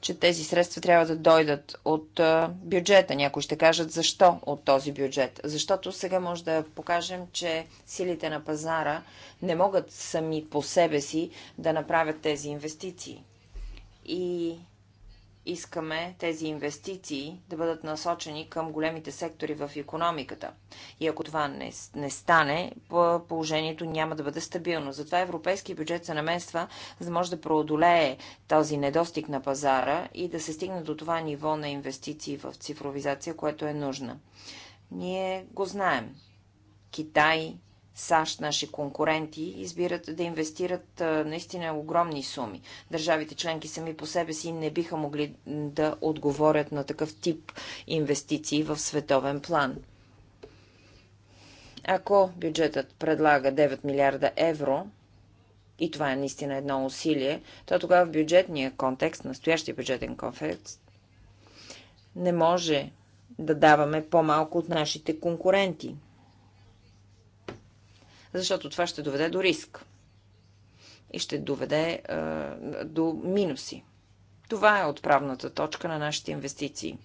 че тези средства трябва да дойдат от бюджета. Някои ще кажат защо от този бюджет. Защото сега може да покажем, че силите на пазара не могат сами по себе си да направят тези инвестиции. И искаме тези инвестиции да бъдат насочени към големите сектори в економиката. И ако това не, не стане, положението няма да бъде стабилно. Затова европейски бюджет се намества, за да може да преодолее този недостиг на пазара и да се стигне до това ниво на инвестиции в цифровизация, което е нужно. Ние го знаем. Китай, САЩ, наши конкуренти, избират да инвестират наистина огромни суми. Държавите членки сами по себе си не биха могли да отговорят на такъв тип инвестиции в световен план. Ако бюджетът предлага 9 милиарда евро, и това е наистина едно усилие, то тогава в бюджетния контекст, настоящия бюджетен контекст, не може да даваме по-малко от нашите конкуренти – защото това ще доведе до риск и ще доведе а, до минуси. Това е отправната точка на нашите инвестиции.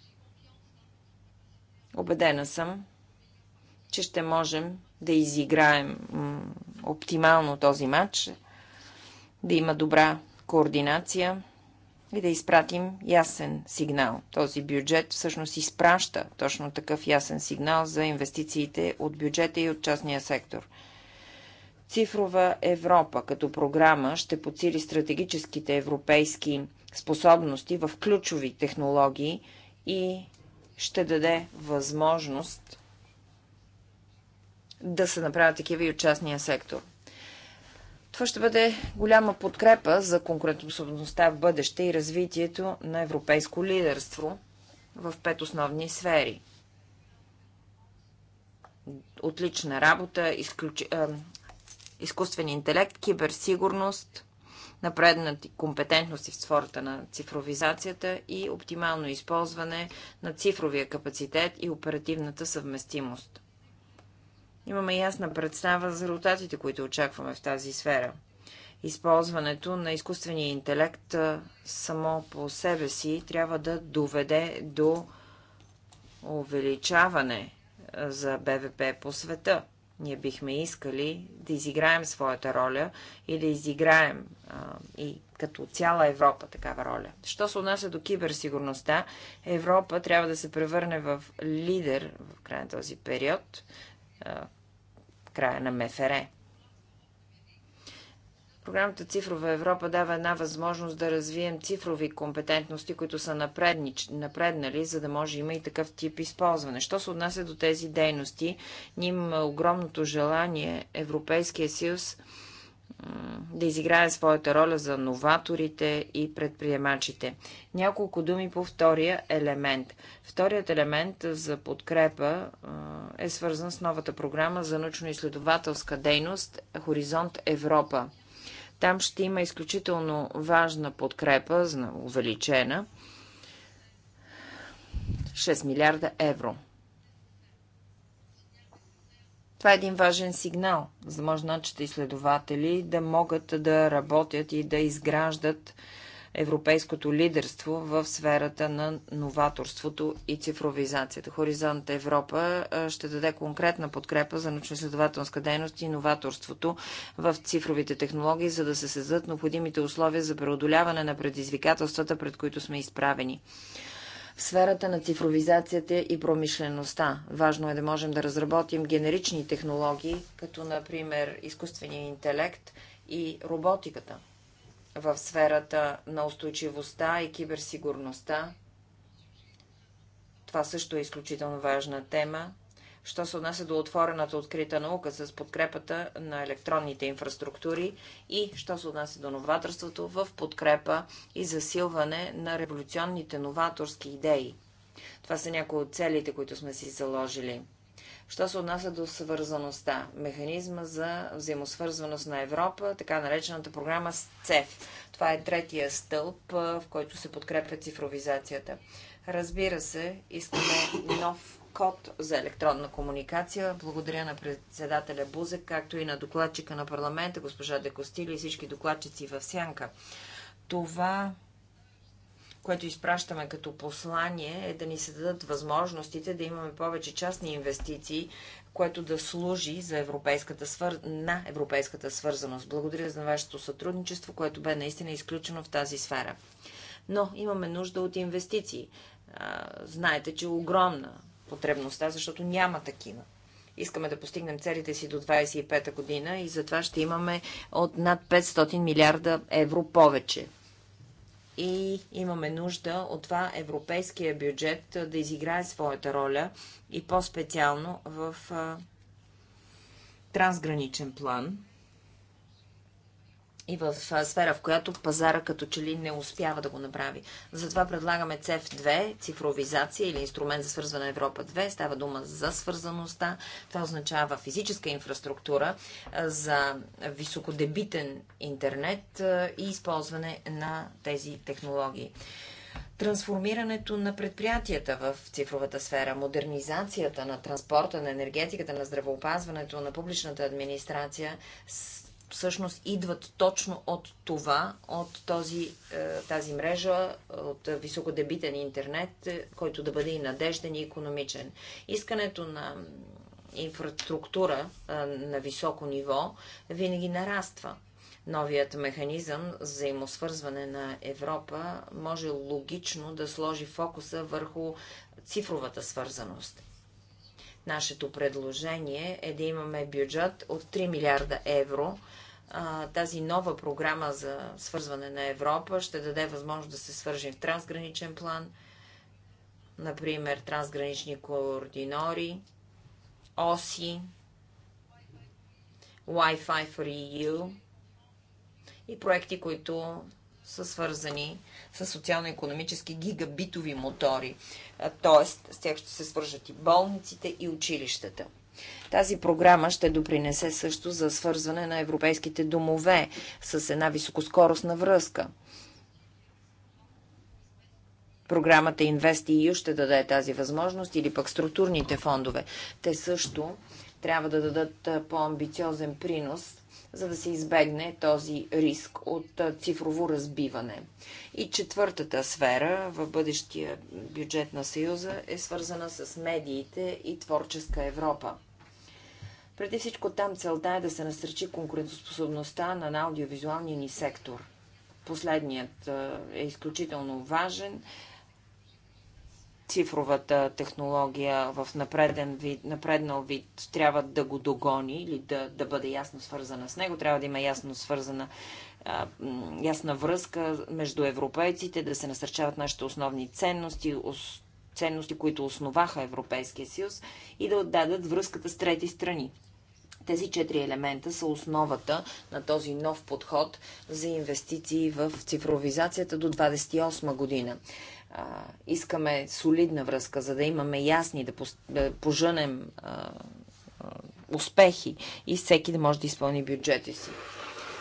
Обедена съм, че ще можем да изиграем оптимално този матч, да има добра координация и да изпратим ясен сигнал. Този бюджет всъщност изпраща точно такъв ясен сигнал за инвестициите от бюджета и от частния сектор – Цифрова Европа като програма ще подсили стратегическите европейски способности в ключови технологии и ще даде възможност да се направят такива и от частния сектор. Това ще бъде голяма подкрепа за конкурентоспособността в бъдеще и развитието на европейско лидерство в пет основни сфери. Отлична работа, изключ изкуствен интелект, киберсигурност, напреднати компетентности в сферата на цифровизацията и оптимално използване на цифровия капацитет и оперативната съвместимост. Имаме ясна представа за резултатите, които очакваме в тази сфера. Използването на изкуствения интелект само по себе си трябва да доведе до увеличаване за БВП по света – ние бихме искали да изиграем своята роля и да изиграем а, и като цяла Европа такава роля. Що се отнася до киберсигурността, Европа трябва да се превърне в лидер в края на този период, а, края на МФР. Програмата Цифрова Европа дава една възможност да развием цифрови компетентности, които са напреднич, напреднали, за да може има и такъв тип използване. Що се отнася до тези дейности, ние имаме огромното желание Европейския съюз да изиграе своята роля за новаторите и предприемачите. Няколко думи по втория елемент. Вторият елемент за подкрепа е свързан с новата програма за научно-изследователска дейност Хоризонт Европа. Там ще има изключително важна подкрепа, увеличена, 6 милиарда евро. Това е един важен сигнал, за да може нашите изследователи да могат да работят и да изграждат европейското лидерство в сферата на новаторството и цифровизацията. Хоризонт Европа ще даде конкретна подкрепа за научно-изследователска дейност и новаторството в цифровите технологии, за да се създадат необходимите условия за преодоляване на предизвикателствата, пред които сме изправени в сферата на цифровизацията и промишлеността. Важно е да можем да разработим генерични технологии, като например изкуствения интелект и роботиката в сферата на устойчивостта и киберсигурността. Това също е изключително важна тема. Що се отнася до отворената открита наука с подкрепата на електронните инфраструктури и що се отнася до новаторството в подкрепа и засилване на революционните новаторски идеи. Това са някои от целите, които сме си заложили – Що се отнася до свързаността? Механизма за взаимосвързваност на Европа, така наречената програма СЦЕФ. Това е третия стълб, в който се подкрепя цифровизацията. Разбира се, искаме нов код за електронна комуникация. Благодаря на председателя Бузек, както и на докладчика на парламента, госпожа Декостили и всички докладчици в Сянка. Това което изпращаме като послание, е да ни се дадат възможностите да имаме повече частни инвестиции, което да служи за европейската свър... на европейската свързаност. Благодаря за вашето сътрудничество, което бе наистина изключено в тази сфера. Но имаме нужда от инвестиции. Знаете, че е огромна потребността, защото няма такива искаме да постигнем целите си до 25-та година и затова ще имаме от над 500 милиарда евро повече и имаме нужда от това европейския бюджет да изиграе своята роля и по-специално в трансграничен план и в сфера, в която пазара като че ли не успява да го направи. Затова предлагаме CEF2, цифровизация или инструмент за свързване Европа 2. Става дума за свързаността. Това означава физическа инфраструктура за високодебитен интернет и използване на тези технологии трансформирането на предприятията в цифровата сфера, модернизацията на транспорта, на енергетиката, на здравеопазването, на публичната администрация всъщност идват точно от това, от този, е, тази мрежа, от високодебитен интернет, е, който да бъде и надежден и економичен. Искането на инфраструктура е, на високо ниво винаги нараства. Новият механизъм за взаимосвързване на Европа може логично да сложи фокуса върху цифровата свързаност. Нашето предложение е да имаме бюджет от 3 милиарда евро. Тази нова програма за свързване на Европа ще даде възможност да се свържим в трансграничен план, например трансгранични координори, оси, Wi-Fi for EU и проекти, които са свързани с социално-економически гигабитови мотори. т.е. с тях ще се свържат и болниците, и училищата. Тази програма ще допринесе също за свързване на европейските домове с една високоскоростна връзка. Програмата InvestEU ще даде тази възможност или пък структурните фондове. Те също трябва да дадат по-амбициозен принос за да се избегне този риск от цифрово разбиване. И четвъртата сфера в бъдещия бюджет на Съюза е свързана с медиите и творческа Европа. Преди всичко там целта е да се насърчи конкурентоспособността на аудиовизуалния ни сектор. Последният е изключително важен цифровата технология в напреден вид, напреднал вид трябва да го догони или да, да бъде ясно свързана с него. Трябва да има ясно свързана ясна връзка между европейците, да се насърчават нашите основни ценности, ценности, които основаха Европейския съюз и да отдадат връзката с трети страни. Тези четири елемента са основата на този нов подход за инвестиции в цифровизацията до 28 година искаме солидна връзка, за да имаме ясни, да, поженем успехи и всеки да може да изпълни бюджета си.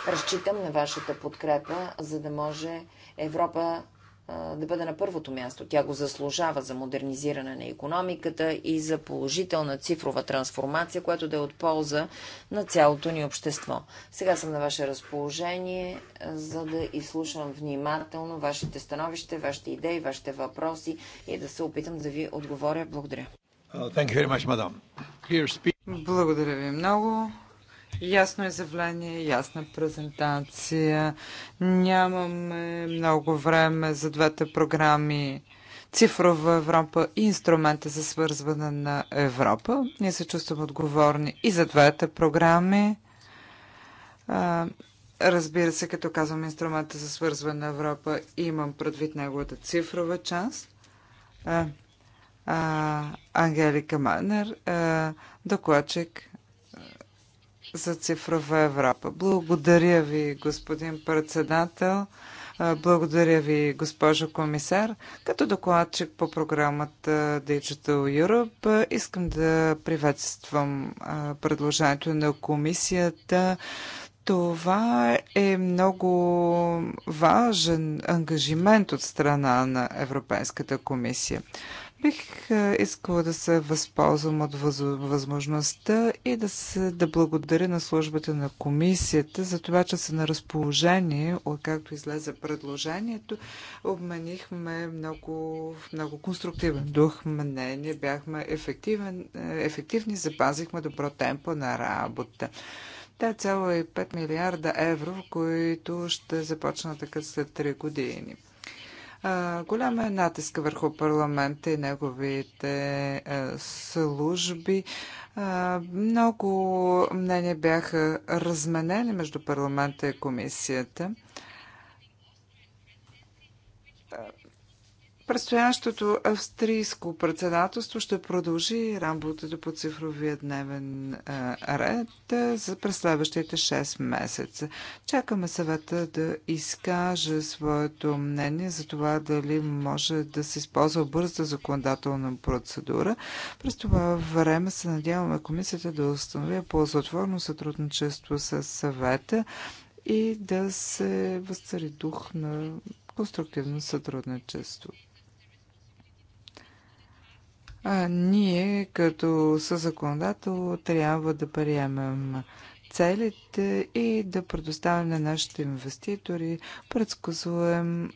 Разчитам на вашата подкрепа, за да може Европа да бъде на първото място. Тя го заслужава за модернизиране на економиката и за положителна цифрова трансформация, която да е от полза на цялото ни общество. Сега съм на ваше разположение, за да изслушам внимателно вашите становища, вашите идеи, вашите въпроси и да се опитам да ви отговоря. Благодаря. Uh, Благодаря ви много. Ясно изявление, ясна презентация. Нямаме много време за двете програми Цифрова Европа и инструмента за свързване на Европа. Ние се чувстваме отговорни и за двете програми. Разбира се, като казвам инструмента за свързване на Европа, имам предвид неговата цифрова част. Ангелика Манер, докладчик за цифрова Европа. Благодаря ви, господин председател. Благодаря ви, госпожо комисар. Като докладчик по програмата Digital Europe искам да приветствам предложението на комисията. Това е много важен ангажимент от страна на Европейската комисия. Бих искала да се възползвам от възможността и да, се, да благодаря на службата на комисията за това, че са на разположение, както излезе предложението. Обменихме много, много конструктивен дух, мнение, бяхме е, ефективни, запазихме добро темпо на работа. 5 е милиарда евро, които ще започнат така след 3 години голям е натиска върху парламента и неговите служби. Много мнения бяха разменени между парламента и комисията. Предстоящото австрийско председателство ще продължи работата по цифровия дневен ред за през следващите 6 месеца. Чакаме съвета да изкаже своето мнение за това дали може да се използва бърза законодателна процедура. През това време се надяваме комисията да установи ползотворно сътрудничество с съвета и да се възцари дух на конструктивно сътрудничество. А, ние като съзаконодател трябва да приемем целите и да предоставим на нашите инвеститори предсказуем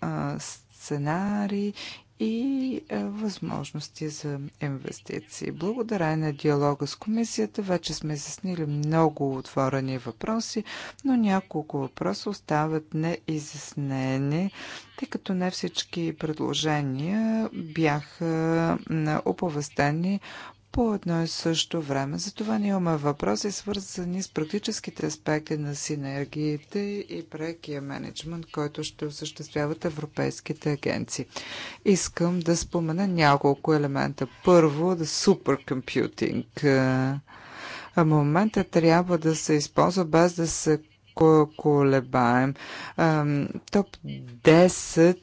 сценарий и е, възможности за инвестиции. Благодаря на диалога с комисията вече сме заснили много отворени въпроси, но няколко въпроса остават неизяснени, тъй като не всички предложения бяха е, оповестени по едно и също време. Затова ние имаме въпроси, свързани с практическите аспекти на синергиите и прекия менеджмент, който ще осъществяват европейските агенции. Искам да спомена няколко елемента. Първо, да е, суперкомпютинг. Момента трябва да се използва без да се колебаем. Топ 10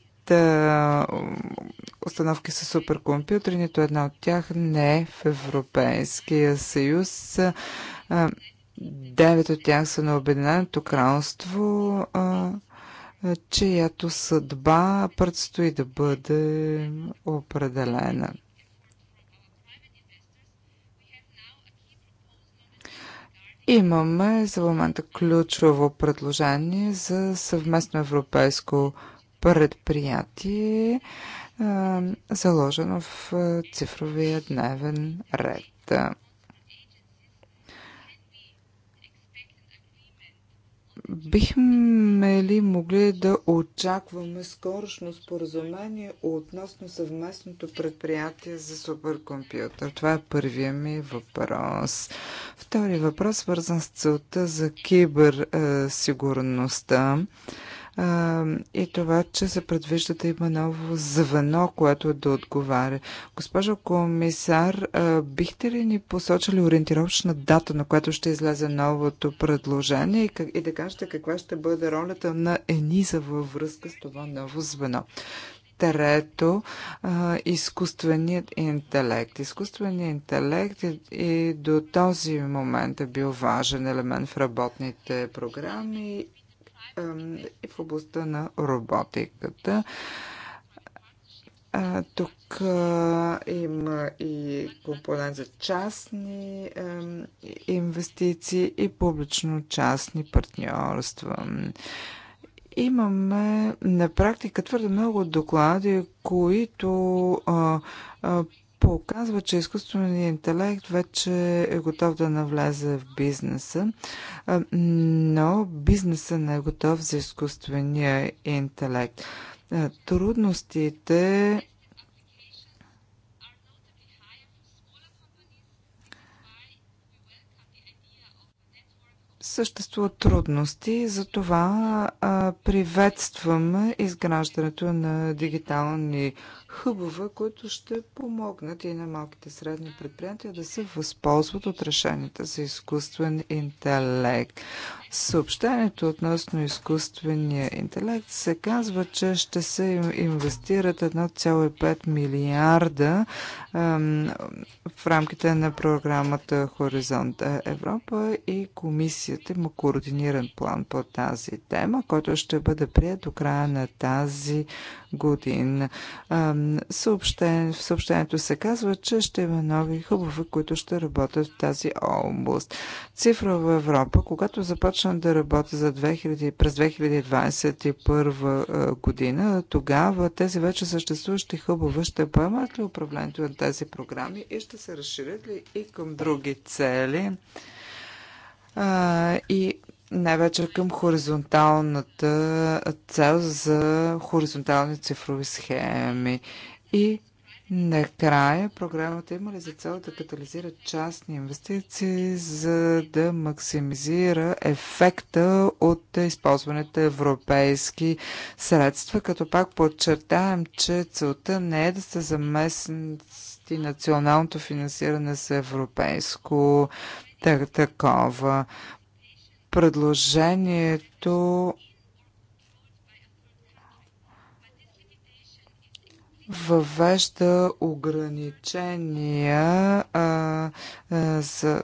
установки с суперкомпютри, нито една от тях не е в Европейския съюз. Девет от тях са на Обединеното кралство, чиято съдба предстои да бъде определена. Имаме за момента ключово предложение за съвместно европейско предприятие, заложено в цифровия дневен ред. Бихме ли могли да очакваме скорошно споразумение относно съвместното предприятие за суперкомпютър? Това е първия ми въпрос. Втори въпрос, свързан с целта за киберсигурността. Е, и това, че се предвижда да има ново звено, което да отговаря. Госпожо комисар, бихте ли ни посочили ориентировъчна дата, на която ще излезе новото предложение и да кажете каква ще бъде ролята на ЕНИЗА във връзка с това ново звено? Трето, изкуственият интелект. Изкуственият интелект и до този момент е бил важен елемент в работните програми и в областта на роботиката. тук има и компонент за частни инвестиции и публично-частни партньорства. Имаме на практика твърде много доклади, които а, а, показва, че изкуственият интелект вече е готов да навлезе в бизнеса, но бизнеса не е готов за изкуствения интелект. Трудностите съществуват трудности, затова приветстваме изграждането на дигитални хъбове, които ще помогнат и на малките средни предприятия да се възползват от решенията за изкуствен интелект. Съобщението относно изкуствения интелект се казва, че ще се инвестират 1,5 милиарда ем, в рамките на програмата Хоризонт Европа и комисията има координиран план по тази тема, който ще бъде прият до края на тази годин. в съобщението се казва, че ще има нови хубави, които ще работят в тази област. Цифрова Европа, когато започна да работи за 2000, през 2021 година, тогава тези вече съществуващи хубави ще поемат ли управлението на тези програми и ще се разширят ли и към други цели? и най-вече към хоризонталната цел за хоризонтални цифрови схеми. И накрая програмата има ли за цел да катализира частни инвестиции, за да максимизира ефекта от използваните европейски средства, като пак подчертаем, че целта не е да се замести националното финансиране с европейско такова предложението въвежда ограничения за единица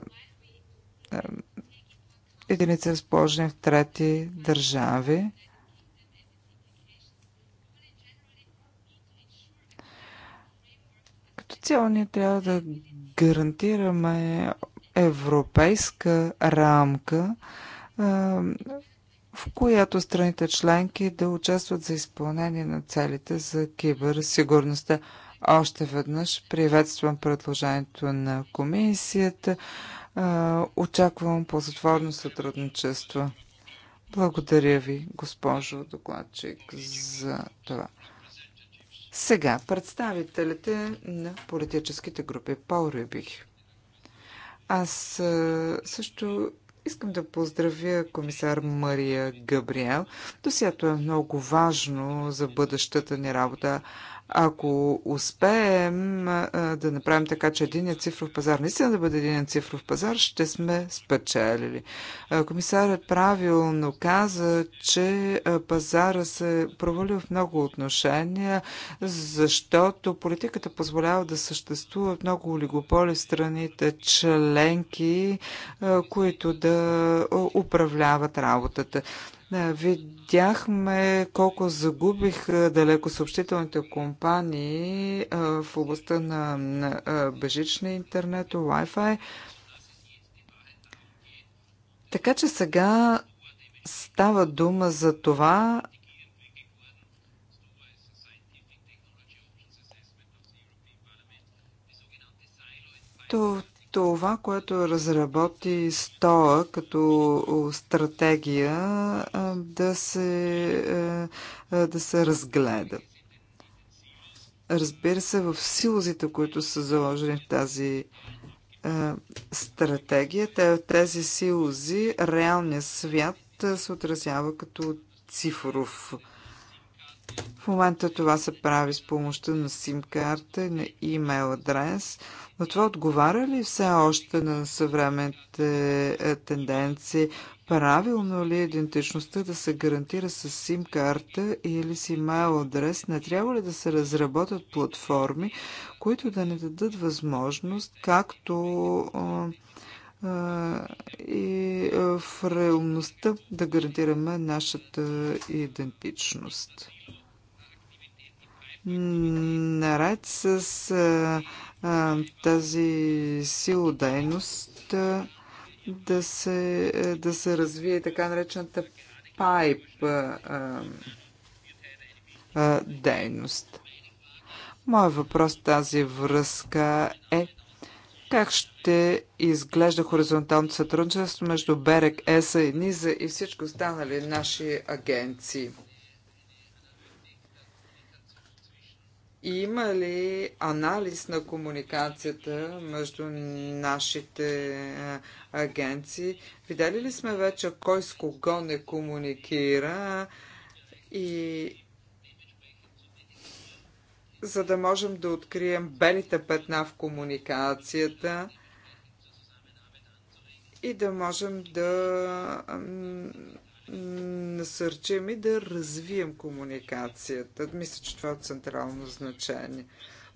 единици разположени в трети държави. Като цяло ние трябва да гарантираме европейска рамка, в която страните членки да участват за изпълнение на целите за киберсигурността. Още веднъж приветствам предложението на комисията. Очаквам ползотворно сътрудничество. Благодаря ви, госпожо докладчик, за това. Сега представителите на политическите групи. Пол Рюбих. Аз също Искам да поздравя комисар Мария Габриел. Досието е много важно за бъдещата ни работа. Ако успеем да направим така, че един цифров пазар наистина да бъде един цифров пазар, ще сме спечелили. Комисарът правилно каза, че пазара се провали в много отношения, защото политиката позволява да съществуват много олигополи страните членки, които да управляват работата. Е, видяхме колко загубих далеко съобщителните компании е, в областта на, на е, интернет, Wi-Fi. Така че сега става дума за това това, което разработи СТОА като стратегия а, да се, е, е, да се разгледат. Разбира се, в силозите, които са заложени в тази е, стратегия, тези силози, реалният свят се отразява като цифров в момента това се прави с помощта на сим-карта, на имейл адрес, но това отговаря ли все още на съвременните е, тенденции? Правилно ли е идентичността да се гарантира с сим-карта или с имейл адрес? Не трябва ли да се разработят платформи, които да не дадат възможност, както и в реалността да гарантираме нашата идентичност. Наред с тази силодейност да се, да се развие така наречената пайп а, а, дейност. Моят въпрос тази връзка е как ще изглежда хоризонталното сътрудничество между Берек, ЕСА и НИЗА и всички останали наши агенции? Има ли анализ на комуникацията между нашите е, агенции? Видели ли сме вече кой с кого не комуникира и за да можем да открием белите петна в комуникацията и да можем да насърчим и да развием комуникацията. Мисля, че това е от централно значение.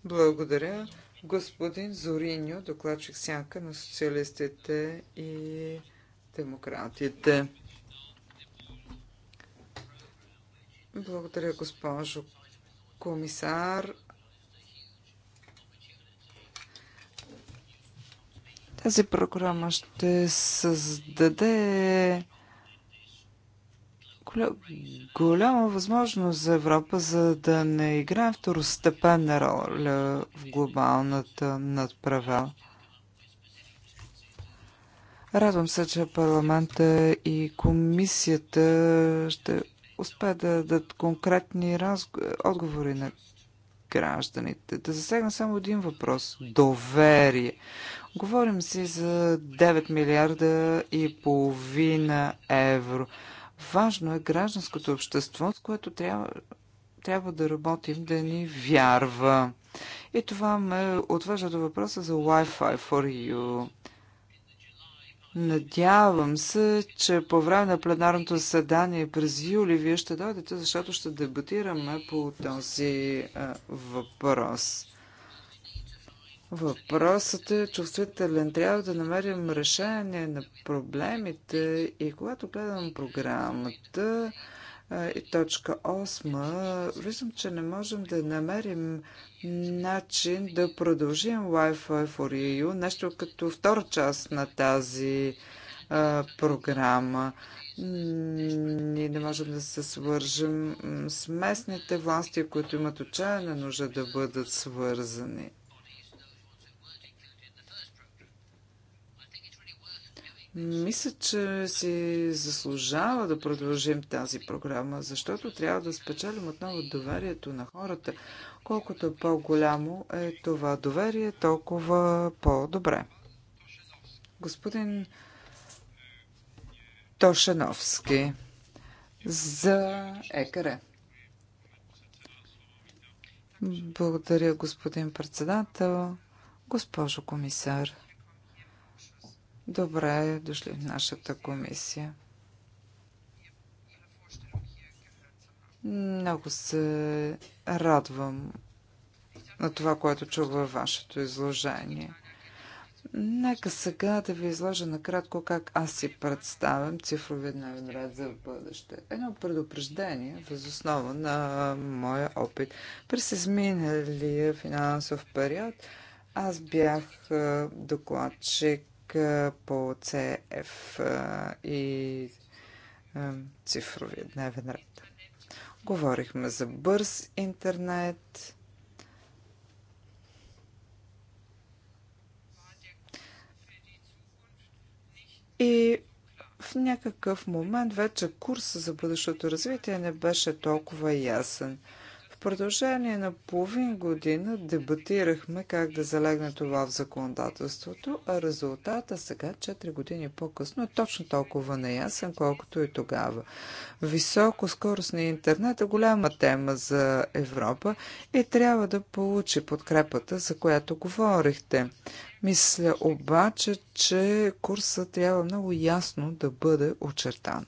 Благодаря. Господин Зориньо, докладчик сянка на социалистите и демократите. Благодаря, госпожо комисар. Тази програма ще създаде голяма възможност за Европа, за да не играе второстепенна роля в глобалната надправа. Радвам се, че парламента и комисията ще успеят да дадат конкретни отговори на гражданите. Да засегна само един въпрос. Доверие. Говорим си за 9 милиарда и половина евро. Важно е гражданското общество, с което трябва, трябва да работим, да ни вярва. И това ме отвежда до въпроса за Wi-Fi for You. Надявам се, че по време на пленарното съдание през юли вие ще дойдете, защото ще дебатираме по този а, въпрос. Въпросът е чувствителен. Трябва да намерим решение на проблемите и когато гледам програмата и точка 8, виждам, че не можем да намерим начин да продължим Wi-Fi for EU, нещо като втора част на тази а, програма. Ние не можем да се свържем с местните власти, които имат отчаяна нужда да бъдат свързани. Мисля, че си заслужава да продължим тази програма, защото трябва да спечелим отново доверието на хората. Колкото е по-голямо е това доверие, толкова по-добре. Господин Тошановски за ЕКР. Благодаря, господин председател, госпожо комисар. Добре дошли в нашата комисия. Много се радвам на това, което чух във вашето изложение. Нека сега да ви изложа накратко как аз си представям цифровия дневен ред за бъдеще. Едно предупреждение възоснова на моя опит. През изминалия финансов период аз бях докладчик по CF и цифровия дневен ред. Говорихме за бърз интернет, и в някакъв момент вече курса за бъдещото развитие не беше толкова ясен. В продължение на половин година дебатирахме как да залегне това в законодателството, а резултата сега, 4 години по-късно, е точно толкова неясен, колкото и тогава. Високо скоростния интернет е голяма тема за Европа и трябва да получи подкрепата, за която говорихте. Мисля обаче, че курсът трябва много ясно да бъде очертан.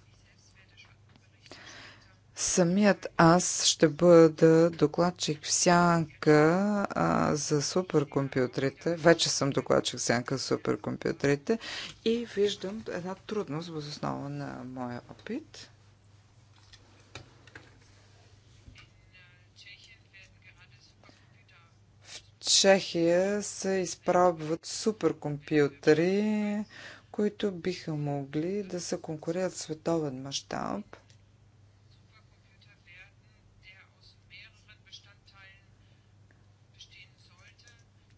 Самият аз ще бъда докладчик в сянка а, за суперкомпютрите. Вече съм докладчик в сянка за суперкомпютрите и виждам една трудност въз основа на моя опит. В Чехия се изпробват суперкомпютри, които биха могли да се конкурират в световен мащаб –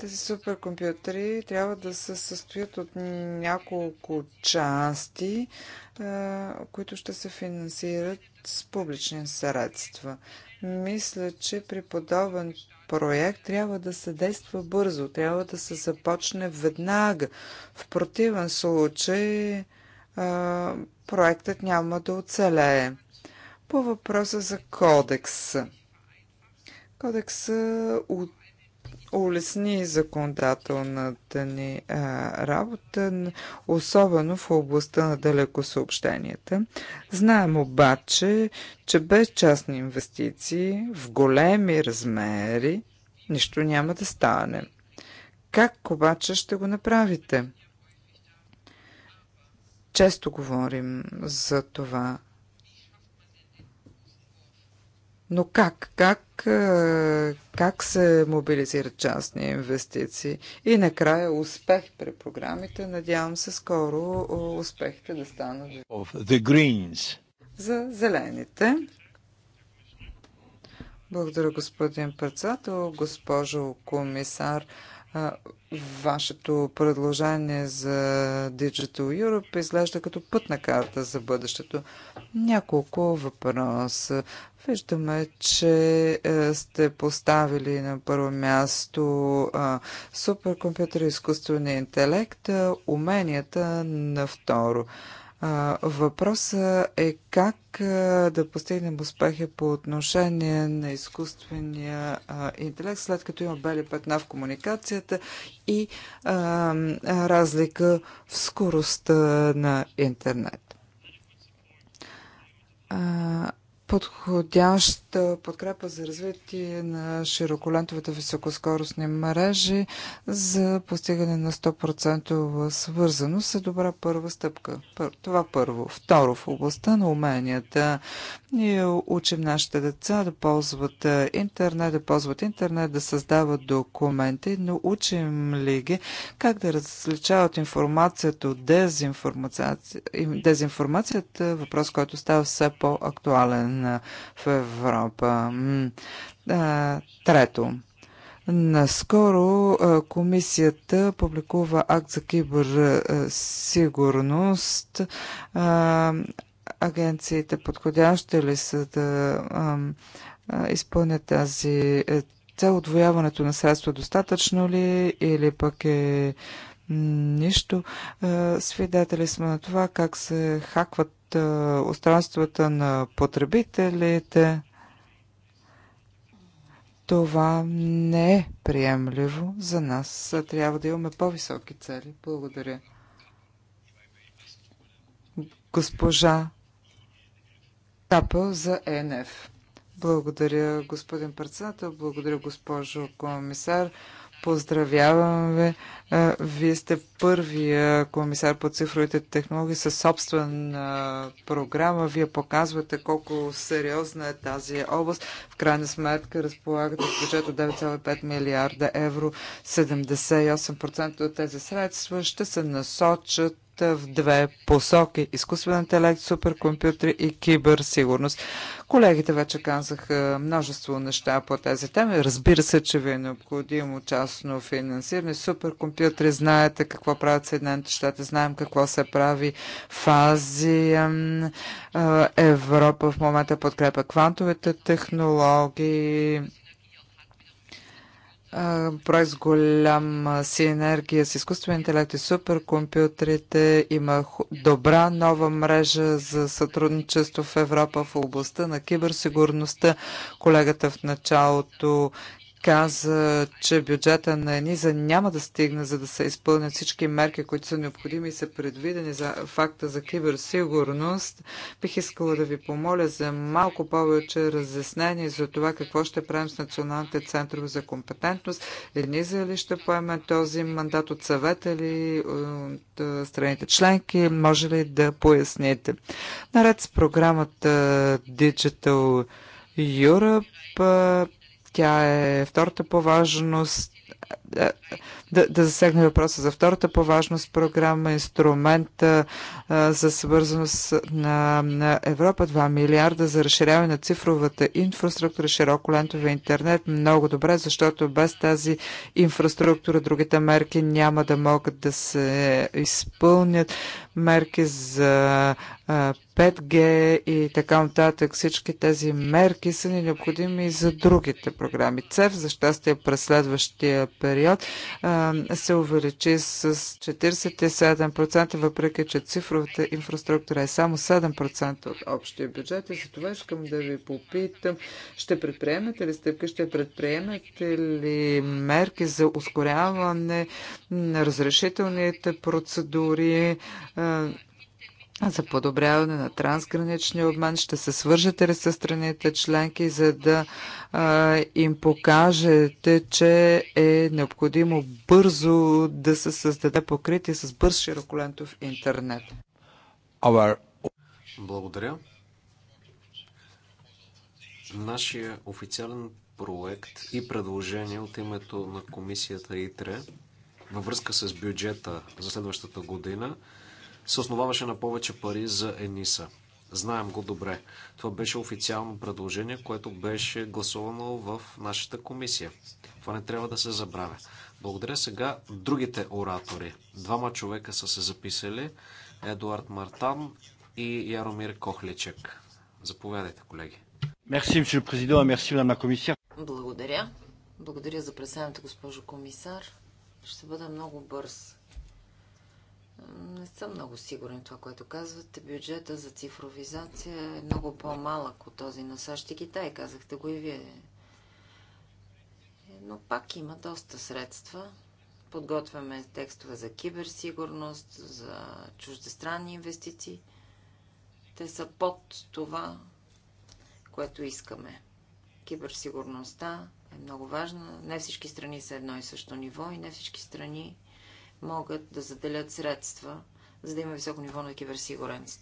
Тези суперкомпютри трябва да се състоят от няколко части, които ще се финансират с публични средства. Мисля, че при подобен проект трябва да се действа бързо, трябва да се започне веднага. В противен случай проектът няма да оцелее. По въпроса за кодекс. Кодекс от улесни законодателната ни а, работа, особено в областта на далекосъобщенията. Знаем обаче, че без частни инвестиции в големи размери нищо няма да стане. Как обаче ще го направите? Често говорим за това. Но как? Как как се мобилизират частни инвестиции. И накрая успех при програмите. Надявам се скоро успехите да станат. За зелените. Благодаря, господин председател, госпожо комисар. Вашето предложение за Digital Europe изглежда като пътна карта за бъдещето. Няколко въпроса. Виждаме, че е, сте поставили на първо място е, суперкомпютър, изкуствен интелект, е, уменията на второ. Въпросът е как да постигнем успехи по отношение на изкуствения интелект, след като има бели петна в комуникацията и разлика в скоростта на интернет подходяща подкрепа за развитие на широколентовите високоскоростни мрежи за постигане на 100% свързаност е добра първа стъпка. Това първо. Второ, в областта на уменията ние учим нашите деца да ползват е, интернет, да ползват интернет, да създават документи, но учим ли ги как да различават информацията от дезинформация, дезинформацията въпрос, който става все по-актуален е, в Европа. Е, трето. Наскоро комисията публикува акт за киберсигурност агенциите подходящи ли са да а, а, изпълнят тази е, цел? Отвояването на средства достатъчно ли или пък е нищо? Е, свидетели сме на това как се хакват е, устройствата на потребителите. Това не е приемливо за нас. Трябва да имаме по-високи цели. Благодаря. Госпожа етапа за ЕНФ. Благодаря, господин председател, благодаря, госпожо комисар. Поздравявам ви. Е, вие сте първия комисар по цифровите технологии със собствена е, програма. Вие показвате колко сериозна е тази област. В крайна сметка разполагате с бюджет от 9,5 милиарда евро. 78% от тези средства ще се насочат в две посоки – изкуствен интелект, суперкомпютри и киберсигурност. Колегите вече казаха множество неща по тези теми. Разбира се, че ви е необходимо частно финансиране. Суперкомпютри, знаете какво правят Съединените щати, знаем какво се прави в Азия. Европа в момента подкрепя квантовите технологии проект с голям синергия с изкуствен интелект и суперкомпютрите. Има добра нова мрежа за сътрудничество в Европа в областта на киберсигурността. Колегата в началото каза, че бюджета на ЕНИЗА няма да стигне, за да се изпълнят всички мерки, които са необходими и са предвидени за факта за киберсигурност, бих искала да ви помоля за малко повече разяснение за това какво ще правим с националните центрове за компетентност. ЕНИЗА ли ще поеме този мандат от съвета или е, от е, страните членки? Може ли да поясните? Наред с програмата Digital Europe е, тя е втората по важност е, да, да засегна въпроса за втората по важност програма, инструмента е, е, за свързаност на, на Европа, 2 милиарда за разширяване на цифровата инфраструктура, широко лентове интернет. Много добре, защото без тази инфраструктура другите мерки няма да могат да се изпълнят. Мерки за 5G и така нататък. Всички тези мерки са ни необходими и за другите програми. ЦЕФ, за щастие, през следващия период период се увеличи с 47%, въпреки че цифровата инфраструктура е само 7% от общия бюджет. И за това искам да ви попитам, ще предприемете ли стъпки, ще предприемете ли мерки за ускоряване на разрешителните процедури, за подобряване на трансграничния обмен? Ще се свържете ли с страните членки, за да а, им покажете, че е необходимо бързо да се създаде покритие с бърз широколентов интернет? Благодаря. Нашия официален проект и предложение от името на комисията ИТРЕ във връзка с бюджета за следващата година – се основаваше на повече пари за ЕНИСА. Знаем го добре. Това беше официално предложение, което беше гласувано в нашата комисия. Това не трябва да се забравя. Благодаря сега другите оратори. Двама човека са се записали. Едуард Мартан и Яромир Кохлечек. Заповядайте, колеги. Мерси, мсю президент, мерси, на Благодаря. Благодаря за представената, госпожо комисар. Ще бъда много бърз. Не съм много сигурен в това, което казвате. Бюджета за цифровизация е много по-малък от този на САЩ и Китай, казахте го и вие. Но пак има доста средства. Подготвяме текстове за киберсигурност, за чуждестранни инвестиции. Те са под това, което искаме. Киберсигурността е много важна. Не всички страни са едно и също ниво и не всички страни могат да заделят средства, за да има високо ниво на киберсигурност.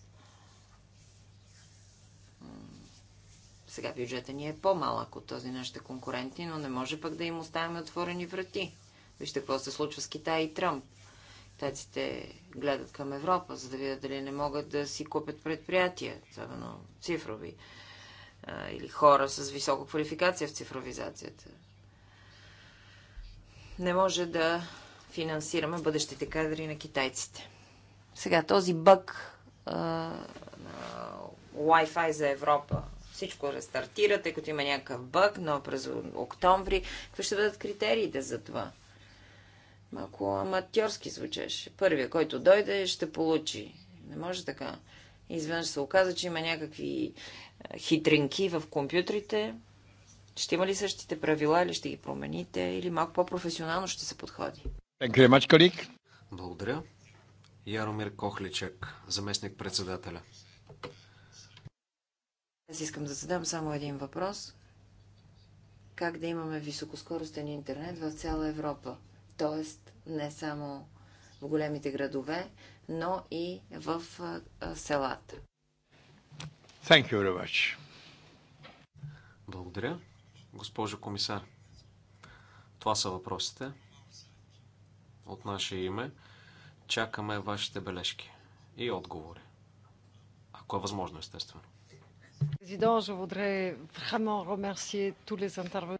Сега бюджета ни е по-малък от този нашите конкуренти, но не може пък да им оставяме отворени врати. Вижте какво се случва с Китай и Тръмп. Китайците гледат към Европа, за да видят дали не могат да си купят предприятия, особено цифрови, или хора с висока квалификация в цифровизацията. Не може да финансираме бъдещите кадри на китайците. Сега този бък на Wi-Fi за Европа. Всичко рестартира, тъй като има някакъв бък, но през октомври. Какви ще бъдат критериите за това? Малко аматьорски звучеше. Първия, който дойде, ще получи. Не може така. Изведнъж се оказа, че има някакви хитринки в компютрите. Ще има ли същите правила или ще ги промените, или малко по-професионално ще се подходи? Благодаря. Яромир Кохличек, заместник председателя. Аз искам да задам само един въпрос. Как да имаме високоскоростен интернет в цяла Европа? Тоест, не само в големите градове, но и в селата. Thank you very much. Благодаря. Госпожо комисар, това са въпросите от наше име. Чакаме вашите бележки и отговори. Ако е възможно, естествено.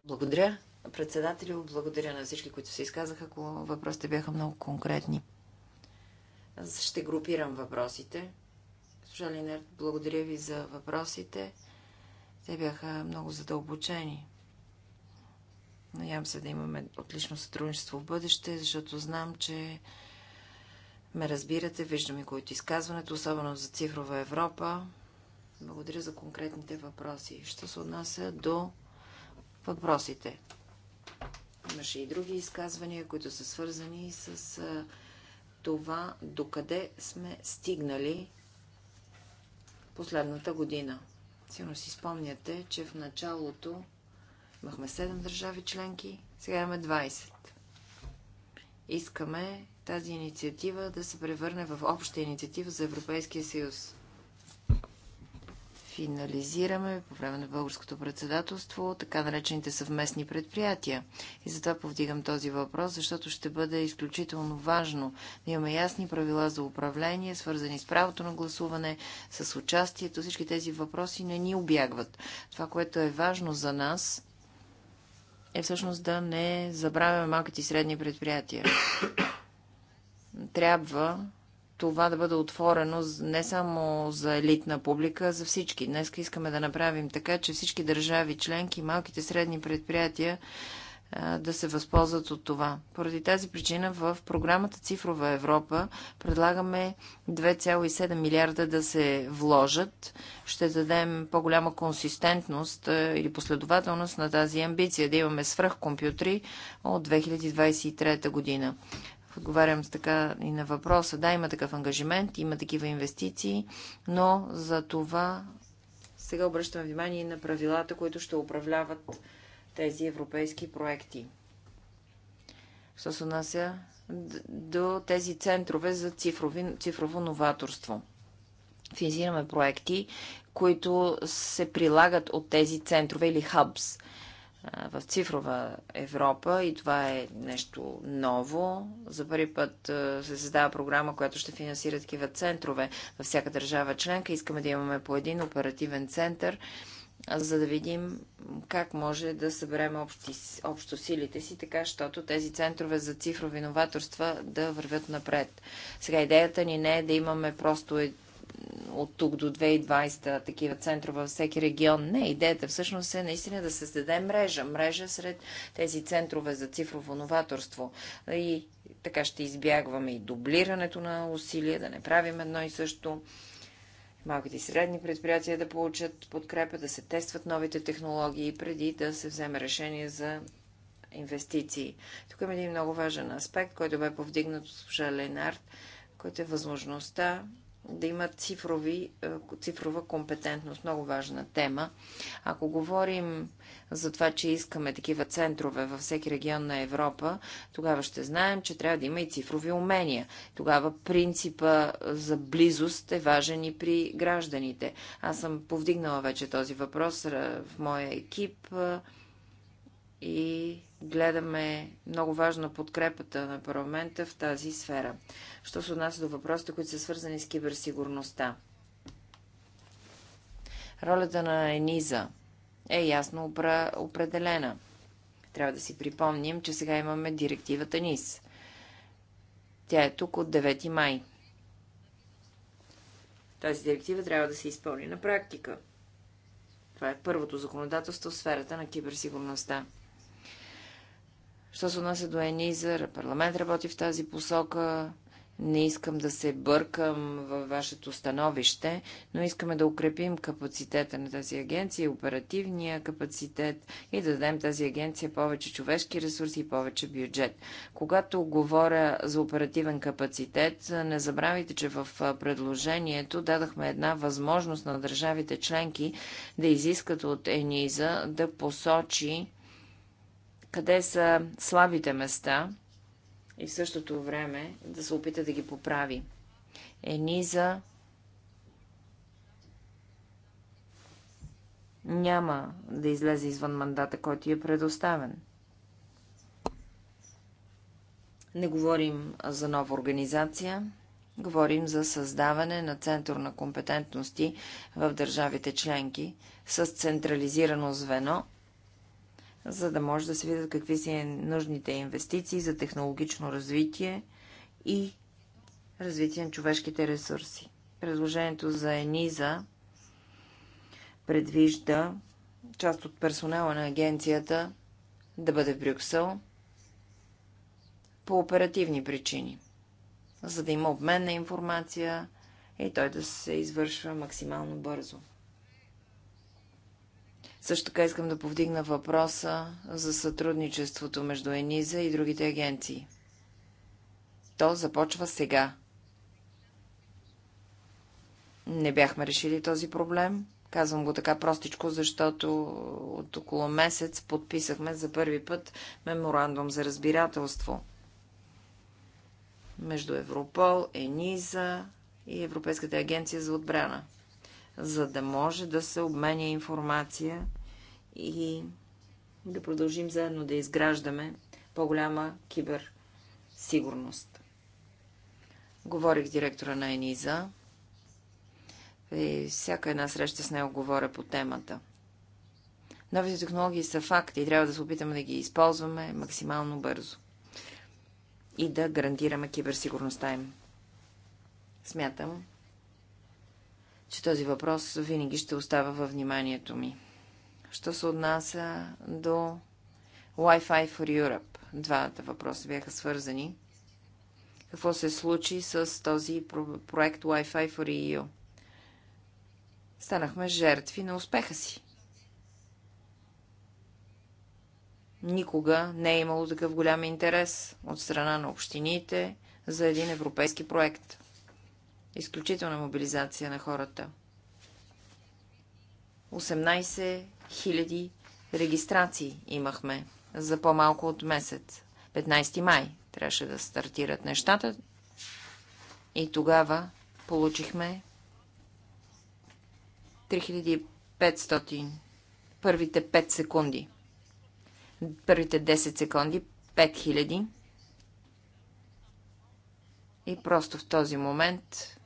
Благодаря. Председателю, благодаря на всички, които се изказаха, ако въпросите бяха много конкретни. ще групирам въпросите. Служа благодаря ви за въпросите. Те бяха много задълбочени. Надявам се да имаме отлично сътрудничество в бъдеще, защото знам, че ме разбирате, виждаме които изказването, особено за цифрова Европа. Благодаря за конкретните въпроси. Що се отнася до въпросите? Имаше и други изказвания, които са свързани с това, докъде сме стигнали последната година. Сигурно си спомняте, че в началото Имахме 7 държави членки, сега имаме 20. Искаме тази инициатива да се превърне в обща инициатива за Европейския съюз. Финализираме по време на българското председателство така наречените съвместни предприятия. И затова повдигам този въпрос, защото ще бъде изключително важно да имаме ясни правила за управление, свързани с правото на гласуване, с участието. Всички тези въпроси не ни обягват. Това, което е важно за нас, е всъщност да не забравяме малките и средни предприятия. Трябва това да бъде отворено не само за елитна публика, а за всички. Днес искаме да направим така, че всички държави членки, малките и средни предприятия да се възползват от това. Поради тази причина в програмата Цифрова Европа предлагаме 2,7 милиарда да се вложат. Ще дадем по-голяма консистентност или последователност на тази амбиция да имаме свръхкомпютри от 2023 година. Отговарям с така и на въпроса. Да, има такъв ангажимент, има такива инвестиции, но за това сега обръщам внимание на правилата, които ще управляват тези европейски проекти. Що се нася до тези центрове за цифрови, цифрово новаторство. Финансираме проекти, които се прилагат от тези центрове или хабс в цифрова Европа и това е нещо ново. За първи път се създава програма, която ще финансира такива центрове във всяка държава членка. Искаме да имаме по един оперативен център, за да видим как може да съберем общи, общо силите си, така щото тези центрове за цифрови новаторства да вървят напред. Сега идеята ни не е да имаме просто е, от тук до 2020 такива центрове във всеки регион. Не, идеята всъщност е наистина да създаде мрежа. Мрежа сред тези центрове за цифрово новаторство. И така ще избягваме и дублирането на усилия, да не правим едно и също малките и средни предприятия да получат подкрепа, да се тестват новите технологии преди да се вземе решение за инвестиции. Тук има един много важен аспект, който бе повдигнат от служа Ленард, който е възможността да имат цифрови, е, цифрова компетентност. Много важна тема. Ако говорим за това, че искаме такива центрове във всеки регион на Европа, тогава ще знаем, че трябва да има и цифрови умения. Тогава принципа за близост е важен и при гражданите. Аз съм повдигнала вече този въпрос в моя екип е, и гледаме много важно подкрепата на парламента в тази сфера. Що се отнася до въпросите, които са свързани с киберсигурността? Ролята на ЕНИЗА е ясно определена. Трябва да си припомним, че сега имаме директивата НИС. Тя е тук от 9 май. Тази директива трябва да се изпълни на практика. Това е първото законодателство в сферата на киберсигурността. Що се отнася до ЕНИЗА, парламент работи в тази посока. Не искам да се бъркам във вашето становище, но искаме да укрепим капацитета на тази агенция, оперативния капацитет и да дадем тази агенция повече човешки ресурси и повече бюджет. Когато говоря за оперативен капацитет, не забравяйте, че в предложението дадахме една възможност на държавите членки да изискат от ЕНИЗА да посочи къде са слабите места и в същото време да се опита да ги поправи. Ениза няма да излезе извън мандата, който е предоставен. Не говорим за нова организация, говорим за създаване на център на компетентности в държавите членки с централизирано звено – за да може да се видят какви са е нужните инвестиции за технологично развитие и развитие на човешките ресурси. Предложението за ЕНИЗА предвижда част от персонала на агенцията да бъде в Брюксел по оперативни причини, за да има обмен на информация и той да се извършва максимално бързо. Също така искам да повдигна въпроса за сътрудничеството между ЕНИЗА и другите агенции. То започва сега. Не бяхме решили този проблем. Казвам го така простичко, защото от около месец подписахме за първи път меморандум за разбирателство между Европол, ЕНИЗА и Европейската агенция за отбрана, за да може да се обменя информация и да продължим заедно да изграждаме по-голяма киберсигурност. Говорих с директора на ЕНИЗА и всяка една среща с него говоря по темата. Новите технологии са факт и трябва да се опитаме да ги използваме максимално бързо и да гарантираме киберсигурността им. Смятам, че този въпрос винаги ще остава във вниманието ми що се отнася до Wi-Fi for Europe. Двата въпроса бяха свързани. Какво се случи с този проект Wi-Fi for EU? Станахме жертви на успеха си. Никога не е имало такъв голям интерес от страна на общините за един европейски проект. Изключителна мобилизация на хората. 18 Хиляди регистрации имахме за по-малко от месец. 15 май трябваше да стартират нещата и тогава получихме 3500 първите 5 секунди. Първите 10 секунди 5000. И просто в този момент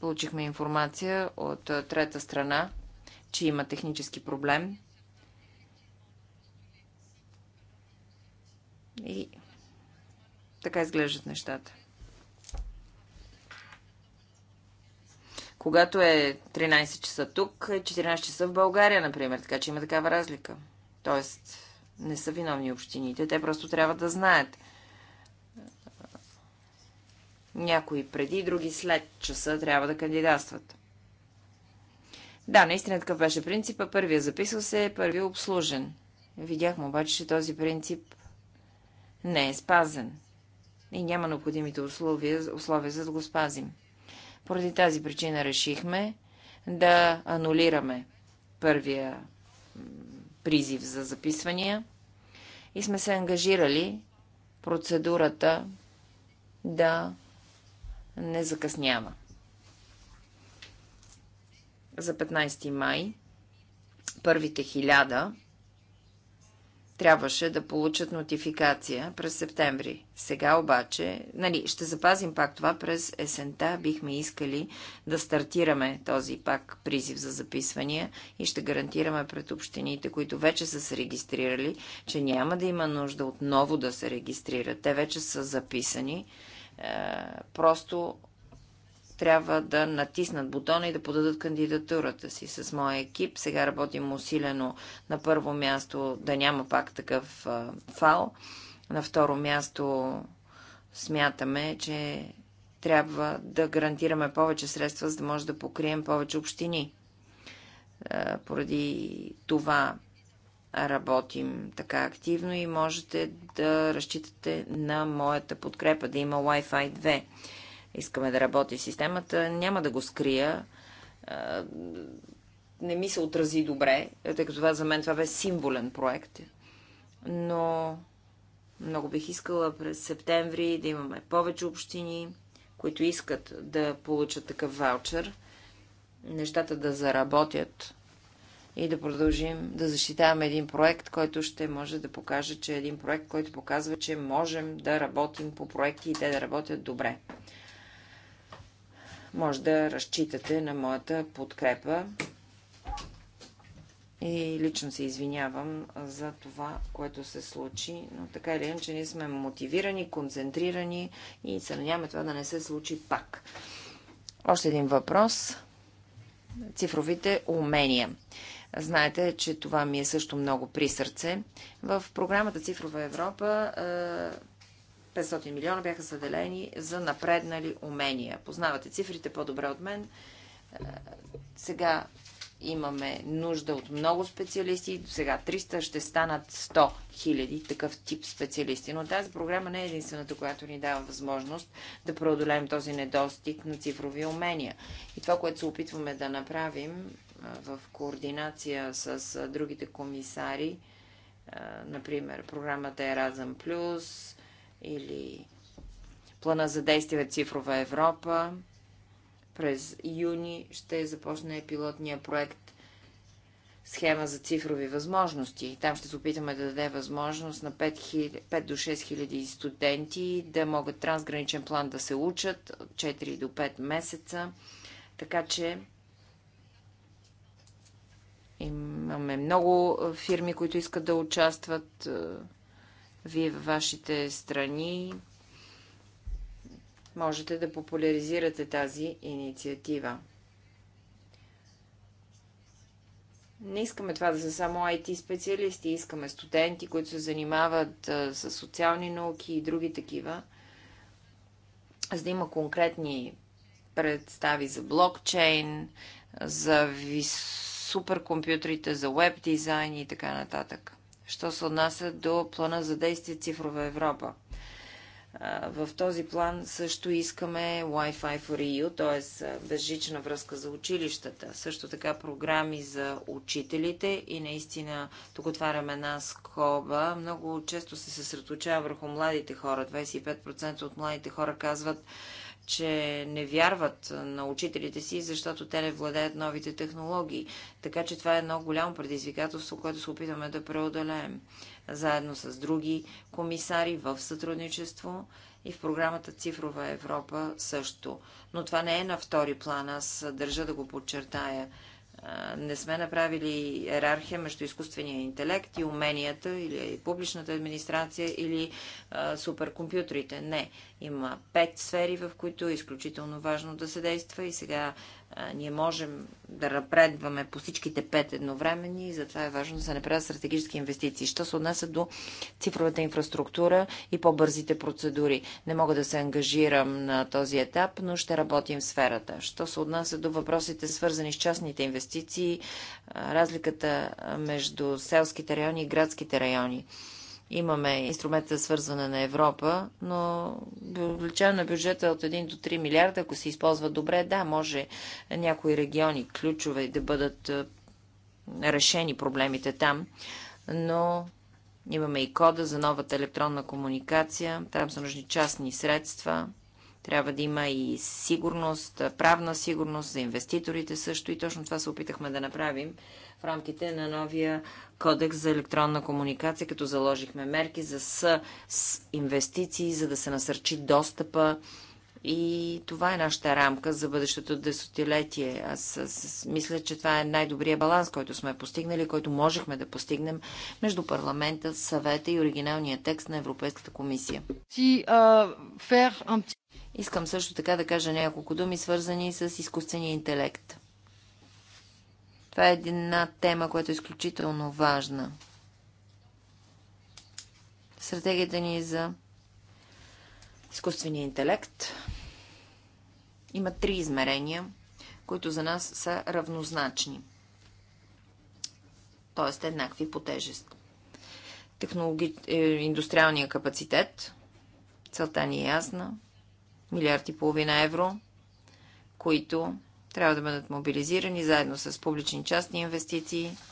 получихме информация от трета страна, че има технически проблем. И така изглеждат нещата. Когато е 13 часа тук, е 14 часа в България, например, така че има такава разлика. Тоест, не са виновни общините, те просто трябва да знаят. Някои преди, други след часа трябва да кандидатстват. Да, наистина такъв беше принципа. Първия записал се, първия обслужен. Видяхме обаче, че този принцип не е спазен. И няма необходимите условия, условия за да го спазим. Поради тази причина решихме да анулираме първия призив за записвания и сме се ангажирали процедурата да не закъснява за 15 май, първите хиляда, трябваше да получат нотификация през септември. Сега обаче, нали, ще запазим пак това през есента. Бихме искали да стартираме този пак призив за записвания и ще гарантираме пред общините, които вече са се регистрирали, че няма да има нужда отново да се регистрират. Те вече са записани. Е, просто трябва да натиснат бутона и да подадат кандидатурата си. С моя екип сега работим усилено на първо място да няма пак такъв фал. На второ място смятаме, че трябва да гарантираме повече средства, за да може да покрием повече общини. Поради това работим така активно и можете да разчитате на моята подкрепа, да има Wi-Fi 2 искаме да работи системата. Няма да го скрия. Не ми се отрази добре, тъй като това за мен това бе символен проект. Но много бих искала през септември да имаме повече общини, които искат да получат такъв ваучер, нещата да заработят и да продължим да защитаваме един проект, който ще може да покаже, че е един проект, който показва, че можем да работим по проекти и те да работят добре може да разчитате на моята подкрепа. И лично се извинявам за това, което се случи, но така или иначе ние сме мотивирани, концентрирани и се надяваме това да не се случи пак. Още един въпрос. Цифровите умения. Знаете, че това ми е също много при сърце. В програмата Цифрова Европа 500 милиона бяха заделени за напреднали умения. Познавате цифрите по-добре от мен. Е, сега имаме нужда от много специалисти. Сега 300 ще станат 100 хиляди такъв тип специалисти. Но тази програма не е единствената, която ни дава възможност да преодолеем този недостиг на цифрови умения. И това, което се опитваме да направим е, в координация с е, другите комисари, например, програмата Еразъм Плюс, или плана за действие в Цифрова Европа. През юни ще започне пилотния проект схема за цифрови възможности. Там ще се опитаме да даде възможност на 5, 5 до 6 хиляди студенти да могат трансграничен план да се учат от 4 до 5 месеца. Така че имаме много фирми, които искат да участват вие във вашите страни можете да популяризирате тази инициатива. Не искаме това да са само IT специалисти, искаме студенти, които се занимават с социални науки и други такива, за да има конкретни представи за блокчейн, за суперкомпютрите, за веб дизайн и така нататък що се отнася до плана за действие Цифрова Европа. В този план също искаме Wi-Fi for EU, т.е. безжична връзка за училищата. Също така програми за учителите и наистина тук отварям една скоба. Много често се съсредоточава върху младите хора. 25% от младите хора казват, че не вярват на учителите си, защото те не владеят новите технологии. Така че това е едно голямо предизвикателство, което се опитваме да преодолеем. Заедно с други комисари в сътрудничество и в програмата Цифрова Европа също. Но това не е на втори план, аз държа да го подчертая. Не сме направили иерархия между изкуствения интелект и уменията или публичната администрация или суперкомпютрите. Не. Има пет сфери, в които е изключително важно да се действа и сега а, ние можем да напредваме по всичките пет едновременни, и затова е важно да се направят стратегически инвестиции. Що се отнася до цифровата инфраструктура и по-бързите процедури. Не мога да се ангажирам на този етап, но ще работим в сферата. Що се отнася до въпросите свързани с частните инвестиции, а, разликата между селските райони и градските райони. Имаме инструмента за свързване на Европа, но увеличаване на бюджета от 1 до 3 милиарда, ако се използва добре, да, може някои региони ключове да бъдат е, решени проблемите там, но имаме и кода за новата електронна комуникация, там са нужни частни средства, трябва да има и сигурност, правна сигурност за инвеститорите също и точно това се опитахме да направим в рамките на новия кодекс за електронна комуникация, като заложихме мерки за с инвестиции, за да се насърчи достъпа и това е нашата рамка за бъдещото десетилетие. Аз аз мисля, че това е най-добрият баланс, който сме постигнали, който можехме да постигнем между парламента, съвета и оригиналния текст на Европейската комисия. Искам също така да кажа няколко думи, свързани с изкуствения интелект. Това е една тема, която е изключително важна. Стратегията ни е за Изкуственият интелект има три измерения, които за нас са равнозначни, т.е. еднакви по тежест. Технологи... Е, Индустриалния капацитет, целта ни е ясна, милиард и половина евро, които трябва да бъдат мобилизирани заедно с публични частни инвестиции –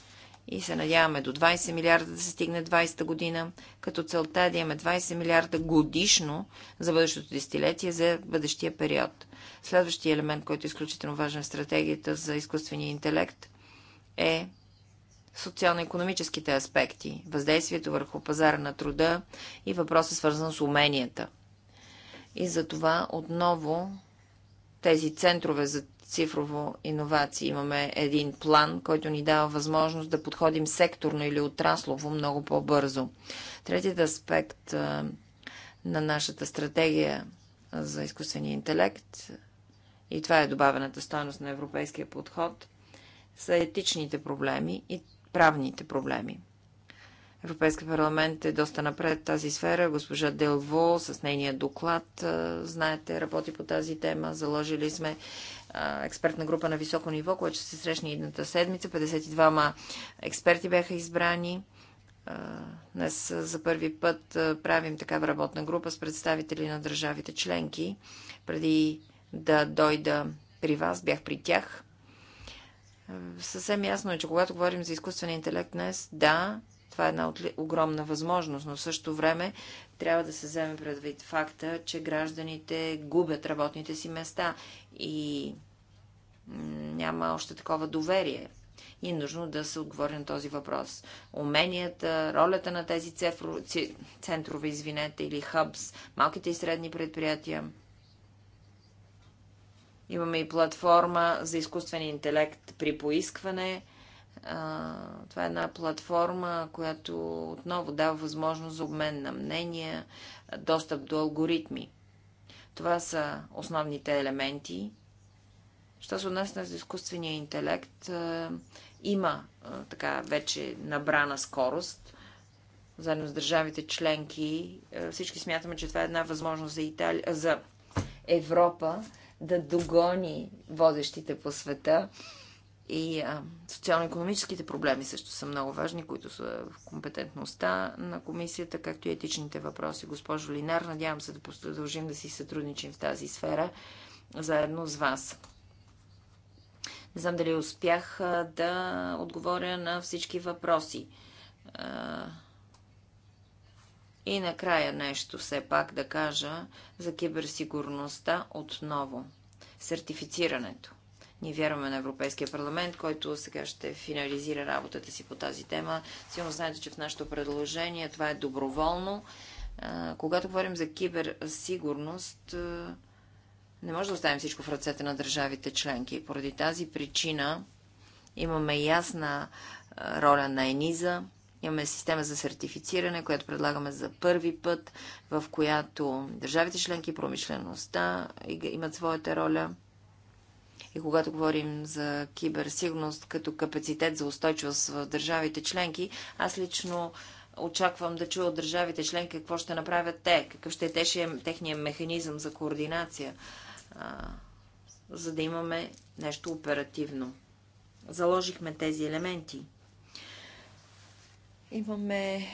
и се надяваме до 20 милиарда да се стигне 20 та година, като целта е да имаме 20 милиарда годишно за бъдещото десетилетие, за бъдещия период. Следващия елемент, който е изключително важен в стратегията за изкуствения интелект е социално-економическите аспекти, въздействието върху пазара на труда и въпроса свързан с уменията. И за това отново тези центрове за цифрово иновации. Имаме един план, който ни дава възможност да подходим секторно или отраслово много по-бързо. Третият аспект на нашата стратегия за изкуствения интелект, и това е добавената стойност на европейския подход, са етичните проблеми и правните проблеми. Европейски парламент е доста напред в тази сфера. Госпожа Делво с нейния доклад, знаете, работи по тази тема. Заложили сме експертна група на високо ниво, което ще се срещне едната седмица. 52 експерти бяха избрани. Днес за първи път правим такава работна група с представители на държавите членки. Преди да дойда при вас, бях при тях. Съвсем ясно е, че когато говорим за изкуствен интелект днес, да, това е една огромна възможност, но в същото време трябва да се вземе предвид факта, че гражданите губят работните си места и няма още такова доверие. И е нужно да се отговори на този въпрос. Уменията, ролята на тези цифро... центрове, извинете, или хъбс, малките и средни предприятия. Имаме и платформа за изкуствен интелект при поискване. Това е една платформа, която отново дава възможност за обмен на мнения, достъп до алгоритми. Това са основните елементи. Що се отнася за изкуствения интелект, има така вече набрана скорост – заедно с държавите членки. Всички смятаме, че това е една възможност за, Итали... за Европа да догони водещите по света и социално-економическите проблеми също са много важни, които са в компетентността на комисията, както и етичните въпроси. Госпожо Линар, надявам се да продължим да си сътрудничим в тази сфера заедно с вас. Не знам дали успях да отговоря на всички въпроси. И накрая нещо все пак да кажа за киберсигурността отново. Сертифицирането. Ние вярваме на Европейския парламент, който сега ще финализира работата си по тази тема. Сигурно знаете, че в нашето предложение това е доброволно. Когато говорим за киберсигурност, не може да оставим всичко в ръцете на държавите членки. Поради тази причина имаме ясна роля на ЕНИЗА, Имаме система за сертифициране, която предлагаме за първи път, в която държавите членки, промишлеността имат своята роля. И когато говорим за киберсигурност като капацитет за устойчивост в държавите членки, аз лично очаквам да чуя от държавите членки какво ще направят те, какъв ще е техния механизъм за координация, а, за да имаме нещо оперативно. Заложихме тези елементи. Имаме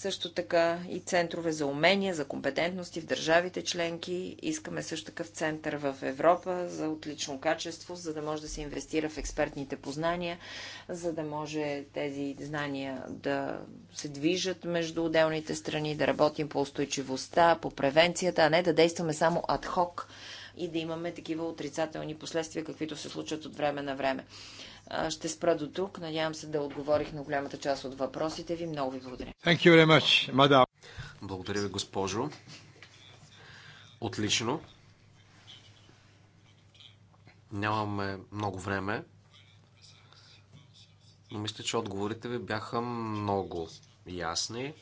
също така и центрове за умения, за компетентности в държавите членки. Искаме също такъв център в Европа за отлично качество, за да може да се инвестира в експертните познания, за да може тези знания да се движат между отделните страни, да работим по устойчивостта, по превенцията, а не да действаме само адхок и да имаме такива отрицателни последствия, каквито се случват от време на време. Ще спра до тук. Надявам се да отговорих на голямата част от въпросите ви. Много ви благодаря. Thank you very much, madam. Благодаря ви, госпожо. Отлично. Нямаме много време, но мисля, че отговорите ви бяха много ясни.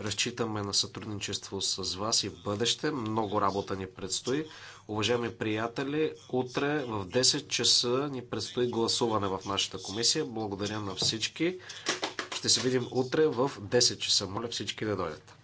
Разчитаме на сътрудничество с вас и в бъдеще. Много работа ни предстои. Уважаеми приятели, утре в 10 часа ни предстои гласуване в нашата комисия. Благодаря на всички. Ще се видим утре в 10 часа. Моля всички да дойдат.